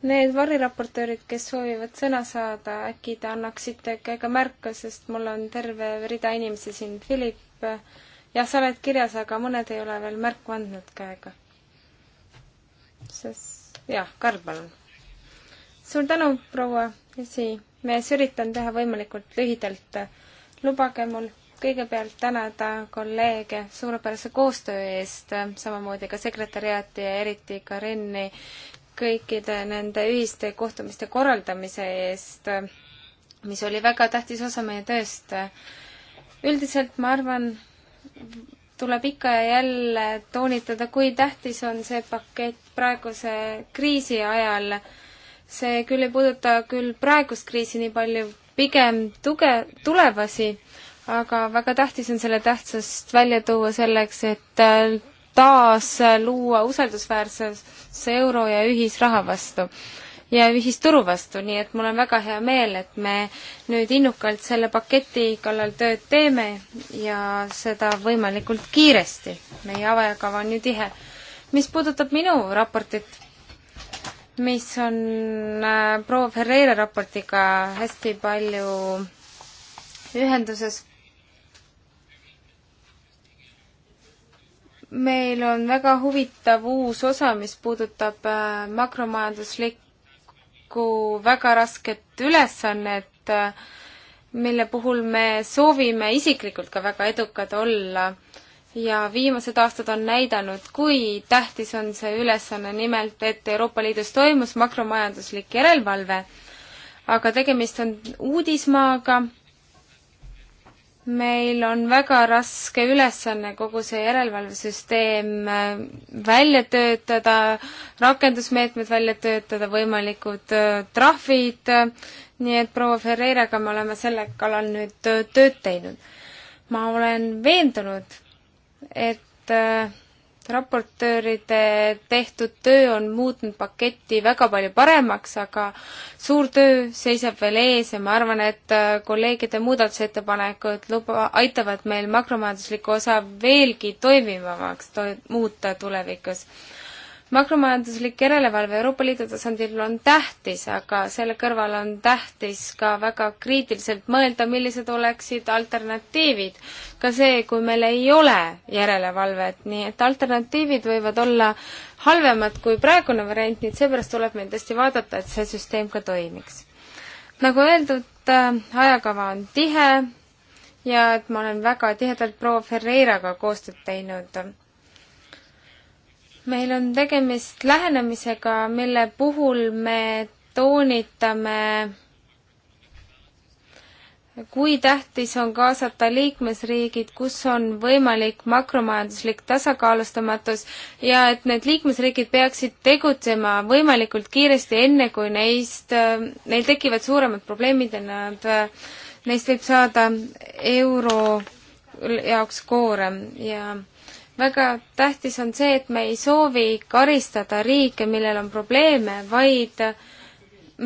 Need variraportöörid, kes soovivad sõna saada, äkki te annaksite ka märku, sest mul on terve rida inimesi siin. Philip, jah, sa oled kirjas, aga mõned ei ole veel märku andnud käega. sest, jah, Karl, palun. suur tänu, proua Jüsi. mees, üritan teha võimalikult lühidalt. lubage mul kõigepealt tänada kolleege suurepärase koostöö eest, samamoodi ka sekretäriaati ja eriti Karinni kõikide nende ühiste kohtumiste korraldamise eest, mis oli väga tähtis osa meie tööst. üldiselt ma arvan, tuleb ikka ja jälle toonitada, kui tähtis on see pakett praeguse kriisi ajal. see küll ei puuduta küll praegust kriisi nii palju, pigem tuge, tulevasi aga väga tähtis on selle tähtsust välja tuua selleks, et äh, taas äh, luua usaldusväärsus euro ja ühisraha vastu ja ühisturu vastu, nii et mul on väga hea meel, et me nüüd innukalt selle paketi kallal tööd teeme ja seda võimalikult kiiresti. meie avajakava on ju tihe. mis puudutab minu raportit, mis on äh, proua Ferreira raportiga hästi palju ühenduses, meil on väga huvitav uus osa, mis puudutab äh, makromajanduslikku väga rasket ülesannet, äh, mille puhul me soovime isiklikult ka väga edukad olla. ja viimased aastad on näidanud, kui tähtis on see ülesanne, nimelt et Euroopa Liidus toimus makromajanduslik järelevalve, aga tegemist on uudismaaga meil on väga raske ülesanne kogu see järelevalvesüsteem äh, välja töötada, rakendusmeetmed välja töötada, võimalikud äh, trahvid, äh, nii et proua Ferreiraga me oleme selle kallal nüüd tööd teinud. ma olen veendunud, et raportööride tehtud töö on muutnud paketti väga palju paremaks, aga suur töö seisab veel ees ja ma arvan, et äh, kolleegide muudatusettepanekud luba, aitavad meil makromajanduslikku osa veelgi toimivamaks to-, muuta tulevikus makromajanduslik järelevalve Euroopa Liidu tasandil on tähtis, aga selle kõrval on tähtis ka väga kriitiliselt mõelda, millised oleksid alternatiivid. ka see, kui meil ei ole järelevalvet, nii et alternatiivid võivad olla halvemad kui praegune variant, nii et seepärast tuleb meil tõesti vaadata, et see süsteem ka toimiks. nagu öeldud, äh, ajakava on tihe ja et ma olen väga tihedalt proua Ferreiraga koostööd teinud meil on tegemist lähenemisega, mille puhul me toonitame, kui tähtis on kaasata liikmesriigid, kus on võimalik makromajanduslik tasakaalustamatus ja et need liikmesriigid peaksid tegutsema võimalikult kiiresti, enne kui neist, neil tekivad suuremad probleemid ja nad, neist võib saada euro jaoks koorem ja väga tähtis on see, et me ei soovi karistada riike, millel on probleeme, vaid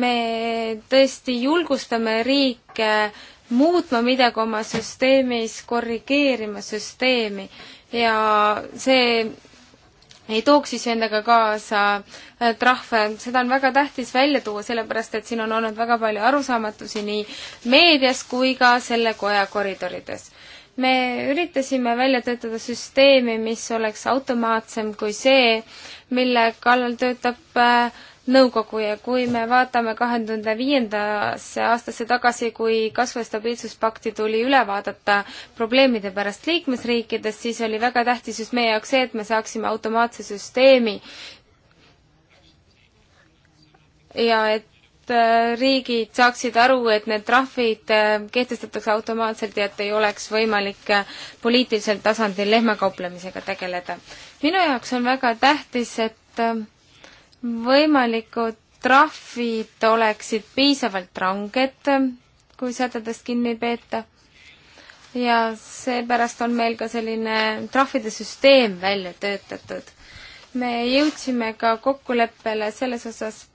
me tõesti julgustame riike muutma midagi oma süsteemis, korrigeerima süsteemi ja see ei tooks siis endaga kaasa äh, trahve, seda on väga tähtis välja tuua, sellepärast et siin on olnud väga palju arusaamatusi nii meedias kui ka selle koja koridorides me üritasime välja töötada süsteemi, mis oleks automaatsem kui see, mille kallal töötab äh, nõukogu ja kui me vaatame kahe tuhande viiendasse aastasse tagasi, kui kasvu- ja stabiilsuspakti tuli üle vaadata probleemide pärast liikmesriikides, siis oli väga tähtis just meie jaoks see, et me saaksime automaatse süsteemi ja et Äh, riigid saaksid aru, et need trahvid äh, kehtestatakse automaatselt ja et ei oleks võimalik äh, poliitilisel tasandil lehmakauplemisega tegeleda. minu jaoks on väga tähtis, et võimalikud trahvid oleksid piisavalt ranged, kui sätedest kinni ei peeta. ja seepärast on meil ka selline trahvide süsteem välja töötatud me jõudsime ka kokkuleppele selles osas,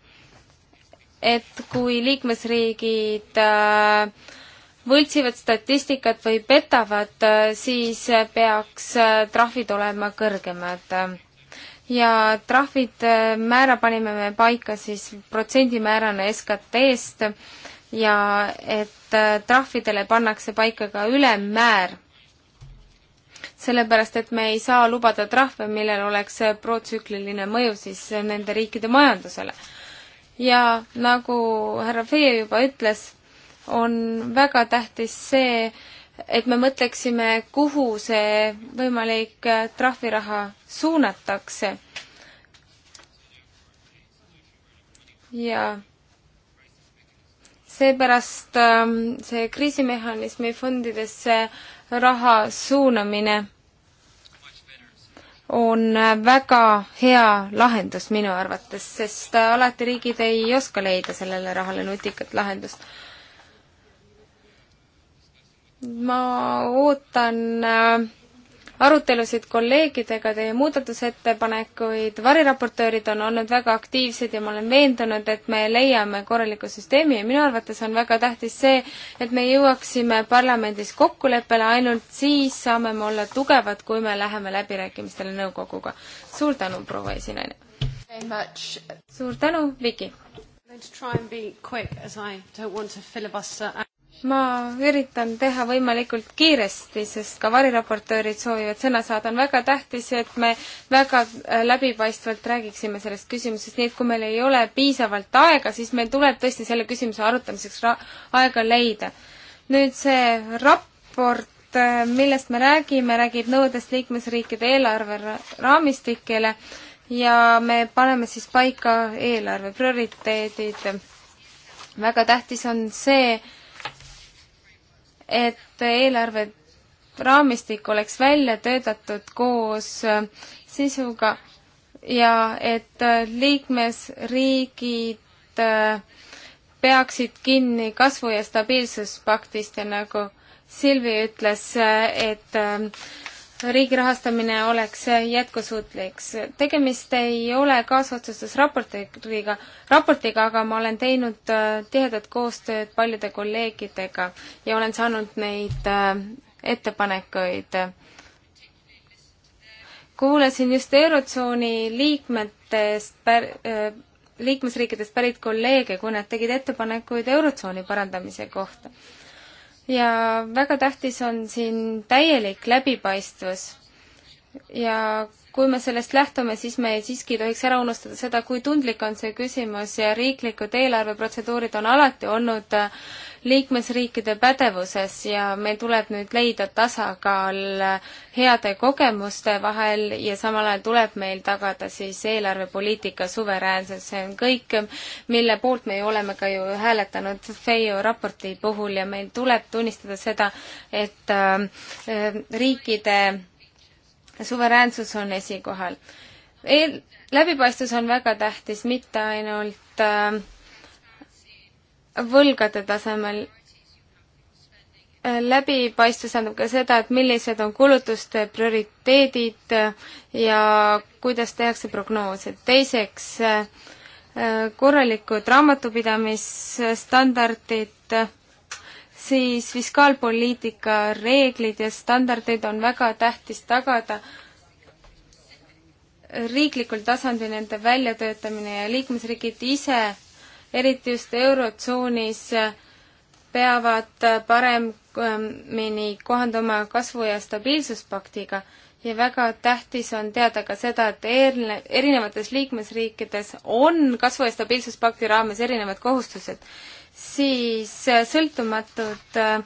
et kui liikmesriigid äh, võltsivad statistikat või petavad, äh, siis peaks äh, trahvid olema kõrgemad. ja trahvid määra panime me paika siis protsendimäärana SKT-st ja et trahvidele pannakse paika ka ülemmäär sellepärast, et me ei saa lubada trahve, millel oleks protsükliline mõju siis nende riikide majandusele ja nagu härra Fee juba ütles, on väga tähtis see, et me mõtleksime, kuhu see võimalik äh, trahviraha suunatakse. ja seepärast ähm, see kriisimehhanismi fondidesse raha suunamine on väga hea lahendus minu arvates, sest alati riigid ei oska leida sellele rahale nutikat lahendust. ma ootan äh, arutelusid kolleegidega, teie muudatusettepanekuid, variraportöörid on olnud väga aktiivsed ja ma olen veendunud, et me leiame korraliku süsteemi ja minu arvates on väga tähtis see, et me jõuaksime parlamendis kokkuleppele, ainult siis saame me olla tugevad, kui me läheme läbirääkimistele nõukoguga. suur tänu, proua esinaine! suur tänu, Viki! going to try and be quick as I don't want to filibuster ma üritan teha võimalikult kiiresti, sest ka variraportöörid soovivad sõna saada. on väga tähtis, et me väga äh, läbipaistvalt räägiksime sellest küsimusest, nii et kui meil ei ole piisavalt aega, siis meil tuleb tõesti selle küsimuse arutamiseks aega leida. nüüd see raport, äh, millest me räägime, räägib nõudest liikmesriikide eelarveraamistikele ja me paneme siis paika eelarve prioriteedid. väga tähtis on see, et eelarve raamistik oleks välja töötatud koos äh, sisuga ja et äh, liikmesriigid äh, peaksid kinni kasvu- ja stabiilsuspaktist ja nagu Silvi ütles, et riigi rahastamine oleks jätkusuutlik. tegemist ei ole kaasotsustusraportiga, raportiga, aga ma olen teinud äh, tihedat koostööd paljude kolleegidega ja olen saanud neid äh, ettepanekuid. kuulasin just Eurotsooni liikmetest pär-, äh, liikmesriikidest pärit kolleege, kui nad tegid ettepanekuid Eurotsooni parandamise kohta ja väga tähtis on siin täielik läbipaistvus ja kui me sellest lähtume, siis me ei siiski ei tohiks ära unustada seda, kui tundlik on see küsimus ja riiklikud eelarveprotseduurid on alati olnud äh, liikmesriikide pädevuses ja meil tuleb nüüd leida tasakaal äh, heade kogemuste vahel ja samal ajal tuleb meil tagada siis eelarvepoliitika suveräänsus, see on kõik, mille poolt me ju oleme ka ju hääletanud FEIO raporti puhul ja meil tuleb tunnistada seda, et äh, äh riikide suveräänsus on esikohal. eel-, läbipaistvus on väga tähtis mitte ainult äh, võlgade tasemel äh,. läbipaistvus tähendab ka seda, et millised on kulutuste prioriteedid äh, ja kuidas tehakse prognoose. teiseks äh,, äh korralikud raamatupidamisstandardid äh,, siis fiskaalpoliitika reeglid ja standardid on väga tähtis tagada riiklikul tasandil nende väljatöötamine ja liikmesriigid ise, eriti just Eurotsoonis, peavad paremini ähm, kohanduma kasvu- ja stabiilsuspaktiga ja väga tähtis on teada ka seda, et erne-, erinevates liikmesriikides on kasvu- ja stabiilsuspakti raames erinevad kohustused siis äh, sõltumatud äh,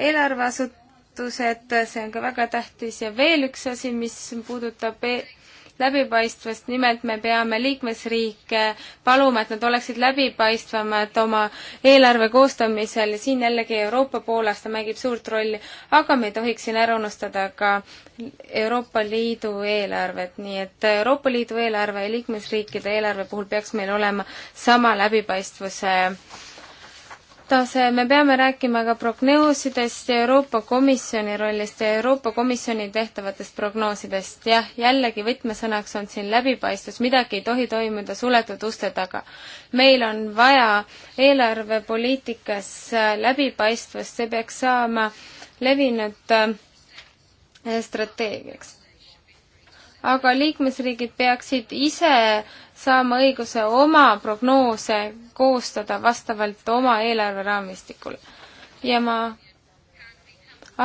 eelarveasutused, äh, see on ka väga tähtis ja veel üks asi, mis puudutab e läbipaistvust, nimelt me peame liikmesriike paluma, et nad oleksid läbipaistvamad oma eelarve koostamisel ja siin jällegi Euroopa poolaasta mängib suurt rolli, aga me ei tohiks siin ära unustada ka Euroopa Liidu eelarvet, nii et Euroopa Liidu eelarve ja liikmesriikide eelarve puhul peaks meil olema sama läbipaistvuse tase, me peame rääkima ka prognoosidest ja Euroopa Komisjoni rollist ja Euroopa Komisjoni tehtavatest prognoosidest. jah, jällegi võtmesõnaks on siin läbipaistvus, midagi ei tohi toimuda suletud uste taga. meil on vaja eelarvepoliitikas äh, läbipaistvust, see peaks saama levinud äh, strateegiaks. aga liikmesriigid peaksid ise saama õiguse oma prognoose koostada vastavalt oma eelarveraamistikule. ja ma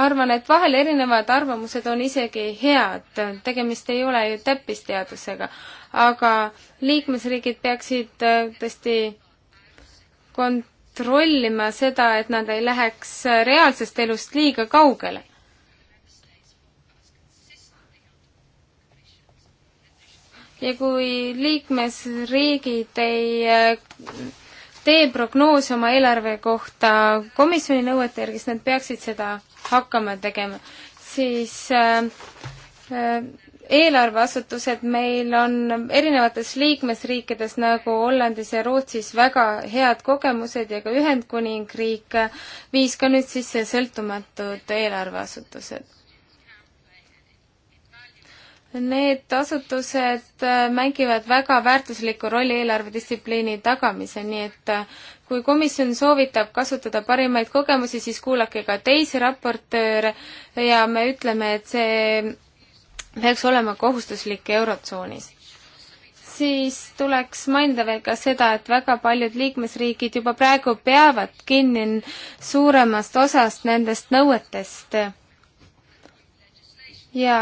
arvan, et vahel erinevad arvamused on isegi head, tegemist ei ole ju täppisteadusega, aga liikmesriigid peaksid äh, tõesti kontrollima seda, et nad ei läheks reaalsest elust liiga kaugele. ja kui liikmesriigid ei äh, tee prognoose oma eelarve kohta komisjoni nõuete järgi, siis nad peaksid seda hakkama tegema, siis äh, äh, eelarveasutused meil on erinevates liikmesriikides nagu Hollandis ja Rootsis väga head kogemused ja ka Ühendkuningriik viis ka nüüd sisse sõltumatud eelarveasutused Need asutused äh, mängivad väga väärtuslikku rolli eelarvedistsipliini tagamisel, nii et äh, kui komisjon soovitab kasutada parimaid kogemusi, siis kuulake ka teisi raportööre ja me ütleme, et see peaks olema kohustuslik Eurotsoonis. siis tuleks mainida veel ka seda, et väga paljud liikmesriigid juba praegu peavad kinni suuremast osast nendest nõuetest ja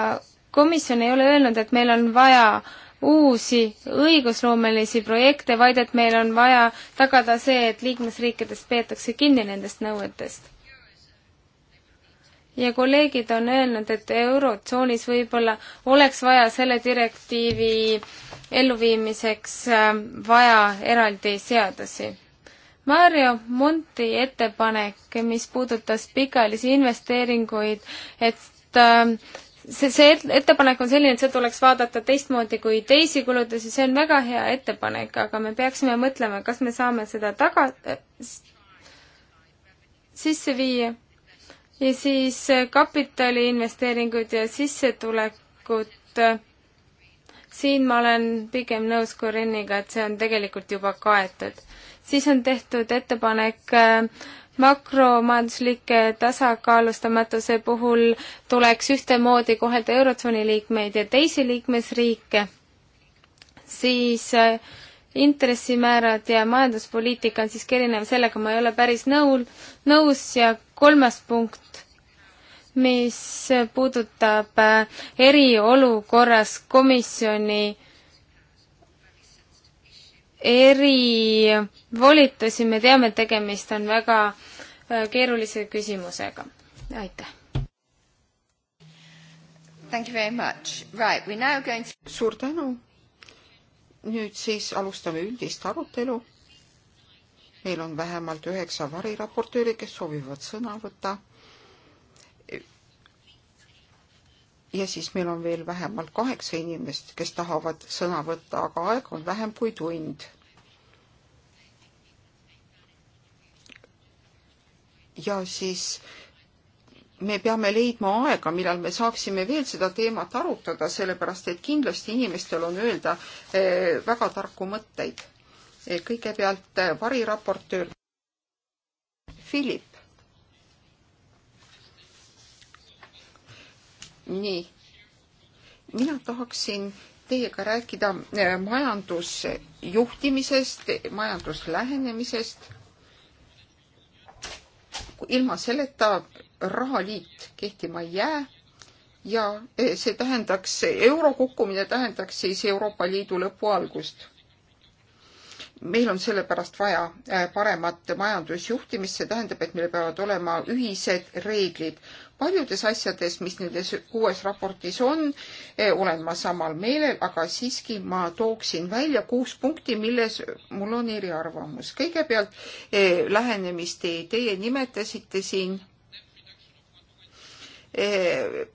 komisjon ei ole öelnud, et meil on vaja uusi õigusloomelisi projekte, vaid et meil on vaja tagada see, et liikmesriikides peetakse kinni nendest nõuetest. ja kolleegid on öelnud, et Eurotsoonis võib-olla oleks vaja selle direktiivi elluviimiseks ähm, vaja eraldi seadusi Mario Monti ettepanek, mis puudutas pikaajalisi investeeringuid, et ähm, see, see ettepanek on selline, et seda tuleks vaadata teistmoodi kui teisi kulutusi, see on väga hea ettepanek, aga me peaksime mõtlema, kas me saame seda taga äh,, sisse viia. ja siis äh, kapitaliinvesteeringud ja sissetulekud, siin ma olen pigem nõus Korinniga, et see on tegelikult juba kaetud. siis on tehtud ettepanek äh, makromajanduslike tasakaalustamatuse puhul tuleks ühtemoodi kohelda Eurotsooni liikmeid ja teisi liikmesriike, siis äh, intressimäärad ja majanduspoliitika on siiski erinev, sellega ma ei ole päris nõul, nõus ja kolmas punkt, mis puudutab äh, eriolukorras komisjoni erivolitusi, me teame, et tegemist on väga äh, keerulise küsimusega. aitäh! Thank you very much. Right, we now going to... suur tänu! nüüd siis alustame üldist arutelu. meil on vähemalt üheksa variraportööri, kes soovivad sõna võtta ja siis meil on veel vähemalt kaheksa inimest, kes tahavad sõna võtta, aga aega on vähem kui tund. ja siis me peame leidma aega, millal me saaksime veel seda teemat arutada, sellepärast et kindlasti inimestel on öelda eh, väga tarku mõtteid. Eh, kõigepealt eh, variraportöör Philip. nii, mina tahaksin teiega rääkida äh, majandusjuhtimisest, majanduslähenemisest. ilma selleta rahaliit kehtima ei jää ja äh, see tähendaks, euro kukkumine tähendaks siis Euroopa Liidu lõpu algust. meil on sellepärast vaja äh, paremat majandusjuhtimist, see tähendab, et meil peavad olema ühised reeglid paljudes asjades, mis nendes uues raportis on, eh, olen ma samal meelel, aga siiski ma tooksin välja kuus punkti, milles mul on eriarvamus. kõigepealt eh, lähenemist teie nimetasite siin eh,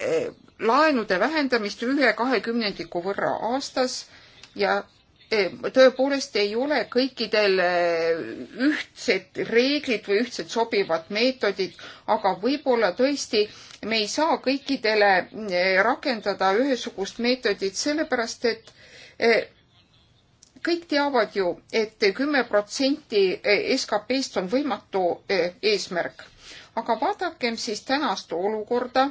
eh, laenude vähendamist ühe kahekümnendiku võrra aastas ja tõepoolest ei ole kõikidel eh, ühtsed reeglid või ühtsed sobivad meetodid, aga võib-olla tõesti me ei saa kõikidele eh, rakendada ühesugust meetodit, sellepärast et eh, kõik teavad ju et, et kümme protsenti SKP-st on võimatu eesmärk aga vaadakem siis tänast olukorda,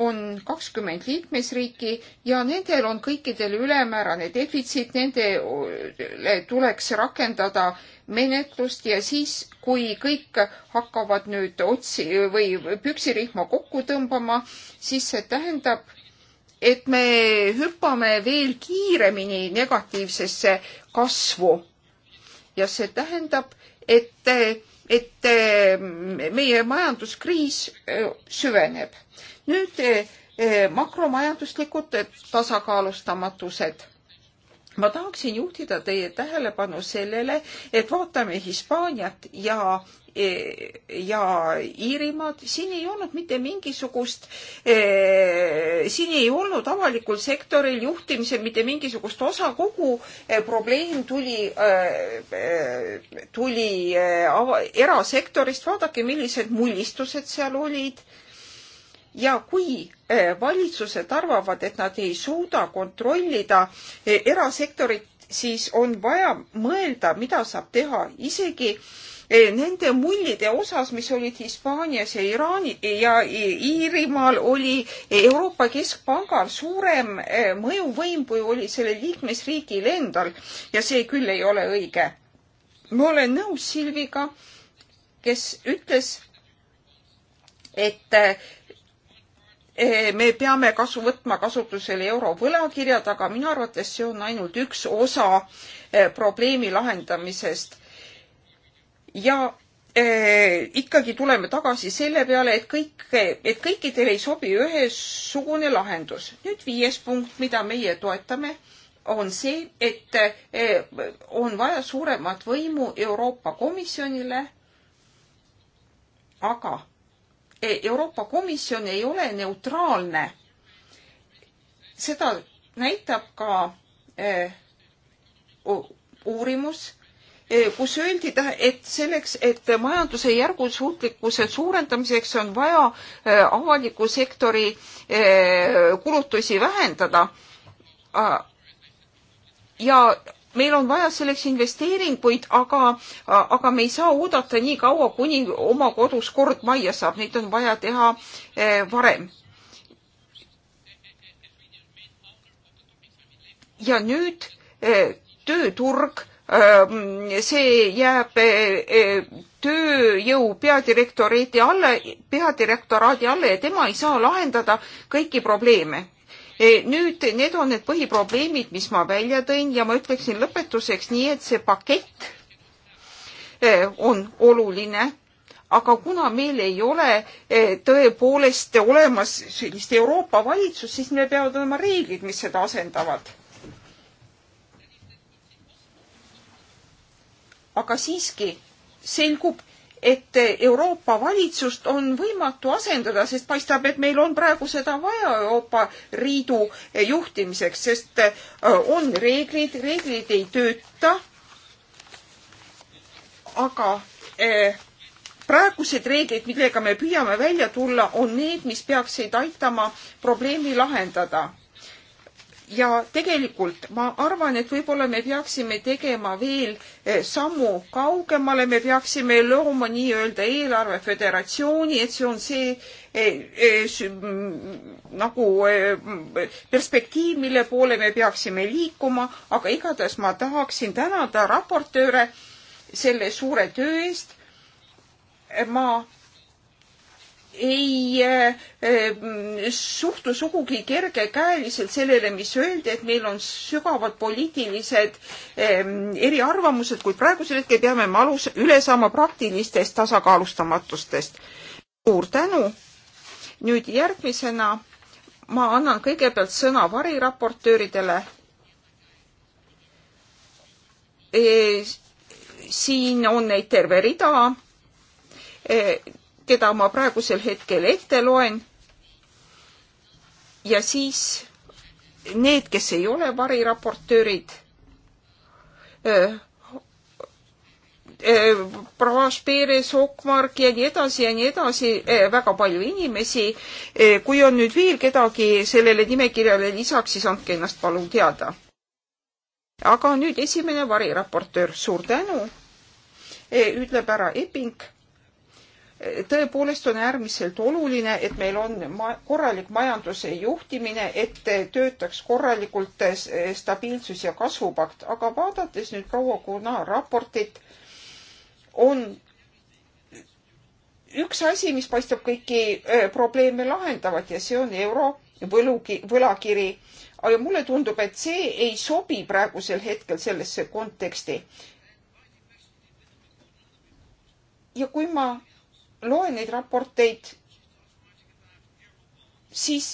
on kakskümmend liikmesriiki ja nendel on kõikidel ülemäärane defitsiit, nendele tuleks rakendada menetlust ja siis, kui kõik hakkavad nüüd otsi või püksirihma kokku tõmbama, siis see tähendab, et me hüppame veel kiiremini negatiivsesse kasvu. ja see tähendab, et et eh, meie majanduskriis eh, süveneb. nüüd eh, makromajanduslikud tasakaalustamatused ma tahaksin juhtida teie tähelepanu sellele, et vaatame Hispaaniat ja E, ja Iirimaad, siin ei olnud mitte mingisugust, e, siin ei olnud avalikul sektoril juhtimisel mitte mingisugust osa, kogu e, probleem tuli, tuli erasektorist, vaadake, millised mullistused seal olid ja kui valitsused arvavad, et nad ei suuda kontrollida erasektorit, siis on vaja mõelda, mida saab teha isegi Eh, nende mullide osas, mis olid Hispaanias ja Iraani ja Iirimaal, oli Euroopa Keskpangal suurem eh, mõjuvõim, kui oli sellel liikmesriigil endal ja see küll ei ole õige. ma olen nõus Silviga, kes ütles, et eh, me peame kasu võtma kasutusele eurovõlakirjad, aga minu arvates see on ainult üks osa probleemi lahendamisest ja eh, ikkagi tuleme tagasi selle peale, et kõik, et kõikidele ei sobi ühesugune lahendus. nüüd viies punkt, mida meie toetame, on see, et eh, on vaja suuremat võimu Euroopa Komisjonile, aga eh, Euroopa Komisjon ei ole neutraalne. seda näitab ka eh, uurimus Eh, kus öeldi, et selleks, et majanduse järgusuutlikkuse suurendamiseks on vaja eh, avaliku sektori eh, kulutusi vähendada. ja meil on vaja selleks investeeringuid, aga, aga me ei saa oodata nii kaua, kuni oma kodus kord majja saab, neid on vaja teha varem. ja nüüd tööturg see jääb tööjõu peadirektoraadi alla, peadirektoraadi alla ja tema ei saa lahendada kõiki probleeme. nüüd need on need põhiprobleemid, mis ma välja tõin ja ma ütleksin lõpetuseks nii, et see pakett on oluline aga kuna meil ei ole tõepoolest olemas sellist Euroopa valitsust, siis meil peavad olema reeglid, mis seda asendavad. aga siiski selgub, et Euroopa valitsust on võimatu asendada, sest paistab, et meil on praegu seda vaja Euroopa Liidu juhtimiseks, sest äh, on reeglid, reeglid ei tööta. aga äh, praegused reeglid, millega me püüame välja tulla, on need, mis peaksid aitama probleemi lahendada ja tegelikult ma arvan, et võib-olla me peaksime tegema veel eh, sammu kaugemale, me peaksime looma nii-öelda eelarveföderatsiooni, et see on see eh, eh, mm, nagu perspektiiv, mille poole me peaksime liikuma, aga igatahes ma tahaksin tänada raportööre selle suure töö eest. ma ei äh, äh, suhtu sugugi kergekäeliselt sellele, mis öeldi, et meil on sügavad poliitilised ähm, eriarvamused, kuid praegusel hetkel peame me alus, üle saama praktilistest tasakaalustamatustest. suur tänu. nüüd järgmisena ma annan kõigepealt sõna variraportööridele siin on neid terve rida keda ma praegusel hetkel ette loen. ja siis need, kes ei ole variraportöörid, Pravas, Peeres, Okmark ja nii edasi ja nii edasi, väga palju inimesi. kui on nüüd veel kedagi sellele nimekirjale lisaks, siis andke ennast palun teada. aga nüüd esimene variraportöör, suur tänu, ütleb ära Epping tõepoolest on äärmiselt oluline, et meil on ma korralik majanduse juhtimine, et töötaks korralikult stabiilsus ja kasvupakt, aga vaadates nüüd proua Kuna raportit, on üks asi, mis paistab kõiki probleeme lahendavat ja see on euro võlugi, võlakiri. aga mulle tundub, et see ei sobi praegusel hetkel sellesse konteksti. ja kui ma loen neid raporteid, siis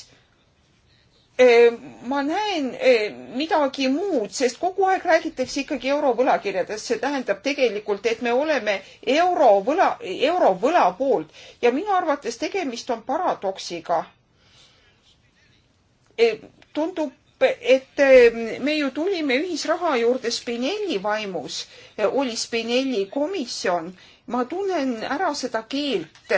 eh, ma näen eh, midagi muud, sest kogu aeg räägitakse ikkagi eurovõlakirjadest, see tähendab tegelikult, et me oleme eurovõla, eurovõla poolt ja minu arvates tegemist on paradoksiga. Eh, tundub, et me ju tulime ühisraha juurde Spinelli vaimus, oli Spinelli komisjon ma tunnen ära seda keelt,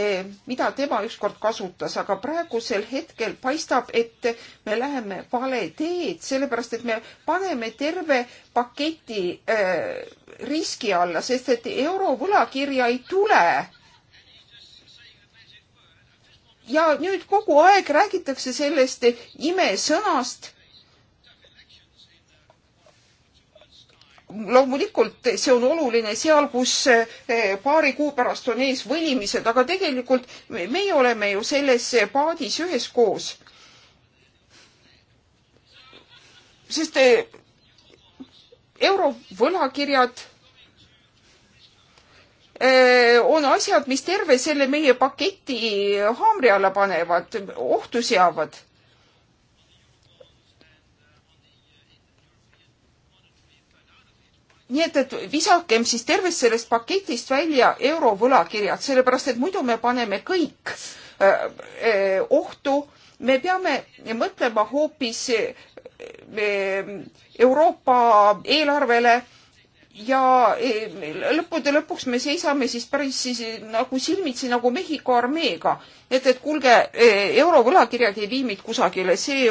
eh, mida tema ükskord kasutas, aga praegusel hetkel paistab, et me läheme vale teed, sellepärast et me paneme terve paketi eh, riski alla, sest et eurovõlakirja ei tule ja nüüd kogu aeg räägitakse sellest eh, imesõnast loomulikult see on oluline seal, kus eh, paari kuu pärast on ees võlimised, aga tegelikult meie oleme ju selles paadis üheskoos. sest eh, eurovõlakirjad eh, on asjad, mis terve selle meie paketi haamri alla panevad, ohtu seavad nii et, et visakem siis tervest sellest paketist välja eurovõlakirjad, sellepärast et muidu me paneme kõik äh, äh, ohtu. me peame mõtlema hoopis äh, Euroopa eelarvele ja lõppude lõpuks me seisame siis päris siis nagu silmitsi nagu Mehhiko armeega. et, et kuulge, eurovõlakirjad ei vii meid kusagile, see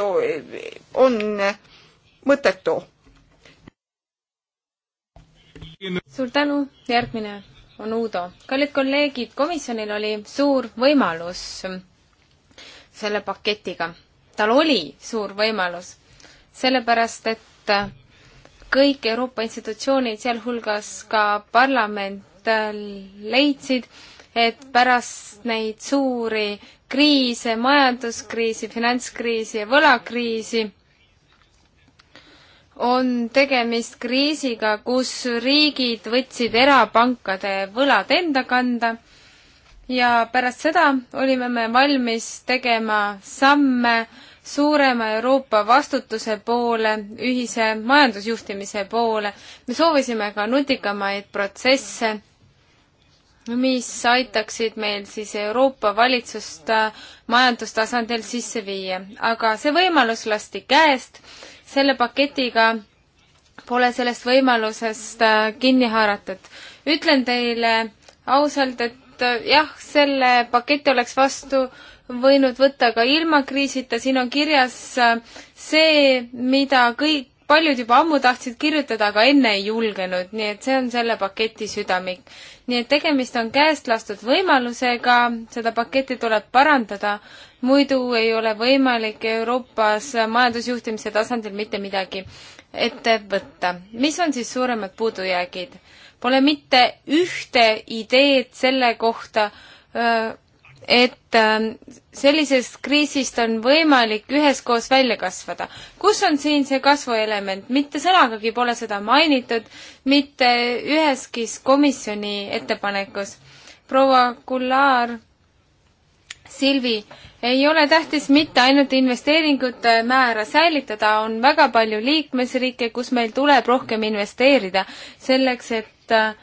on mõttetu suur tänu, järgmine on Uudo. kallid kolleegid, komisjonil oli suur võimalus selle paketiga. tal oli suur võimalus, sellepärast et kõik Euroopa institutsioonid, sealhulgas ka parlament, leidsid, et pärast neid suuri kriise, majanduskriisi, finantskriisi ja võlakriisi on tegemist kriisiga, kus riigid võtsid erapankade võlad enda kanda ja pärast seda olime me valmis tegema samme suurema Euroopa vastutuse poole, ühise majandusjuhtimise poole. me soovisime ka nutikamaid protsesse, mis aitaksid meil siis Euroopa valitsust äh, majandustasandil sisse viia, aga see võimalus lasti käest selle paketiga pole sellest võimalusest äh, kinni haaratud. ütlen teile ausalt, et äh, jah, selle paketi oleks vastu võinud võtta ka ilma kriisita, siin on kirjas äh, see, mida kõik, paljud juba ammu tahtsid kirjutada, aga enne ei julgenud, nii et see on selle paketi südamik. nii et tegemist on käest lastud võimalusega, seda paketti tuleb parandada, muidu ei ole võimalik Euroopas majandusjuhtimise tasandil mitte midagi ette võtta. mis on siis suuremad puudujäägid? Pole mitte ühte ideed selle kohta, et sellisest kriisist on võimalik üheskoos välja kasvada. kus on siin see kasvuelement? mitte sõnagagi pole seda mainitud, mitte üheski komisjoni ettepanekus. proua Kullar Silvi, ei ole tähtis mitte ainult investeeringute määra säilitada, on väga palju liikmesriike, kus meil tuleb rohkem investeerida selleks, et äh,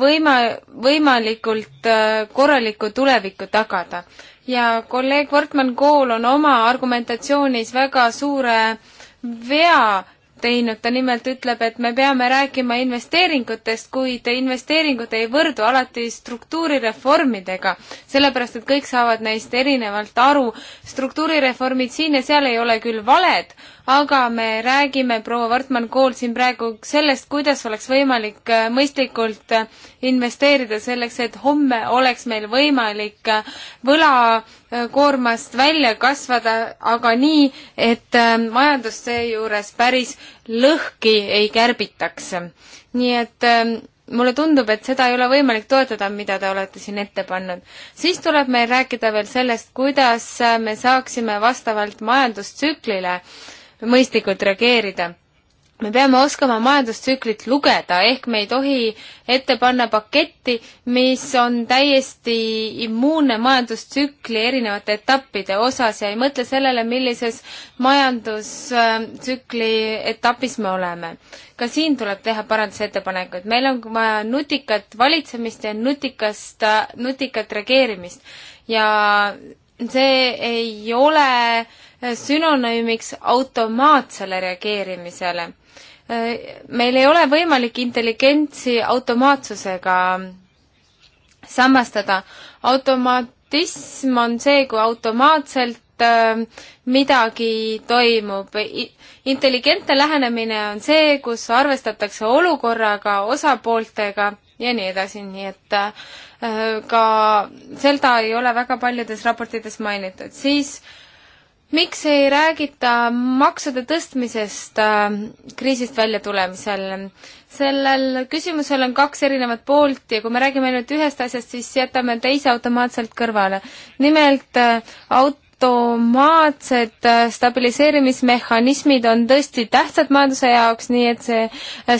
võima-, võimalikult äh, korralikku tulevikku tagada. ja kolleeg Wortmann Kool on oma argumentatsioonis väga suure vea teinud, ta nimelt ütleb, et me peame rääkima investeeringutest, kuid investeeringud ei võrdu alati struktuurireformidega, sellepärast et kõik saavad neist erinevalt aru. struktuurireformid siin ja seal ei ole küll valed, aga me räägime, proua Wortmann Kool siin praegu sellest, kuidas oleks võimalik äh, mõistlikult äh, investeerida selleks, et homme oleks meil võimalik äh, võlakoormast välja kasvada, aga nii, et majandust seejuures päris lõhki ei kärbitaks. nii et ähm, mulle tundub, et seda ei ole võimalik toetada, mida te olete siin ette pannud. siis tuleb meil rääkida veel sellest, kuidas me saaksime vastavalt majandustsüklile äh, mõistlikult reageerida. me peame oskama majandustsüklit lugeda, ehk me ei tohi ette panna paketti, mis on täiesti immuunne majandustsükli erinevate etappide osas ja ei mõtle sellele, millises majandustsükli etapis me oleme. ka siin tuleb teha parandusettepanekuid, meil on vaja nutikat valitsemist ja nutikast, nutikat reageerimist ja see ei ole äh, Eh, sünonüümiks automaatsele reageerimisele. Eh, meil ei ole võimalik intelligentsi automaatsusega samastada. automatism on see, kui automaatselt eh, midagi toimub. intelligentne lähenemine on see, kus arvestatakse olukorraga, osapooltega ja nii edasi, nii et ka seda ei ole väga paljudes raportites mainitud. siis äh, miks ei räägita maksude tõstmisest äh, kriisist väljatulemisel? sellel küsimusel on kaks erinevat poolt ja kui me räägime ainult ühest asjast, siis jätame teise automaatselt kõrvale. nimelt aut-, äh, automaatsed äh, stabiliseerimismehhanismid on tõesti tähtsad majanduse jaoks, nii et see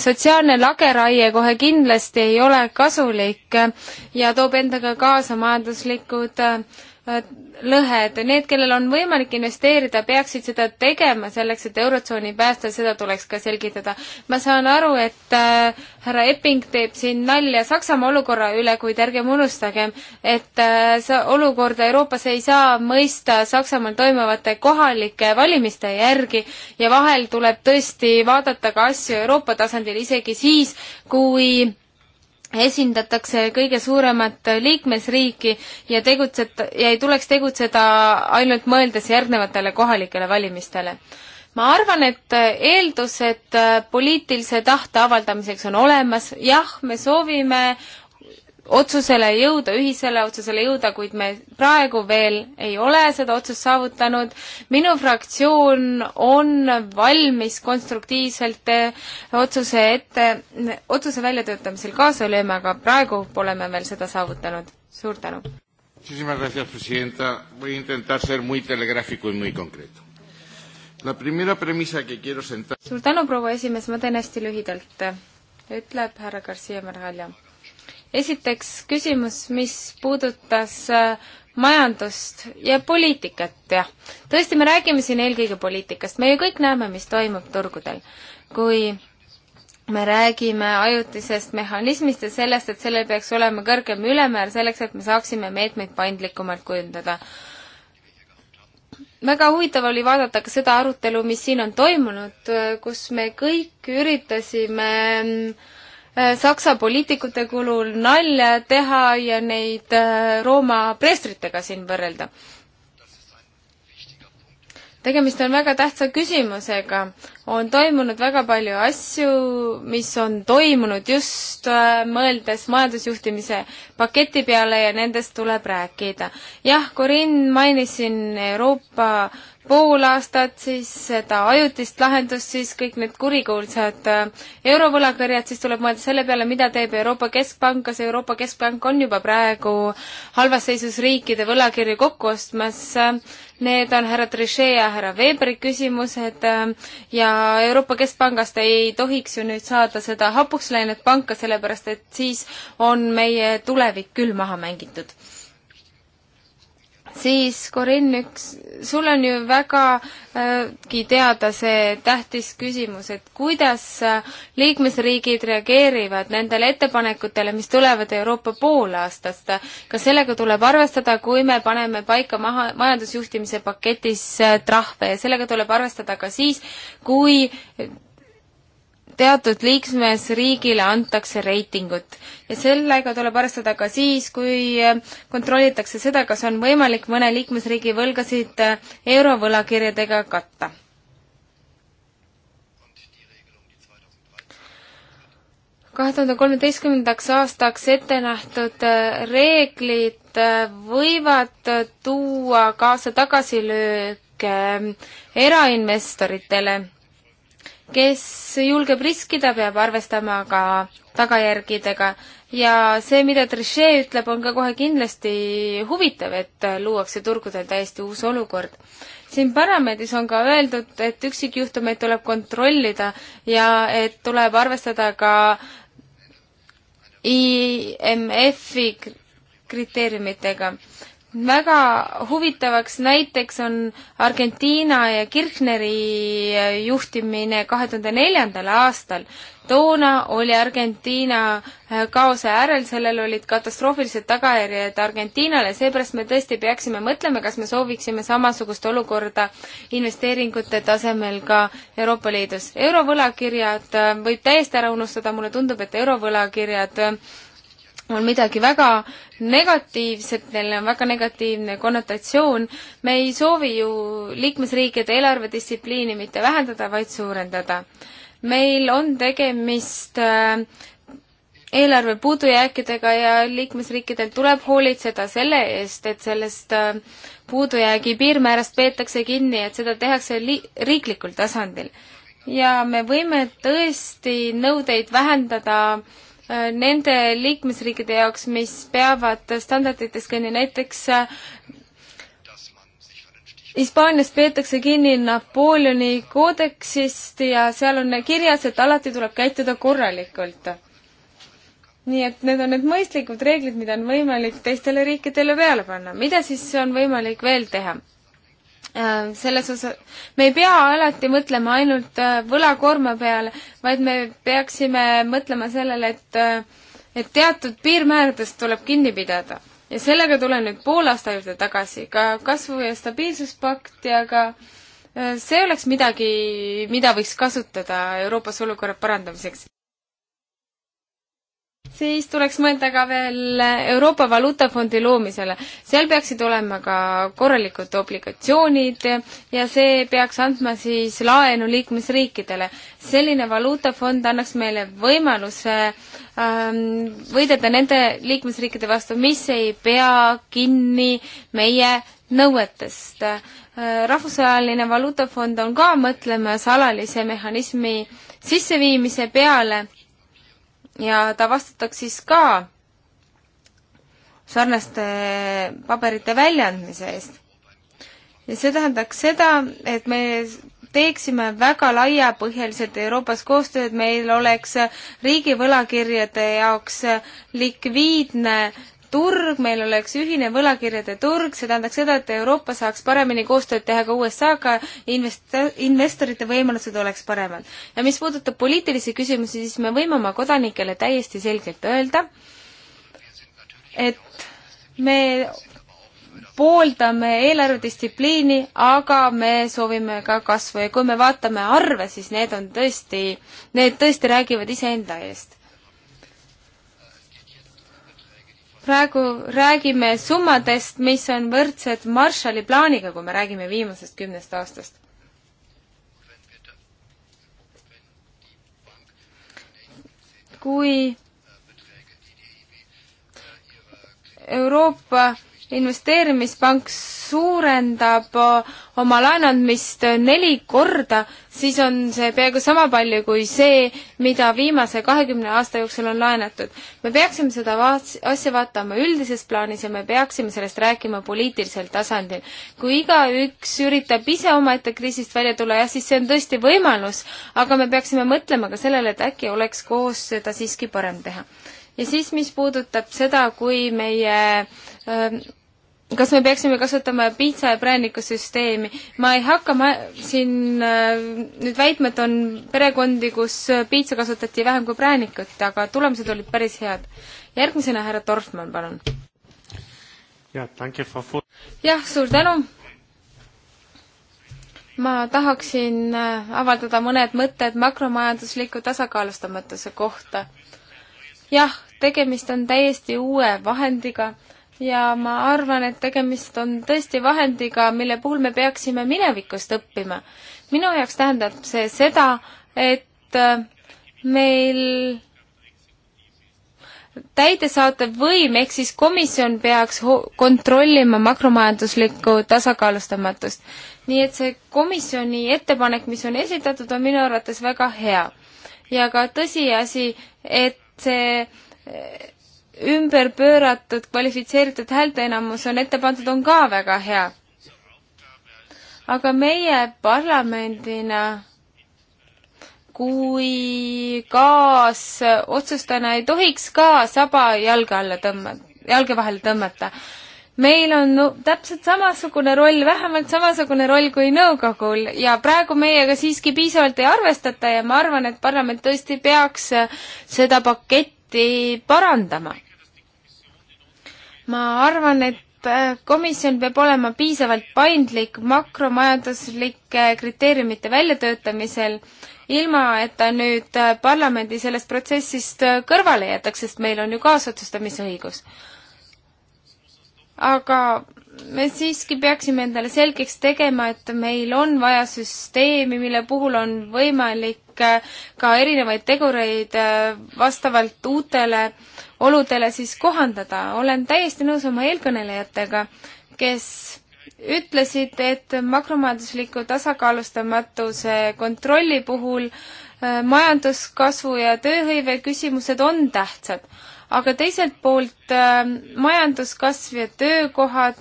sotsiaalne lageraie kohe kindlasti ei ole kasulik ja toob endaga kaasa majanduslikud Äh, lõhed, need, kellel on võimalik investeerida, peaksid seda tegema selleks, et Eurotsooni päästa, seda tuleks ka selgitada. ma saan aru, et äh, härra Epping teeb siin nalja Saksamaa olukorra üle, kuid ärgem unustagem, et äh, olukorda Euroopas ei saa mõista Saksamaal toimuvate kohalike valimiste järgi ja vahel tuleb tõesti vaadata ka asju Euroopa tasandil, isegi siis, kui esindatakse kõige suuremat liikmesriiki ja tegutset- ja ei tuleks tegutseda ainult mõeldes järgnevatele kohalikele valimistele. ma arvan, et eeldused poliitilise tahte avaldamiseks on olemas, jah, me soovime otsusele jõuda, ühisele otsusele jõuda, kuid me praegu veel ei ole seda otsust saavutanud. minu fraktsioon on valmis konstruktiivselt eh, otsuse ette, otsuse väljatöötamisel kaasa lööma, aga praegu pole me veel seda saavutanud. suur tänu. Muchísimas gracias, presidenta. Voy a intentar ser muy telegráfico y muy concreto. La primera premisa que quiero sentar... Suur tänu, proua esimees, ma teen hästi lühidalt, ütleb härra Garcia Margalja esiteks küsimus, mis puudutas äh, majandust ja poliitikat, jah. tõesti, me räägime siin eelkõige poliitikast, me ju kõik näeme, mis toimub turgudel. kui me räägime ajutisest mehhanismist ja sellest, et sellel peaks olema kõrgem ülemäär selleks, et me saaksime meetmeid paindlikumalt kujundada. väga huvitav oli vaadata ka seda arutelu, mis siin on toimunud, äh, kus me kõik üritasime äh, Äh, Saksa poliitikute kulul nalja teha ja neid äh, Rooma preestritega siin võrrelda. tegemist on väga tähtsa küsimusega. on toimunud väga palju asju, mis on toimunud just äh, mõeldes majandusjuhtimise paketi peale ja nendest tuleb rääkida. jah, Corinne mainis siin Euroopa äh, pool aastat, siis seda ajutist lahendust, siis kõik need kurikuulsad äh, eurovõlakõrjed, siis tuleb mõelda selle peale, mida teeb Euroopa Keskpank, kas Euroopa Keskpank on juba praegu halvas seisus riikide võlakirju kokku ostmas. Need on härra Trichet ja härra Weberi küsimused äh, ja Euroopa Keskpangast ei tohiks ju nüüd saada seda hapuks läinud panka, sellepärast et siis on meie tulevik küll maha mängitud siis Corinne, üks, sul on ju vägagi äh, teada see tähtis küsimus, et kuidas äh, liikmesriigid reageerivad nendele ettepanekutele, mis tulevad Euroopa poolaastast. kas sellega tuleb arvestada, kui me paneme paika maha majandusjuhtimise paketis äh, trahve ja sellega tuleb arvestada ka siis, kui teatud liikmesriigile antakse reitingut ja sellega tuleb arvestada ka siis, kui äh, kontrollitakse seda, kas on võimalik mõne liikmesriigi võlgasid äh, eurovõlakirjadega katta. kahe tuhande kolmeteistkümnendaks aastaks ette nähtud äh, reeglid võivad tuua kaasa tagasilööke erainvestoritele kes julgeb riskida, peab arvestama ka tagajärgidega ja see, mida Trichet ütleb, on ka kohe kindlasti huvitav, et luuakse turgudel täiesti uus olukord. siin parlamendis on ka öeldud, et üksikjuhtumeid tuleb kontrollida ja et tuleb arvestada ka IMF-i kriteeriumitega väga huvitavaks näiteks on Argentiina ja Kirchneri juhtimine kahe tuhande neljandal aastal. toona oli Argentiina äh, kaose äärel, sellel olid katastroofilised tagajärjed Argentiinale, seepärast me tõesti peaksime mõtlema, kas me sooviksime samasugust olukorda investeeringute tasemel ka Euroopa Liidus. eurovõlakirjad äh, võib täiesti ära unustada, mulle tundub, et eurovõlakirjad äh, on midagi väga negatiivset, neil on väga negatiivne konnotatsioon. me ei soovi ju liikmesriikide eelarvedistsipliini mitte vähendada, vaid suurendada. meil on tegemist äh, eelarve puudujääkidega ja liikmesriikidel tuleb hoolitseda selle eest, et sellest äh, puudujäägi piirmäärast peetakse kinni, et seda tehakse li-, riiklikul tasandil. ja me võime tõesti nõudeid vähendada äh, Äh, nende liikmesriikide jaoks, mis peavad standarditest kinni, näiteks äh, Hispaanias peetakse kinni Napoleoni koodeksist ja seal on kirjas, et alati tuleb käituda korralikult. nii et need on need mõistlikud reeglid, mida on võimalik teistele riikidele peale panna. mida siis on võimalik veel teha? Äh, selles osas, me ei pea alati mõtlema ainult äh, võlakoorma peale, vaid me peaksime mõtlema sellele, et, äh, et teatud piirmääradest tuleb kinni pidada. ja sellega tulen nüüd poole aasta juurde tagasi, ka kasvu- ja stabiilsuspakt ja ka see oleks midagi, mida võiks kasutada Euroopas olukorra parandamiseks siis tuleks mõelda ka veel Euroopa Valuutafondi loomisele. seal peaksid olema ka korralikud obligatsioonid ja see peaks andma siis laenu liikmesriikidele. selline valuutafond annaks meile võimaluse ähm, võidelda nende liikmesriikide vastu, mis ei pea kinni meie nõuetest äh,. rahvusvaheline valuutafond on ka mõtlemas alalise mehhanismi sisseviimise peale ja ta vastutaks siis ka sarnaste paberite väljaandmise eest. ja see tähendaks seda, et me teeksime väga laiapõhjaliselt Euroopas koostööd, meil oleks riigi võlakirjade jaoks likviidne turg, meil oleks ühine võlakirjade turg, see tähendaks seda, et Euroopa saaks paremini koostööd teha ka USA-ga, invest-, investorite võimalused oleks paremad. ja mis puudutab poliitilisi küsimusi, siis me võime oma kodanikele täiesti selgelt öelda, et me pooldame eelarvedistsipliini, aga me soovime ka kasvu ja kui me vaatame arve, siis need on tõesti, need tõesti räägivad iseenda eest. praegu räägime summadest, mis on võrdsed Marshalli plaaniga, kui me räägime viimasest kümnest aastast. kui Euroopa investeerimispank suurendab äh, oma laenandmist äh, neli korda, siis on see peaaegu sama palju kui see, mida viimase kahekümne aasta jooksul on laenatud. me peaksime seda vaat-, asja vaatama üldises plaanis ja me peaksime sellest rääkima poliitilisel tasandil. kui igaüks üritab ise omaette kriisist välja tulla, jah, siis see on tõesti võimalus, aga me peaksime mõtlema ka sellele, et äkki oleks koos seda siiski parem teha ja siis, mis puudutab seda, kui meie ähm, kas me peaksime kasutama piitsa ja prääniku süsteemi? ma ei hakka ma siin äh, nüüd väitma, et on perekondi, kus piitsa kasutati vähem kui präänikut, aga tulemused olid päris head. järgmisena härra Dorfmann, palun. jah, suur tänu. ma tahaksin äh, avaldada mõned mõtted makromajandusliku tasakaalustamatuse kohta jah, tegemist on täiesti uue vahendiga ja ma arvan, et tegemist on tõesti vahendiga, mille puhul me peaksime minevikust õppima. minu jaoks tähendab see seda, et äh, meil täidesaatev võim ehk siis komisjon peaks kontrollima makromajanduslikku tasakaalustamatust. nii et see komisjoni ettepanek, mis on esitatud, on minu arvates väga hea. ja ka tõsiasi, et see eh, ümberpööratud kvalifitseeritud häälteenamus on ette pandud, on ka väga hea. aga meie parlamendina kui kaasotsustajana ei tohiks ka saba jalge alla tõmmata, jalge vahele tõmmata meil on no, täpselt samasugune roll, vähemalt samasugune roll kui nõukogul ja praegu meiega siiski piisavalt ei arvestata ja ma arvan, et parlament tõesti peaks äh, seda paketti parandama. ma arvan, et äh, komisjon peab olema piisavalt paindlik makromajanduslike kriteeriumite väljatöötamisel, ilma et ta nüüd äh, parlamendi sellest protsessist kõrvale jätaks, sest meil on ju kaasotsustamise õigus aga me siiski peaksime endale selgeks tegema, et meil on vaja süsteemi, mille puhul on võimalik äh, ka erinevaid tegureid äh, vastavalt uutele oludele siis kohandada. olen täiesti nõus oma eelkõnelejatega, kes ütlesid, et makromajandusliku tasakaalustamatuse kontrolli puhul äh, majanduskasvu ja tööhõive küsimused on tähtsad aga teiselt poolt äh, majanduskasv ja töökohad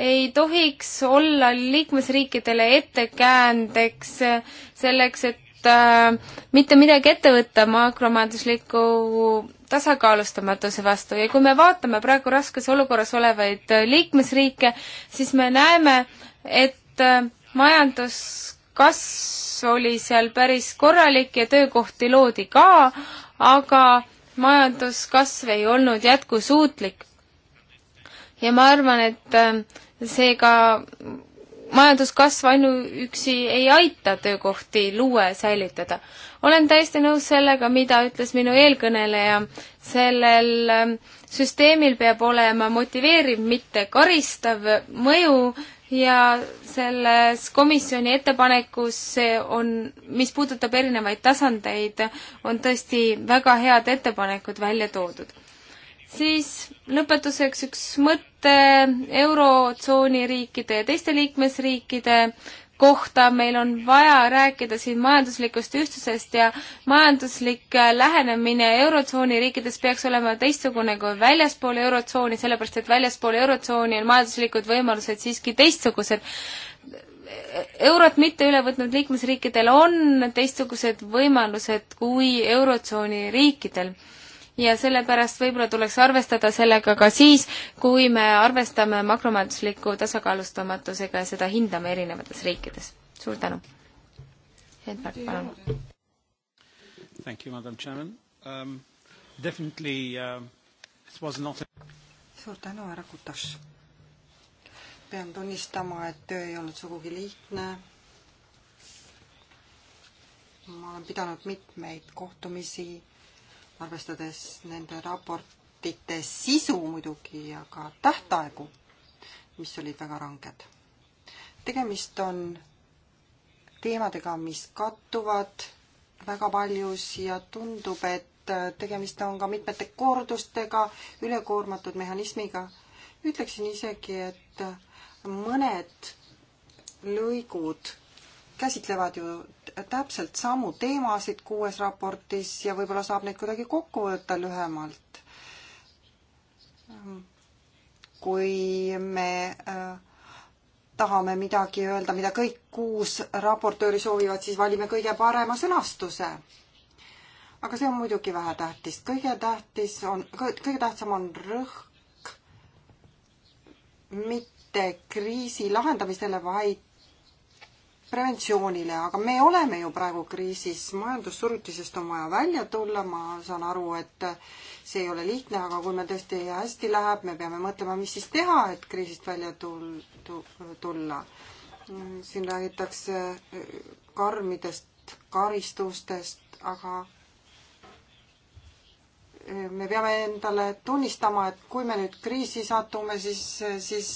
ei tohiks olla liikmesriikidele ettekäändeks äh, selleks, et äh, mitte midagi ette võtta makromajandusliku tasakaalustamatuse vastu ja kui me vaatame praegu raskes olukorras olevaid äh, liikmesriike, siis me näeme, et äh, majanduskasv oli seal päris korralik ja töökohti loodi ka, aga majanduskasv ei olnud jätkusuutlik. ja ma arvan, et äh, seega majanduskasv ainuüksi ei aita töökohti luua ja säilitada. olen täiesti nõus sellega, mida ütles minu eelkõneleja, sellel äh, süsteemil peab olema motiveeriv, mitte karistav mõju ja selles komisjoni ettepanekus on, mis puudutab erinevaid tasandeid, on tõesti väga head ettepanekud välja toodud. siis lõpetuseks üks mõte Eurotsooni riikide ja teiste liikmesriikide kohta, meil on vaja rääkida siin majanduslikust ühtsusest ja majanduslik äh, lähenemine Eurotsooni riikides peaks olema teistsugune kui väljaspool Eurotsooni, sellepärast et väljaspool Eurotsooni on majanduslikud võimalused siiski teistsugused. Eurot mitte üle võtnud liikmesriikidel on teistsugused võimalused kui Eurotsooni riikidel ja sellepärast võib-olla tuleks arvestada sellega ka siis, kui me arvestame makromajandusliku tasakaalustamatusega ja seda hindame erinevates riikides. suur tänu. Edward, palun. Thank you, madam chairman um,. Definitely um, it was not a... suur tänu, härra Kutas. pean tunnistama, et töö ei olnud sugugi lihtne ma olen pidanud mitmeid kohtumisi arvestades nende raportite sisu muidugi ja ka tähtaegu, mis olid väga ranged. tegemist on teemadega, mis kattuvad väga paljus ja tundub, et tegemist on ka mitmete kordustega, ülekoormatud mehhanismiga. ütleksin isegi, et mõned lõigud käsitlevad ju täpselt samu teemasid kuues raportis ja võib-olla saab neid kuidagi kokku võtta lühemalt. kui me äh, tahame midagi öelda, mida kõik kuus raportööri soovivad, siis valime kõige parema sõnastuse. aga see on muidugi vähetähtis. kõige tähtis on, kõige tähtsam on rõhk mitte kriisi lahendamisele, vaid preventsioonile, aga me oleme ju praegu kriisis, majandussurutisest on vaja välja tulla, ma saan aru, et see ei ole lihtne, aga kui meil tõesti hästi läheb, me peame mõtlema, mis siis teha, et kriisist välja tul-, tulla. siin räägitakse karmidest karistustest, aga me peame endale tunnistama, et kui me nüüd kriisi satume, siis, siis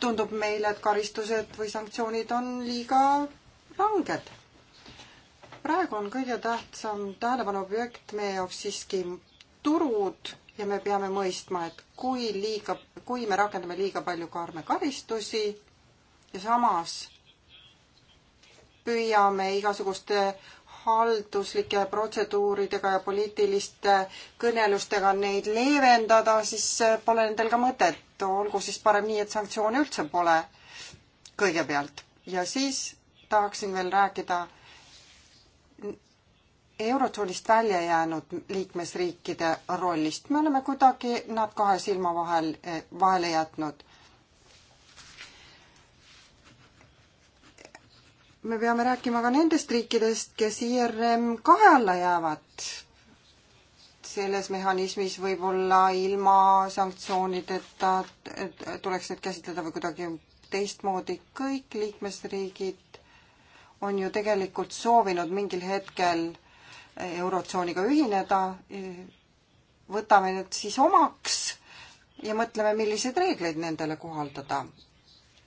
tundub meile, et karistused või sanktsioonid on liiga ranged. praegu on kõige tähtsam tähelepanu objekt meie jaoks siiski turud ja me peame mõistma, et kui liiga, kui me rakendame liiga palju karme karistusi ja samas püüame igasuguste halduslike protseduuridega ja poliitiliste kõnelustega neid leevendada, siis äh, pole nendel ka mõtet. olgu siis parem nii, et sanktsioone üldse pole kõigepealt. ja siis tahaksin veel rääkida Eurotsoonist välja jäänud liikmesriikide rollist. me oleme kuidagi nad kahe silma vahel, äh, vahele jätnud. me peame rääkima ka nendest riikidest, kes IRM kahe alla jäävad. selles mehhanismis võib-olla ilma sanktsioonideta tuleks neid käsitleda või kuidagi teistmoodi. kõik liikmesriigid on ju tegelikult soovinud mingil hetkel Eurotsooniga ühineda. võtame need siis omaks ja mõtleme, milliseid reegleid nendele kohaldada.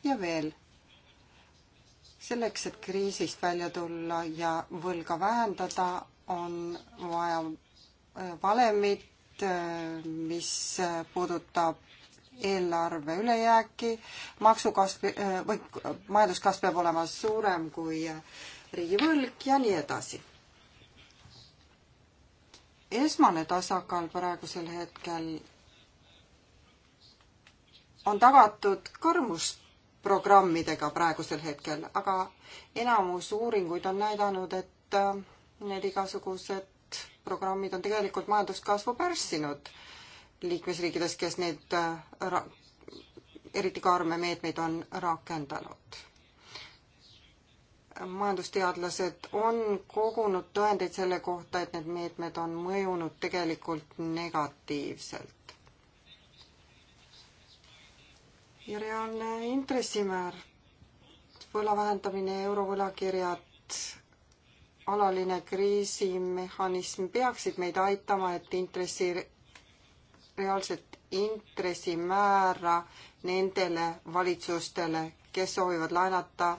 ja veel selleks, et kriisist välja tulla ja võlga vähendada, on vaja äh, valemit, äh, mis äh, puudutab eelarve ülejääki, maksukasv või majanduskasv peab olema suurem kui riigivõlg ja nii edasi. esmane tasakaal praegusel hetkel on tagatud karmust programmidega praegusel hetkel, aga enamus uuringuid on näidanud, et äh, need igasugused programmid on tegelikult majanduskasvu pärssinud liikmesriikides, kes neid äh, eriti karme meetmeid on rakendanud. majandusteadlased on kogunud tõendeid selle kohta, et need meetmed on mõjunud tegelikult negatiivselt. ja reaalne intressimäär, võla vähendamine, eurovõlakirjad, alaline kriisimehhanism peaksid meid aitama, et intressi, reaalset intressimäära nendele valitsustele, kes soovivad laenata,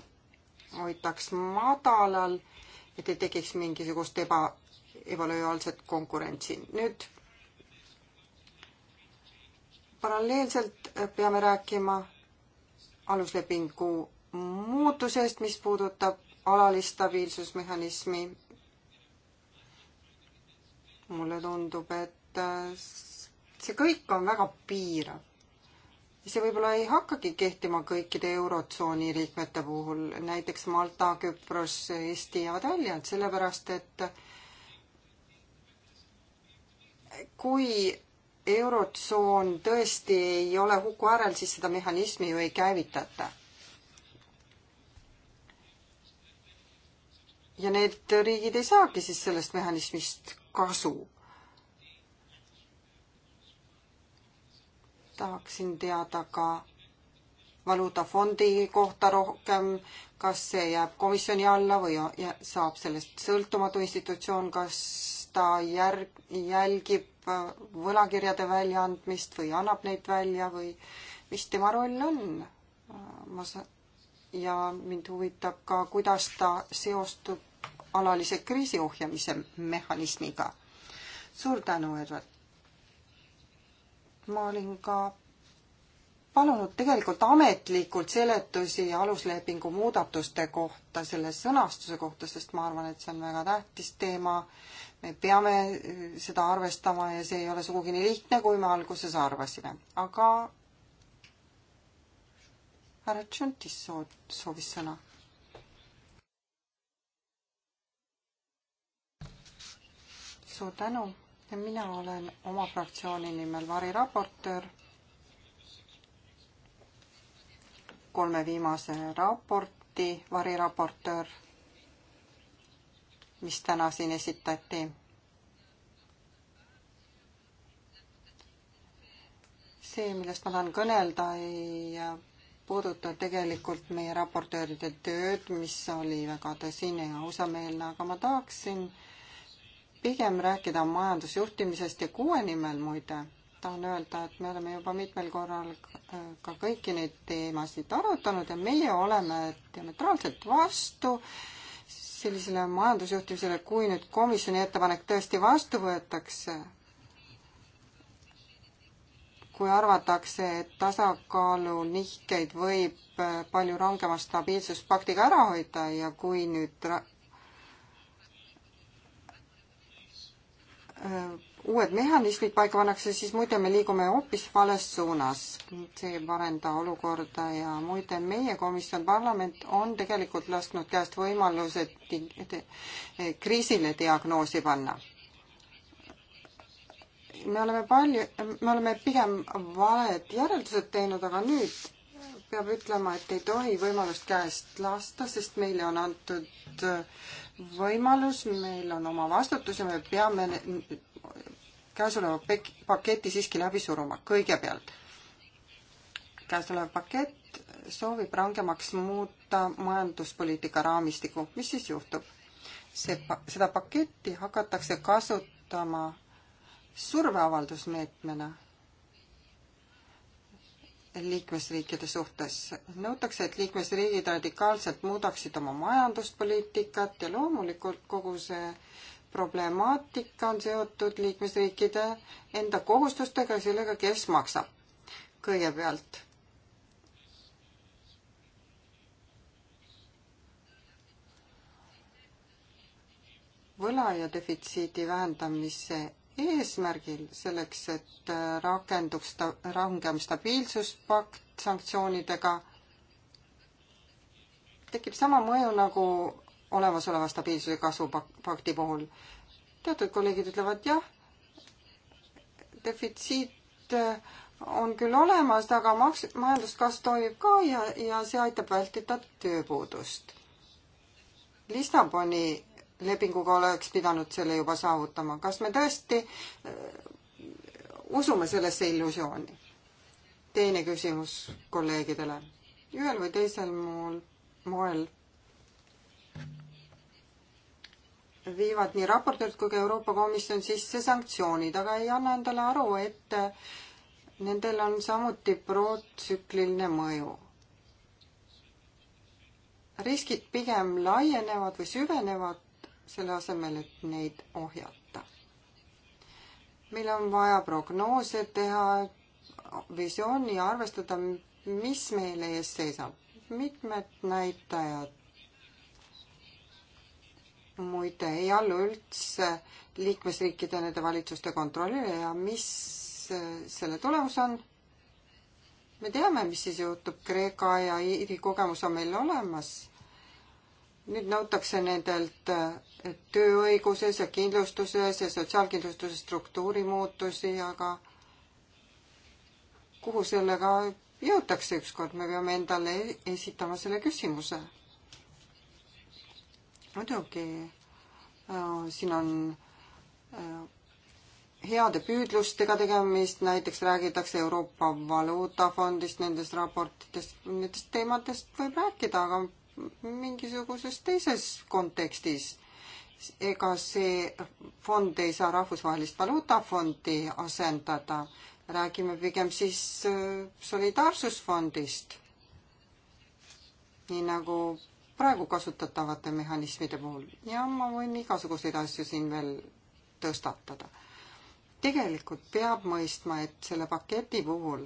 hoitaks madalal, et ei tekiks mingisugust eba, ebalojaalset konkurentsi. nüüd paralleelselt peame rääkima aluslepingu muutusest, mis puudutab alalist stabiilsusmehhanismi. mulle tundub, et see kõik on väga piirav. see võib-olla ei hakkagi kehtima kõikide Eurotsooni liikmete puhul, näiteks Malta, Küpros, Eesti jäävad välja, et sellepärast, et kui Eurotsoon tõesti ei ole huku äärel, siis seda mehhanismi ju ei käivitata. ja need riigid ei saagi siis sellest mehhanismist kasu tahaksin teada ka valuutafondi kohta rohkem, kas see jääb komisjoni alla või saab sellest sõltumatu institutsioon, kas ta järg, jälgib võlakirjade väljaandmist või annab neid välja või mis tema roll on? ma saan, ja mind huvitab ka, kuidas ta seostub alalise kriisi ohjamise mehhanismiga. suur tänu, Edward! ma olin ka palunud tegelikult ametlikult seletusi aluslepingu muudatuste kohta, selle sõnastuse kohta, sest ma arvan, et see on väga tähtis teema. me peame äh, seda arvestama ja see ei ole sugugi nii lihtne, kui me alguses arvasime, aga härra Tšuntis soovis sõna. suur tänu, mina olen oma fraktsiooni nimel variraportöör kolme viimase raporti variraportöör, mis täna siin esitati. see, millest ma tahan kõnelda, ei puuduta tegelikult meie raportööride tööd, mis oli väga tõsine ja ausameelne, aga ma tahaksin pigem rääkida majandusjuhtimisest ja kuue nimel muide tahan öelda, et me oleme juba mitmel korral ka kõiki neid teemasid arutanud ja meie oleme diametraalselt vastu sellisele majandusjuhtimisele, kui nüüd komisjoni ettepanek tõesti vastu võetakse, kui arvatakse, et tasakaalu nihkeid võib palju rangema stabiilsuspaktiga ära hoida ja kui nüüd uued mehhanismid paika pannakse, siis muide me liigume hoopis vales suunas. see ei parenda olukorda ja muide meie komisjon, parlament on tegelikult lasknud käest võimalused kriisile diagnoosi panna. me oleme palju, me oleme pigem valed järeldused teinud, aga nüüd peab ütlema, et ei tohi võimalust käest lasta, sest meile on antud võimalus, meil on oma vastutus ja me peame käesoleva paketi siiski läbi suruma. kõigepealt, käesolev pakett soovib rangemaks muuta majanduspoliitika raamistikku. mis siis juhtub? see, seda paketti hakatakse kasutama surveavaldusmeetmena liikmesriikide suhtes. nõutakse, et liikmesriigid radikaalselt muudaksid oma majanduspoliitikat ja loomulikult kogu see problemaatika on seotud liikmesriikide enda kohustustega ja sellega, kes maksab kõigepealt. võla ja defitsiidi vähendamise eesmärgil, selleks et rakenduks ta-, rangem stabiilsuspakt sanktsioonidega, tekib sama mõju nagu olemasoleva stabiilsuse kasvupakti puhul. teatud kolleegid ütlevad jah, defitsiit äh, on küll olemas, aga maks-, majanduskasv toimib ka ja, ja see aitab vältida tööpuudust. Lissaboni lepinguga oleks pidanud selle juba saavutama. kas me tõesti äh, usume sellesse illusiooni? teine küsimus kolleegidele. ühel või teisel mool, moel viivad nii raportöörid kui ka Euroopa Komisjon sisse sanktsioonid, aga ei anna endale aru, et nendel on samuti protsükliline mõju. riskid pigem laienevad või süvenevad, selle asemel, et neid ohjata. meil on vaja prognoose teha, visiooni arvestada, mis meile ees seisab. mitmed näitajad muide ei allu üldse liikmesriikide nende valitsuste kontrollile ja mis eh, selle tulemus on? me teame, mis siis juhtub, Kreeka ja Iiri kogemus on meil olemas. nüüd nõutakse nendelt eh, tööõiguses ja kindlustuses ja sotsiaalkindlustuse struktuuri muutusi, aga kuhu sellega jõutakse ükskord, me peame endale esitama selle küsimuse muidugi äh, siin on äh, heade püüdlustega tegemist, näiteks räägitakse Euroopa Valuutafondist nendes raportites, nendest teemadest võib rääkida, aga mingisuguses teises kontekstis. ega see fond ei saa Rahvusvahelist Valuutafondi asendada, räägime pigem siis äh, Solidaarsusfondist. nii nagu praegu kasutatavate mehhanismide puhul ja ma võin igasuguseid asju siin veel tõstatada. tegelikult peab mõistma, et selle paketi puhul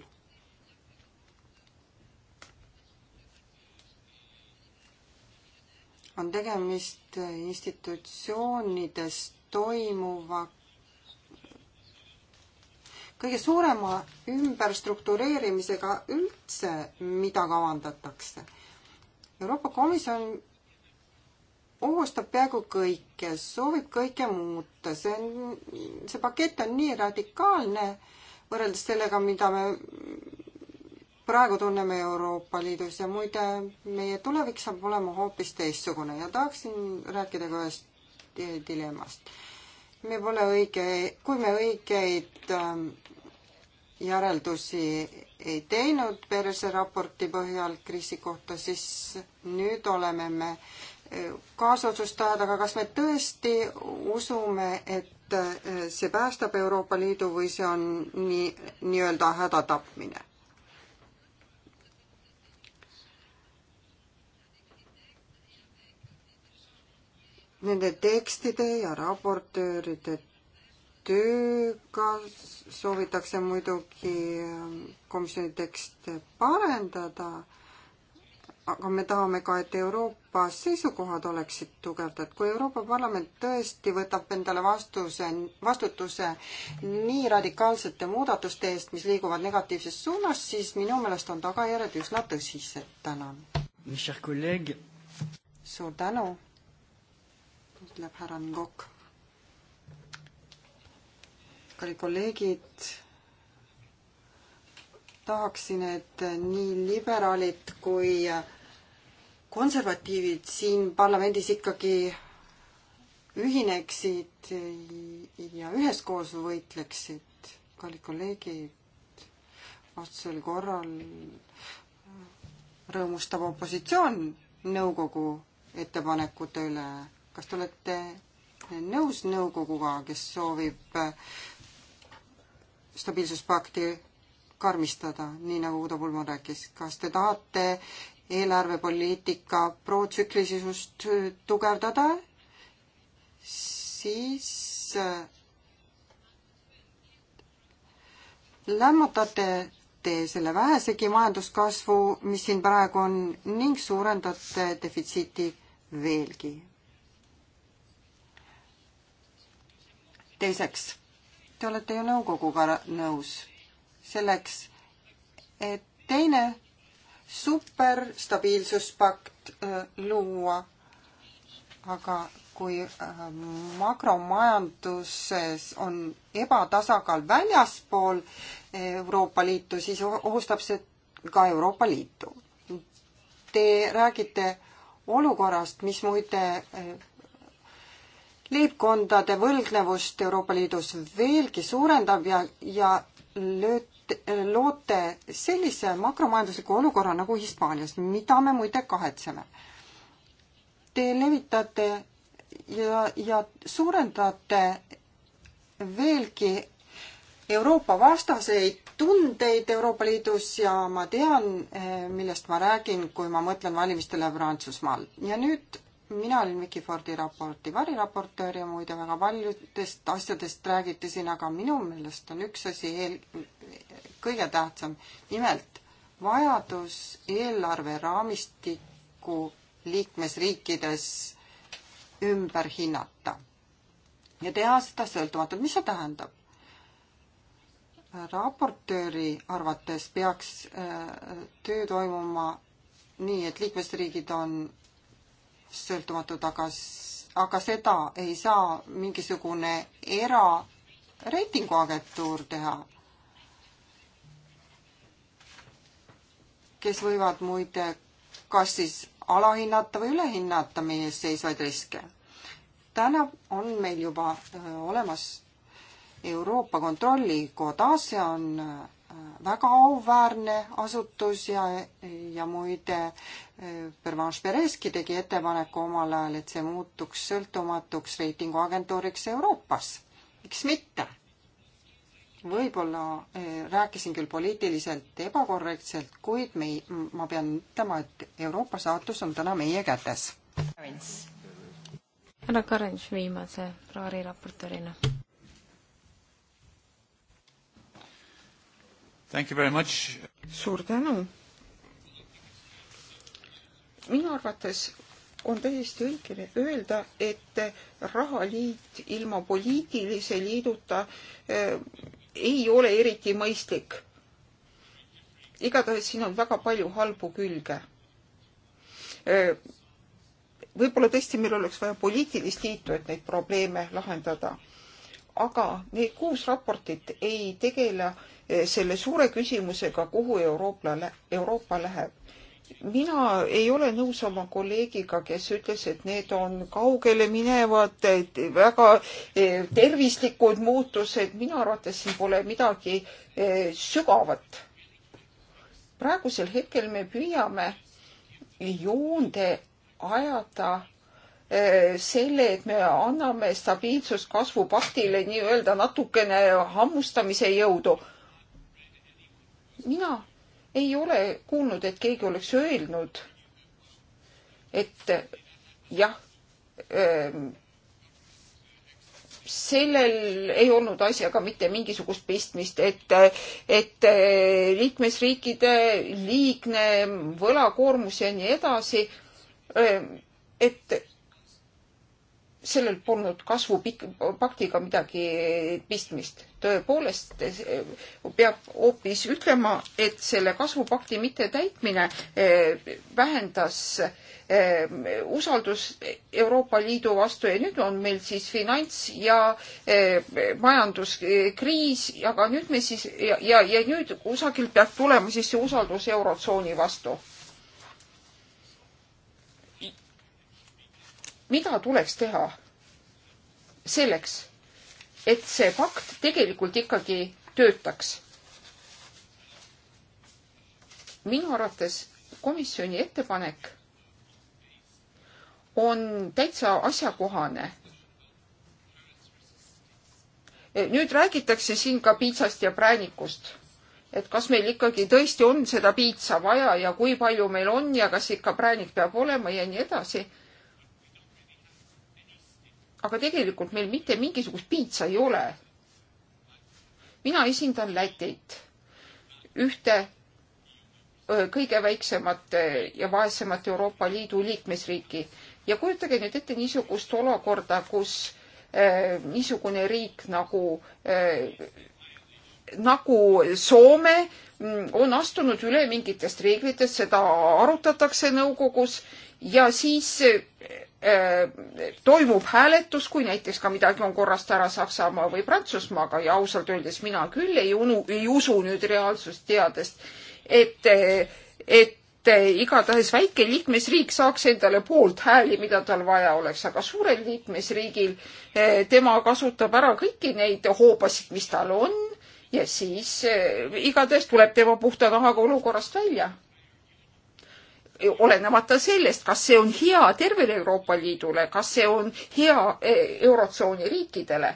on tegemist institutsioonides toimuva kõige suurema ümberstruktureerimisega üldse, mida kavandatakse Euroopa Komisjon ohustab peaaegu kõike, soovib kõike muuta, see on, see pakett on nii radikaalne võrreldes sellega, mida me praegu tunneme Euroopa Liidus ja muide, meie tulevik saab olema hoopis teistsugune ja tahaksin rääkida ka ühest dilemmast. me pole õige, kui me õigeid ähm, järeldusi ei teinud perse raporti põhjal kriisi kohta, siis nüüd oleme me e, kaasotsustajad, aga kas me tõesti usume, et e, see päästab Euroopa Liidu või see on nii, nii-öelda hädatapmine? Nende tekstide ja raportööride tööga soovitakse muidugi ähm, komisjoni tekste parendada, aga me tahame ka, et Euroopa seisukohad oleksid tugevdatud. kui Euroopa Parlament tõesti võtab endale vastuse, vastutuse nii radikaalsete muudatuste eest, mis liiguvad negatiivses suunas, siis minu meelest on tagajärjed üsna tõsised. tänan. suur tänu, ütleb härra Ngok kallid kolleegid, tahaksin, et nii liberaalid kui konservatiivid siin parlamendis ikkagi ühineksid ja üheskoos võitleksid, kallid kolleegid, vastasel korral rõõmustab opositsioon nõukogu ettepanekute üle. kas te olete nõus nõukoguga, kes soovib stabiilsuspakti karmistada, nii nagu Udo Pulman rääkis. kas te tahate eelarvepoliitika protsüklilisust tugevdada, siis äh, lämmatate te selle vähesegi majanduskasvu, mis siin praegu on, ning suurendate defitsiiti veelgi. teiseks te olete ju nõukoguga nõus selleks, et teine superstabiilsuspakt äh, luua. aga kui äh, makromajanduses on ebatasakaal väljaspool Euroopa Liitu, siis ohustab see ka Euroopa Liitu. Te räägite olukorrast, mis muide äh, leibkondade võlgnevust Euroopa Liidus veelgi suurendab ja, ja lööte, loote sellise makromajandusliku olukorra nagu Hispaanias, mida me muide kahetseme. Te levitate ja, ja suurendate veelgi Euroopa vastaseid tundeid Euroopa Liidus ja ma tean, eh, millest ma räägin, kui ma mõtlen valimistele Prantsusmaal. ja nüüd mina olin Vicky Fordi raporti variraportöör ja muide väga paljudest asjadest räägiti siin, aga minu meelest on üks asi eel, kõige tähtsam. nimelt vajadus eelarveraamistikku liikmesriikides ümber hinnata ja teha seda sõltumatult. mis see tähendab? raportööri arvates peaks äh, töö toimuma nii, et liikmesriigid on sõltumatud, aga, aga seda ei saa mingisugune erareitinguagentuur teha, kes võivad muide kas siis alahinnata või ülehinnata meie ees seisvaid riske. täna on meil juba äh, olemas Euroopa Kontrollikoda, see on äh, väga auväärne asutus ja, ja muide Pervanche Pereski tegi ettepaneku omal ajal, et see muutuks sõltumatuks reitinguagentuuriks Euroopas. miks mitte? võib-olla eh, rääkisin küll poliitiliselt ebakorrektselt, kuid me, ma pean ütlema, et Euroopa saatus on täna meie kätes. härra Karinš viimase Raari raportöörina suur tänu. minu arvates on täiesti õige öelda, et rahaliit ilma poliitilise liiduta äh, ei ole eriti mõistlik. igatahes siin on väga palju halbu külge äh, võib-olla tõesti meil oleks vaja poliitilist liitu, et neid probleeme lahendada. aga need kuus raportit ei tegele Eh, selle suure küsimusega, kuhu Euroopa, Euroopa läheb. mina ei ole nõus oma kolleegiga, kes ütles, et need on kaugele minevad, väga eh, tervislikud muutused, minu arvates siin pole midagi eh, sügavat. praegusel hetkel me püüame joonde ajada selle, et me anname stabiilsuskasvupaktile nii-öelda natukene hammustamise jõudu mina ei ole kuulnud, et keegi oleks öelnud, et jah, ehm, sellel ei olnud asjaga mitte mingisugust pistmist, et, et eh, liikmesriikide liigne võlakoormus ja nii edasi, ehm, et sellel polnud kasvupaktiga midagi pistmist. tõepoolest eh, peab hoopis ütlema, et selle kasvupakti mittetäitmine eh, vähendas eh, usaldus Euroopa Liidu vastu ja nüüd on meil siis finants ja majanduskriis, aga nüüd me siis ja, ja, ja nüüd kusagilt peab tulema siis see usaldus Eurotsooni vastu mida tuleks teha selleks, et see pakt tegelikult ikkagi töötaks? minu arvates komisjoni ettepanek on täitsa asjakohane. nüüd räägitakse siin ka piitsast ja präänikust et kas meil ikkagi tõesti on seda piitsa vaja ja kui palju meil on ja kas ikka präänik peab olema ja nii edasi aga tegelikult meil mitte mingisugust piitsa ei ole. mina esindan Lätit, ühte kõige väiksemat ja vaesemat Euroopa Liidu liikmesriiki ja kujutage nüüd ette niisugust olukorda, kus äh, niisugune riik nagu äh, nagu Soome mm, on astunud üle mingitest reeglitest, seda arutatakse nõukogus ja siis Äh, toimub hääletus, kui näiteks ka midagi on korrast ära Saksamaa või Prantsusmaaga ja ausalt öeldes mina küll ei, unu, ei usu nüüd reaalsust teades, et, et äh, igatahes väike liikmesriik saaks endale poolt hääli, mida tal vaja oleks, aga suurel liikmesriigil äh, tema kasutab ära kõiki neid hoobasid, mis tal on ja siis igatahes tuleb tema puhta nahaga olukorrast välja olenemata sellest, kas see on hea tervele Euroopa Liidule, kas see on hea eh, Eurotsooni riikidele.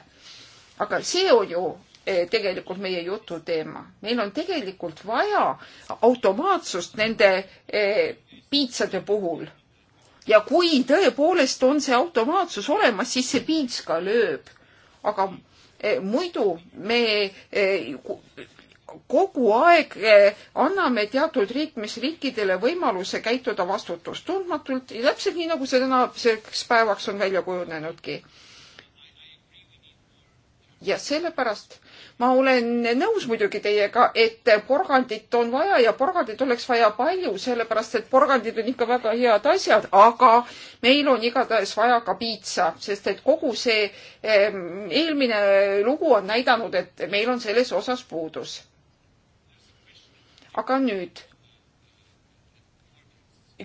aga see on ju eh, tegelikult meie jututeema. meil on tegelikult vaja automaatsust nende eh, piitsade puhul. ja kui tõepoolest on see automaatsus olemas, siis see piits ka lööb. aga muidu me kogu aeg eh, anname teatud liikmesriikidele võimaluse käituda vastutustundmatult ja täpselt nii, nagu see tänaseks päevaks on välja kujunenudki. ja sellepärast ma olen nõus muidugi teiega, et porgandit on vaja ja porgandit oleks vaja palju, sellepärast et porgandid on ikka väga head asjad, aga meil on igatahes vaja ka piitsa, sest et kogu see eelmine lugu on näidanud, et meil on selles osas puudus aga nüüd.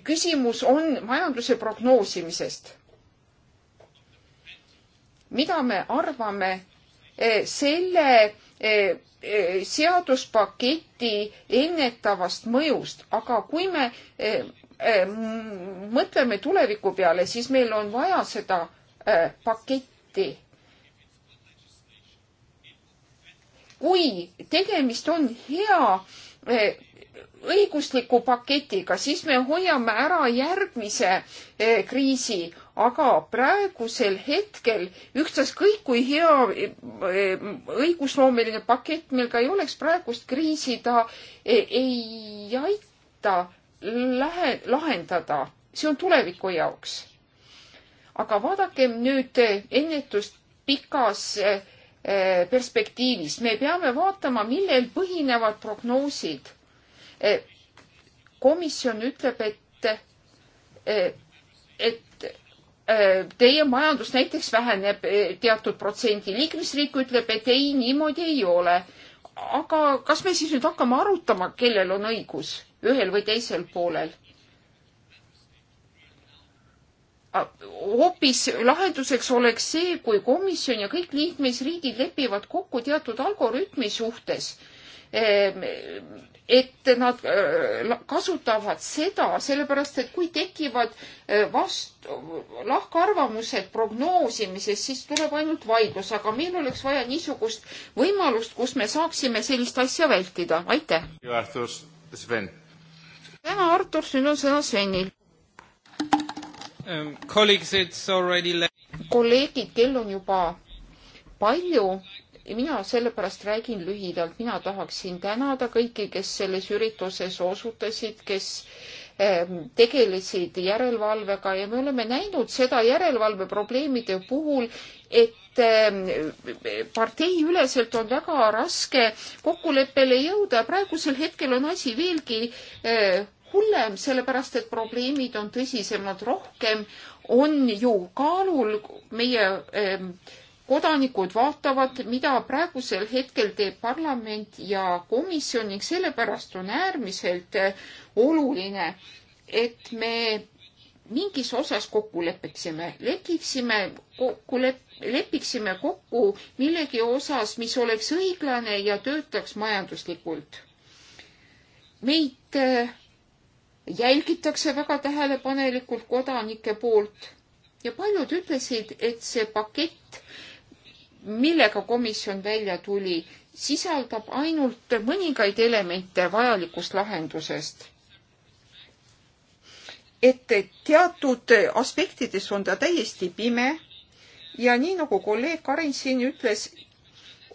küsimus on majanduse prognoosimisest. mida me arvame eh, selle eh, eh, seaduspaketi ennetavast mõjust, aga kui me mõtleme tuleviku peale, siis meil on vaja seda paketti. kui tegemist on hea E, õigusliku paketiga, siis me hoiame ära järgmise e, kriisi, aga praegusel hetkel ükstaskõik kui hea e, õigusloomeline pakett meil ka ei oleks, praegust kriisi ta ei aita lähe, lahendada, see on tuleviku jaoks. aga vaadakem nüüd ennetust pikas Eh, perspektiivist. me peame vaatama, millel põhinevad prognoosid. Eh, komisjon ütleb, et, eh, et teie majandus näiteks väheneb teatud protsendi, liikmesriik ütleb, et ei, niimoodi ei ole. aga kas me siis nüüd hakkame arutama, kellel on õigus ühel või teisel poolel? hoopis lahenduseks oleks see, kui komisjon ja kõik liikmesriigid lepivad kokku teatud algoritmi suhtes, ehm, et nad äh, kasutavad seda, sellepärast et kui tekivad äh, vast-, lahkarvamused prognoosimises, siis tuleb ainult vaidlus, aga meil oleks vaja niisugust võimalust, kus me saaksime sellist asja vältida. aitäh! täna, Artur, sul on sõna Svenil Um, kolleegid, kell on juba palju mina sellepärast räägin lühidalt, mina tahaksin tänada kõiki, kes selles ürituses osutasid, kes ähm, tegelesid järelevalvega ja me oleme näinud seda järelevalve probleemide puhul, et ähm, parteiüleselt on väga raske kokkuleppele jõuda ja praegusel hetkel on asi veelgi äh, hullem, sellepärast et probleemid on tõsisemad, rohkem on ju kaalul meie ehm, kodanikud vaatavad, mida praegusel hetkel teeb parlament ja komisjon ning sellepärast on äärmiselt eh, oluline, et me mingis osas kokku lepiksime, lepiksime kokku, lepiksime kokku millegi osas, mis oleks õiglane ja töötaks majanduslikult. meid eh, jälgitakse väga tähelepanelikult kodanike poolt ja paljud ütlesid, et see pakett, millega komisjon välja tuli, sisaldab ainult mõningaid elemente vajalikust lahendusest. et teatud aspektides on ta täiesti pime ja nii nagu kolleeg Karin siin ütles,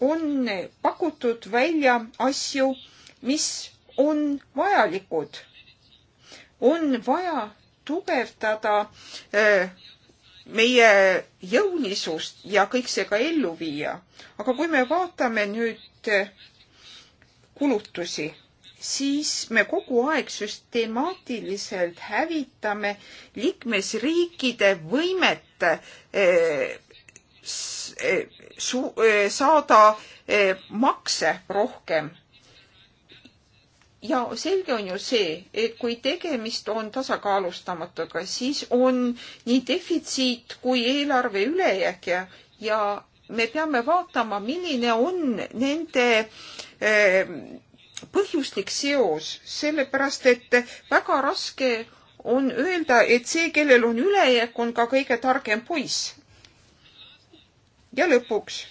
on pakutud välja asju, mis on vajalikud on vaja tugevdada äh, meie jõulisust ja kõik see ka ellu viia. aga kui me vaatame nüüd äh, kulutusi, siis me kogu aeg süstemaatiliselt hävitame liikmesriikide võimet äh, saada makse rohkem ja selge on ju see, et kui tegemist on tasakaalustamatuga, siis on nii defitsiit kui eelarve ülejääk ja, ja me peame vaatama, milline on nende eh, põhjuslik seos, sellepärast et väga raske on öelda, et see, kellel on ülejääk, on ka kõige targem poiss. ja lõpuks,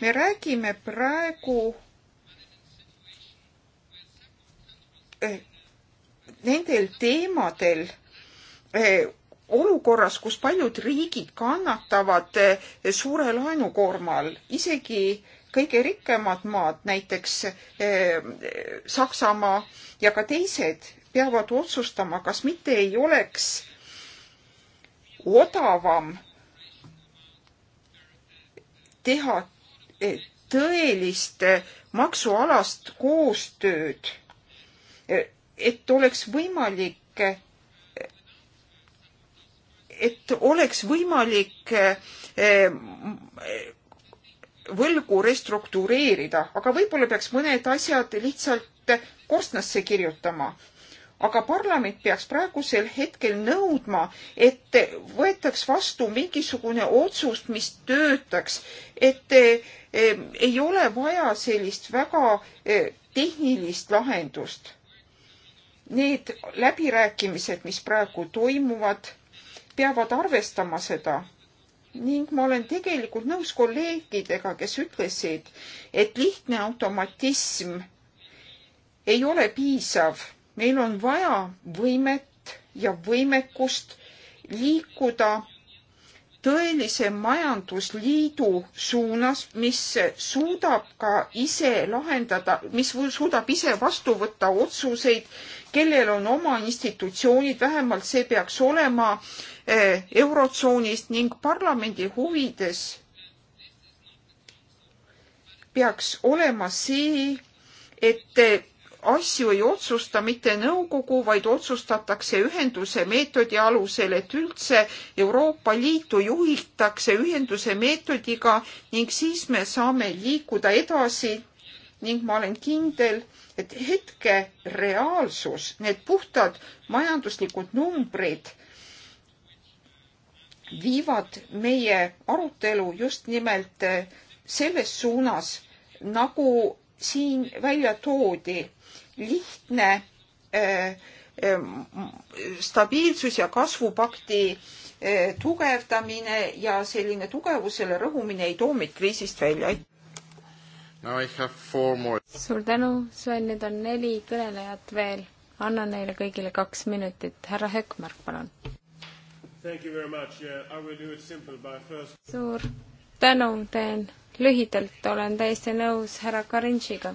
me räägime praegu Eh, nendel teemadel eh, olukorras, kus paljud riigid kannatavad eh, suure laenukoorma all, isegi kõige rikkamad maad, näiteks Saksamaa ja ka teised, peavad otsustama, kas mitte ei oleks odavam teha tõelist maksualast koostööd et oleks võimalik, et oleks võimalik eh, võlgu restruktureerida, aga võib-olla peaks mõned asjad lihtsalt korstnasse kirjutama. aga parlament peaks praegusel hetkel nõudma, et võetaks vastu mingisugune otsus, mis töötaks, et eh, ei ole vaja sellist väga eh, tehnilist lahendust need läbirääkimised, mis praegu toimuvad, peavad arvestama seda ning ma olen tegelikult nõus kolleegidega, kes ütlesid, et lihtne automatism ei ole piisav. meil on vaja võimet ja võimekust liikuda tõelise majandusliidu suunas, mis suudab ka ise lahendada, mis suudab ise vastu võtta otsuseid, kellel on oma institutsioonid, vähemalt see peaks olema eh, Eurotsoonist ning parlamendi huvides peaks olema see, et asju ei otsusta mitte nõukogu, vaid otsustatakse ühenduse meetodi alusel, et üldse Euroopa Liitu juhitakse ühenduse meetodiga ning siis me saame liikuda edasi ning ma olen kindel, et hetke reaalsus, need puhtad majanduslikud numbrid viivad meie arutelu just nimelt selles suunas, nagu siin välja toodi lihtne äh, äh, stabiilsus ja kasvupakti äh, tugevdamine ja selline tugevusele rõhumine ei too meid kriisist välja. suur tänu, Sven, nüüd on neli kõnelejat veel. annan neile kõigile kaks minutit. härra Hökmark, palun. First... suur tänu, teen lühidalt, olen täiesti nõus härra Karinšiga.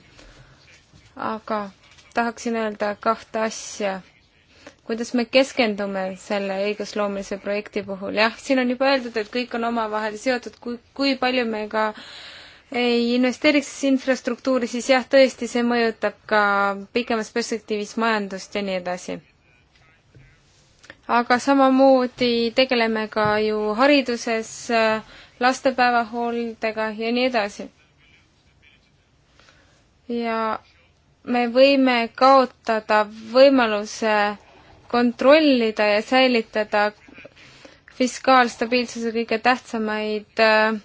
aga tahaksin öelda kahte asja. kuidas me keskendume selle õigusloomelise projekti puhul, jah, siin on juba öeldud, et kõik on omavahel seotud, kui, kui palju me ka ei investeeriks infrastruktuuri, siis jah, tõesti, see mõjutab ka pikemas perspektiivis majandust ja nii edasi. aga samamoodi tegeleme ka ju hariduses lastepäevahooldega ja nii edasi. ja me võime kaotada võimaluse kontrollida ja säilitada fiskaalstabiilsuse kõige tähtsamaid äh,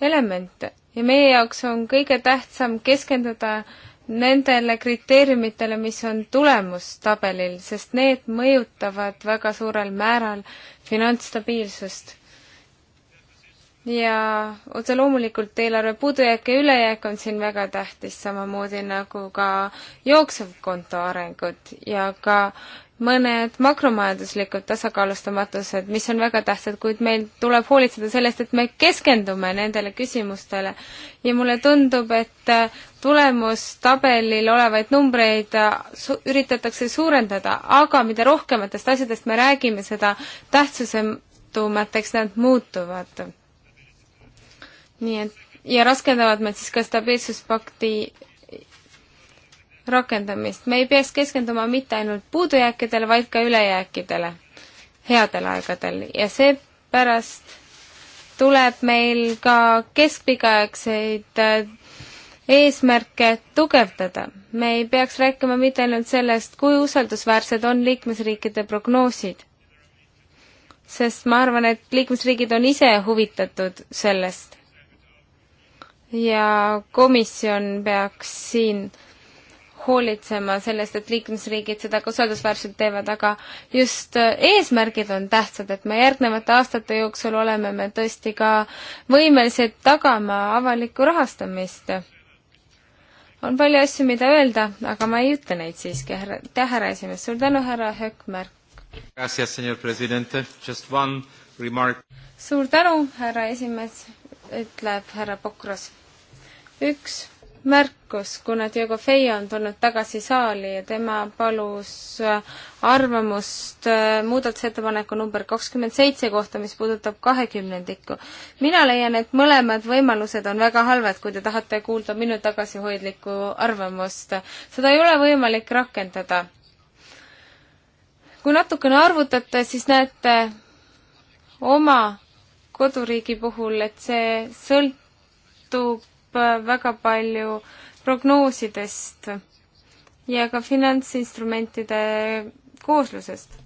elemente ja meie jaoks on kõige tähtsam keskenduda nendele kriteeriumitele, mis on tulemustabelil, sest need mõjutavad väga suurel määral finantsstabiilsust ja otse loomulikult eelarve puudujääk ja ülejääk on siin väga tähtis, samamoodi nagu ka jooksevkonto arengud ja ka mõned makromajanduslikud tasakaalustamatused, mis on väga tähtsad, kuid meil tuleb hoolitseda sellest, et me keskendume nendele küsimustele. ja mulle tundub, et tulemustabelil olevaid numbreid äh, su üritatakse suurendada, aga mida rohkematest asjadest me räägime, seda tähtsusetumateks nad muutuvad nii et ja raskendavad meid siis ka stabiilsuspakti rakendamist. me ei peaks keskenduma mitte ainult puudujääkidele, vaid ka ülejääkidele headel aegadel ja seepärast tuleb meil ka keskpikaaegseid äh, eesmärke tugevdada. me ei peaks rääkima mitte ainult sellest, kui usaldusväärsed on liikmesriikide prognoosid, sest ma arvan, et liikmesriigid on ise huvitatud sellest ja komisjon peaks siin hoolitsema sellest, et liikmesriigid seda ka usaldusväärselt teevad, aga just äh, eesmärgid on tähtsad, et me järgnevate aastate jooksul oleme me tõesti ka võimelised tagama avalikku rahastamist. on palju asju, mida öelda, aga ma ei ütle neid siiski, härra, aitäh, härra esimees, suur tänu, härra Hökmärk. suur tänu, härra esimees ütleb härra Pokros. üks märkus, kuna Diego Feio on tulnud tagasi saali ja tema palus äh, arvamust äh, muudatusettepaneku number kakskümmend seitse kohta, mis puudutab kahekümnendikku. mina leian, et mõlemad võimalused on väga halvad, kui te tahate kuulda minu tagasihoidlikku arvamust. seda ei ole võimalik rakendada. kui natukene arvutate, siis näete oma koduriigi puhul, et see sõltub äh, väga palju prognoosidest ja ka finantsinstrumentide kooslusest.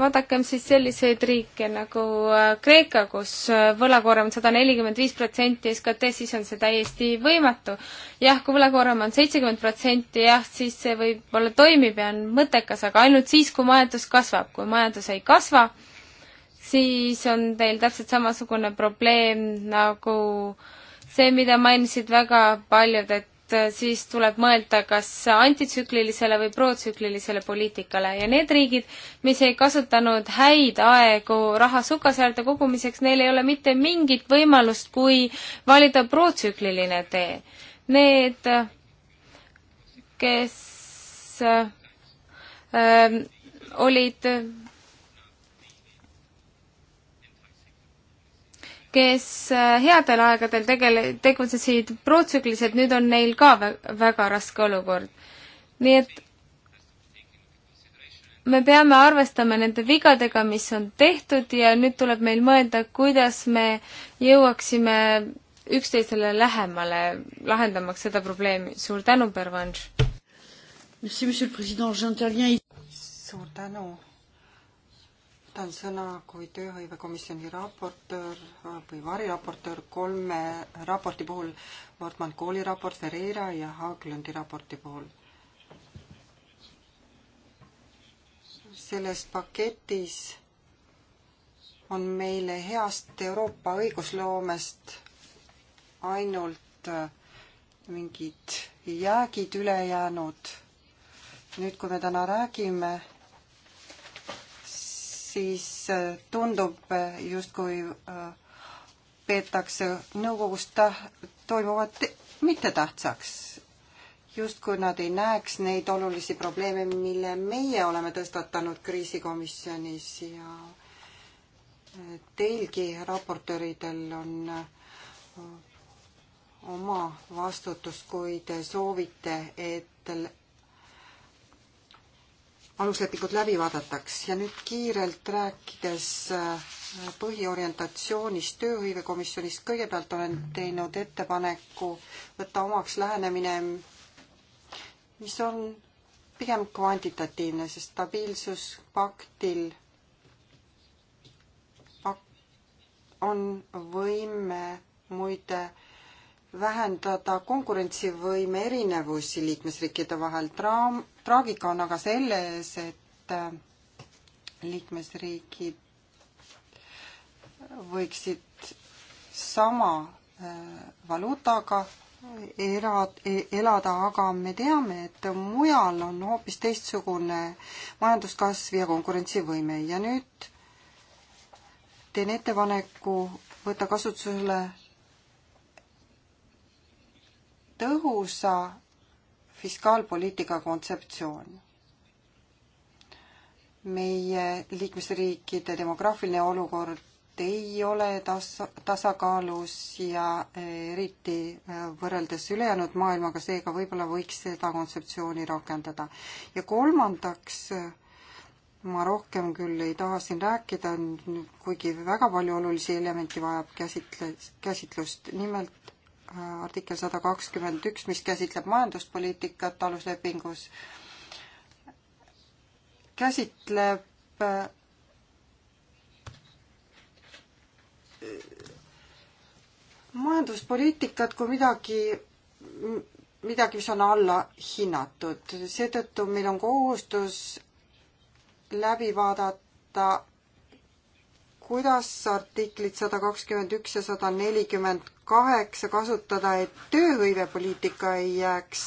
vaadakem siis selliseid riike nagu äh, Kreeka, kus äh, võlakoorem on sada nelikümmend viis protsenti SKT-st, siis on see täiesti võimatu. jah, kui võlakoorem on seitsekümmend protsenti, jah, siis see võib-olla toimib ja on mõttekas, aga ainult siis, kui majandus kasvab. kui majandus ei kasva, siis on teil täpselt samasugune probleem nagu see, mida mainisid väga paljud, et äh, siis tuleb mõelda kas antitsüklilisele või protsüklilisele poliitikale ja need riigid, mis ei kasutanud häid aegu raha sukasäärde kogumiseks, neil ei ole mitte mingit võimalust, kui valida protsükliline tee. Need, äh, kes äh, ähm, olid kes äh, headel aegadel tegele-, tegutsesid protsükliliselt, nüüd on neil ka väga raske olukord. nii et me peame arvestama nende vigadega, mis on tehtud ja nüüd tuleb meil mõelda, kuidas me jõuaksime üksteisele lähemale, lahendamaks seda probleemi. suur tänu, Pervanš! suur tänu! võtan sõna kui tööhõivekomisjoni raportöör või variraportöör kolme raporti puhul, Wortmann kooli raport, Ferreira ja Haaglundi raporti puhul. selles paketis on meile heast Euroopa õigusloomest ainult mingid jäägid üle jäänud. nüüd, kui me täna räägime siis äh, tundub äh, justkui äh, peetakse nõukogus toimuvat mittetähtsaks. justkui nad ei näeks neid olulisi probleeme, mille meie oleme tõstatanud kriisikomisjonis ja teilgi raportööridel on oma vastutus, kui te soovite, et aluslepingud läbi vaadataks ja nüüd kiirelt rääkides äh, põhiorientatsioonist tööhõivekomisjonist, kõigepealt olen teinud ettepaneku võtta omaks lähenemine, mis on pigem kvantitatiivne, sest stabiilsuspaktil on võime muide vähendada konkurentsivõime erinevusi liikmesriikide vahel. Traam, traagika on aga selles, et äh, liikmesriigid võiksid sama äh, valuutaga elad, e-, elada, aga me teame, et mujal on hoopis teistsugune majanduskasv ja konkurentsivõime ja nüüd teen ettepaneku võtta kasutusele tõhusa fiskaalpoliitika kontseptsioon. meie liikmesriikide demograafiline olukord ei ole tas-, tasakaalus ja eriti võrreldes ülejäänud maailmaga, seega võib-olla võiks seda kontseptsiooni rakendada. ja kolmandaks, ma rohkem küll ei taha siin rääkida, kuigi väga palju olulisi elemente vajab käsitle-, käsitlust, nimelt artikkel sada kakskümmend üks, mis käsitleb majanduspoliitikat aluslepingus, käsitleb äh, majanduspoliitikat kui midagi, midagi, mis on alla hinnatud, seetõttu meil on kohustus läbi vaadata kuidas artiklit sada kakskümmend üks ja sada nelikümmend kaheksa kasutada, et tööhõivepoliitika ei jääks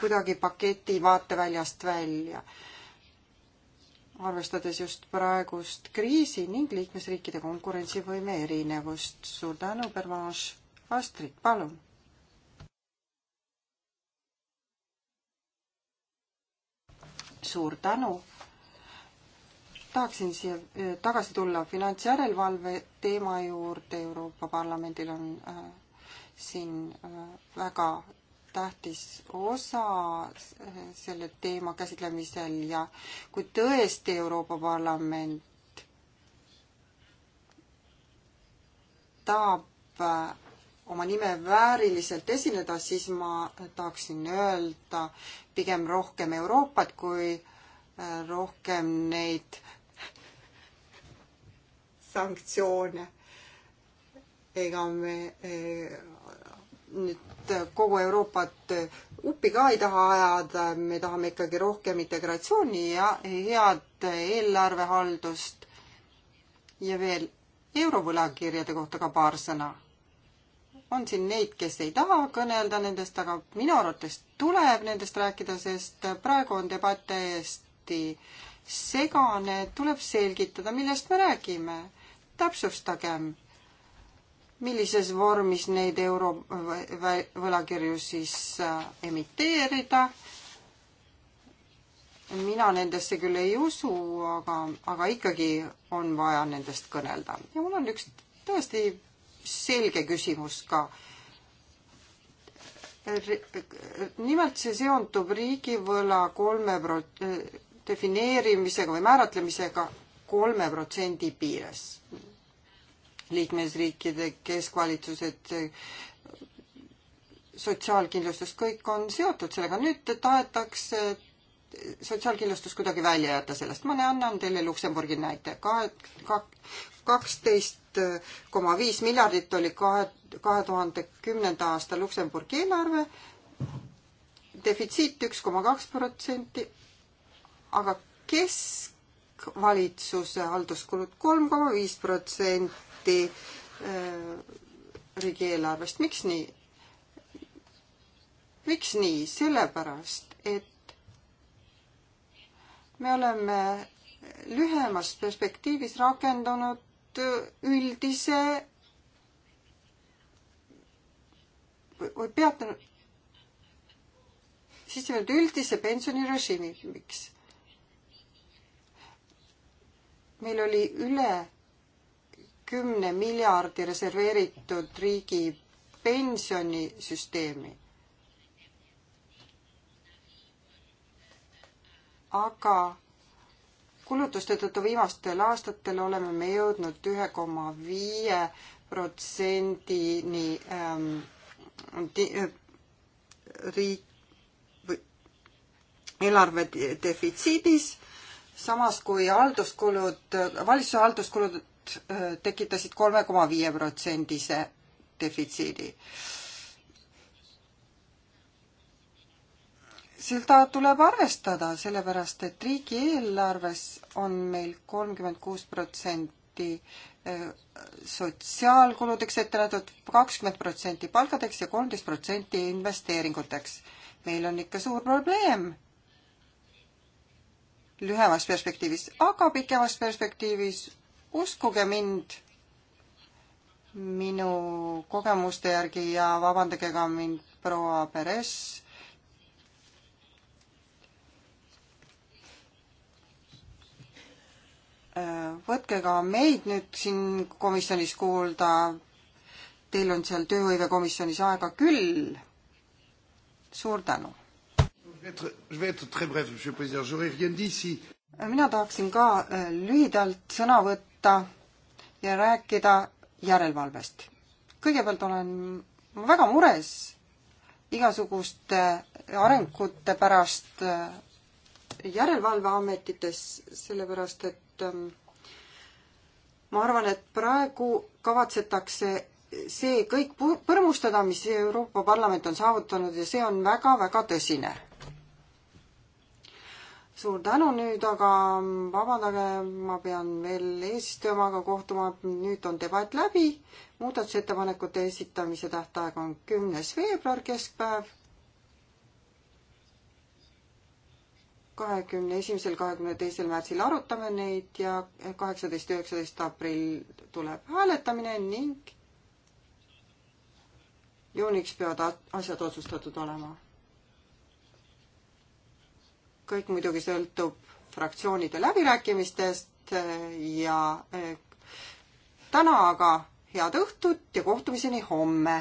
kuidagi paketi vaateväljast välja? arvestades just praegust kriisi ning liikmesriikide konkurentsivõime erinevust. suur tänu, Bermanš. Astrid, palun. suur tänu tahaksin siia tagasi tulla finantsjärelevalve teema juurde, Euroopa Parlamendil on äh, siin äh, väga tähtis osa äh, selle teema käsitlemisel ja kui tõesti Euroopa Parlament tahab äh, oma nime vääriliselt esineda, siis ma tahaksin öelda pigem rohkem Euroopat kui äh, rohkem neid sanktsioone. ega me e, nüüd kogu Euroopat uppi ka ei taha ajada, me tahame ikkagi rohkem integratsiooni ja head eelarvehaldust. ja veel eurovõlakirjade kohta ka paar sõna. on siin neid, kes ei taha kõnelda nendest, aga minu arvates tuleb nendest rääkida, sest praegu on debatt täiesti segane, tuleb selgitada, millest me räägime täpsustagem, millises vormis neid eurovõlakirju siis äh, emiteerida. mina nendesse küll ei usu, aga, aga ikkagi on vaja nendest kõnelda ja mul on üks tõesti selge küsimus ka nimelt see seondub riigivõla kolme pro-, defineerimisega või määratlemisega kolme protsendi piires. liikmesriikide keskvalitsused, sotsiaalkindlustus, kõik on seotud sellega, nüüd tahetakse sotsiaalkindlustus kuidagi välja jätta sellest. ma annan teile Luksemburgi näite, kahe, kaksteist koma viis miljardit oli kahe, kahe tuhande kümnenda aasta Luksemburgi eelarve, defitsiit üks koma kaks protsenti, aga kesk valitsuse halduskulud kolm koma viis protsenti äh, riigieelarvest. miks nii? miks nii? sellepärast, et me oleme lühemas perspektiivis rakendanud äh, üldise või peatanud, siis üldise pensionirežiimi, miks? meil oli üle kümne miljardi reserveeritud riigi pensionisüsteemi. aga kulutuste tõttu viimastel aastatel oleme me jõudnud ühe koma viie protsendini ähm, äh, riik või eelarve defitsiidis samas kui halduskulud, valitsuse halduskulud äh, tekitasid kolme koma viie protsendise defitsiidi. seda tuleb arvestada, sellepärast et riigieelarves on meil kolmkümmend kuus protsenti äh, sotsiaalkuludeks ette nähtud, kakskümmend protsenti palkadeks ja kolmteist protsenti investeeringuteks. meil on ikka suur probleem lühemas perspektiivis, aga pikemas perspektiivis uskuge mind, minu kogemuste järgi ja vabandage ka mind, proua Peres, võtke ka meid nüüd siin komisjonis kuulda, teil on seal tööhõivekomisjonis aega küll, suur tänu mina tahaksin ka äh, lühidalt sõna võtta ja rääkida järelevalvest. kõigepealt olen väga mures igasuguste arengute pärast äh, järelevalveametites, sellepärast et ähm, ma arvan, et praegu kavatsetakse see kõik põrmustada, mis Euroopa Parlament on saavutanud ja see on väga-väga tõsine suur tänu nüüd, aga vabandage, ma pean veel eesistujamaaga kohtuma, nüüd on debatt läbi. muudatusettepanekute esitamise tähtaeg on kümnes veebruar, keskpäev kahekümne esimesel, kahekümne teisel märtsil arutame neid ja kaheksateist, üheksateist aprill tuleb hääletamine ning juuniks peavad asjad otsustatud olema kõik muidugi sõltub fraktsioonide läbirääkimistest eh, ja eh, täna aga head õhtut ja kohtumiseni homme!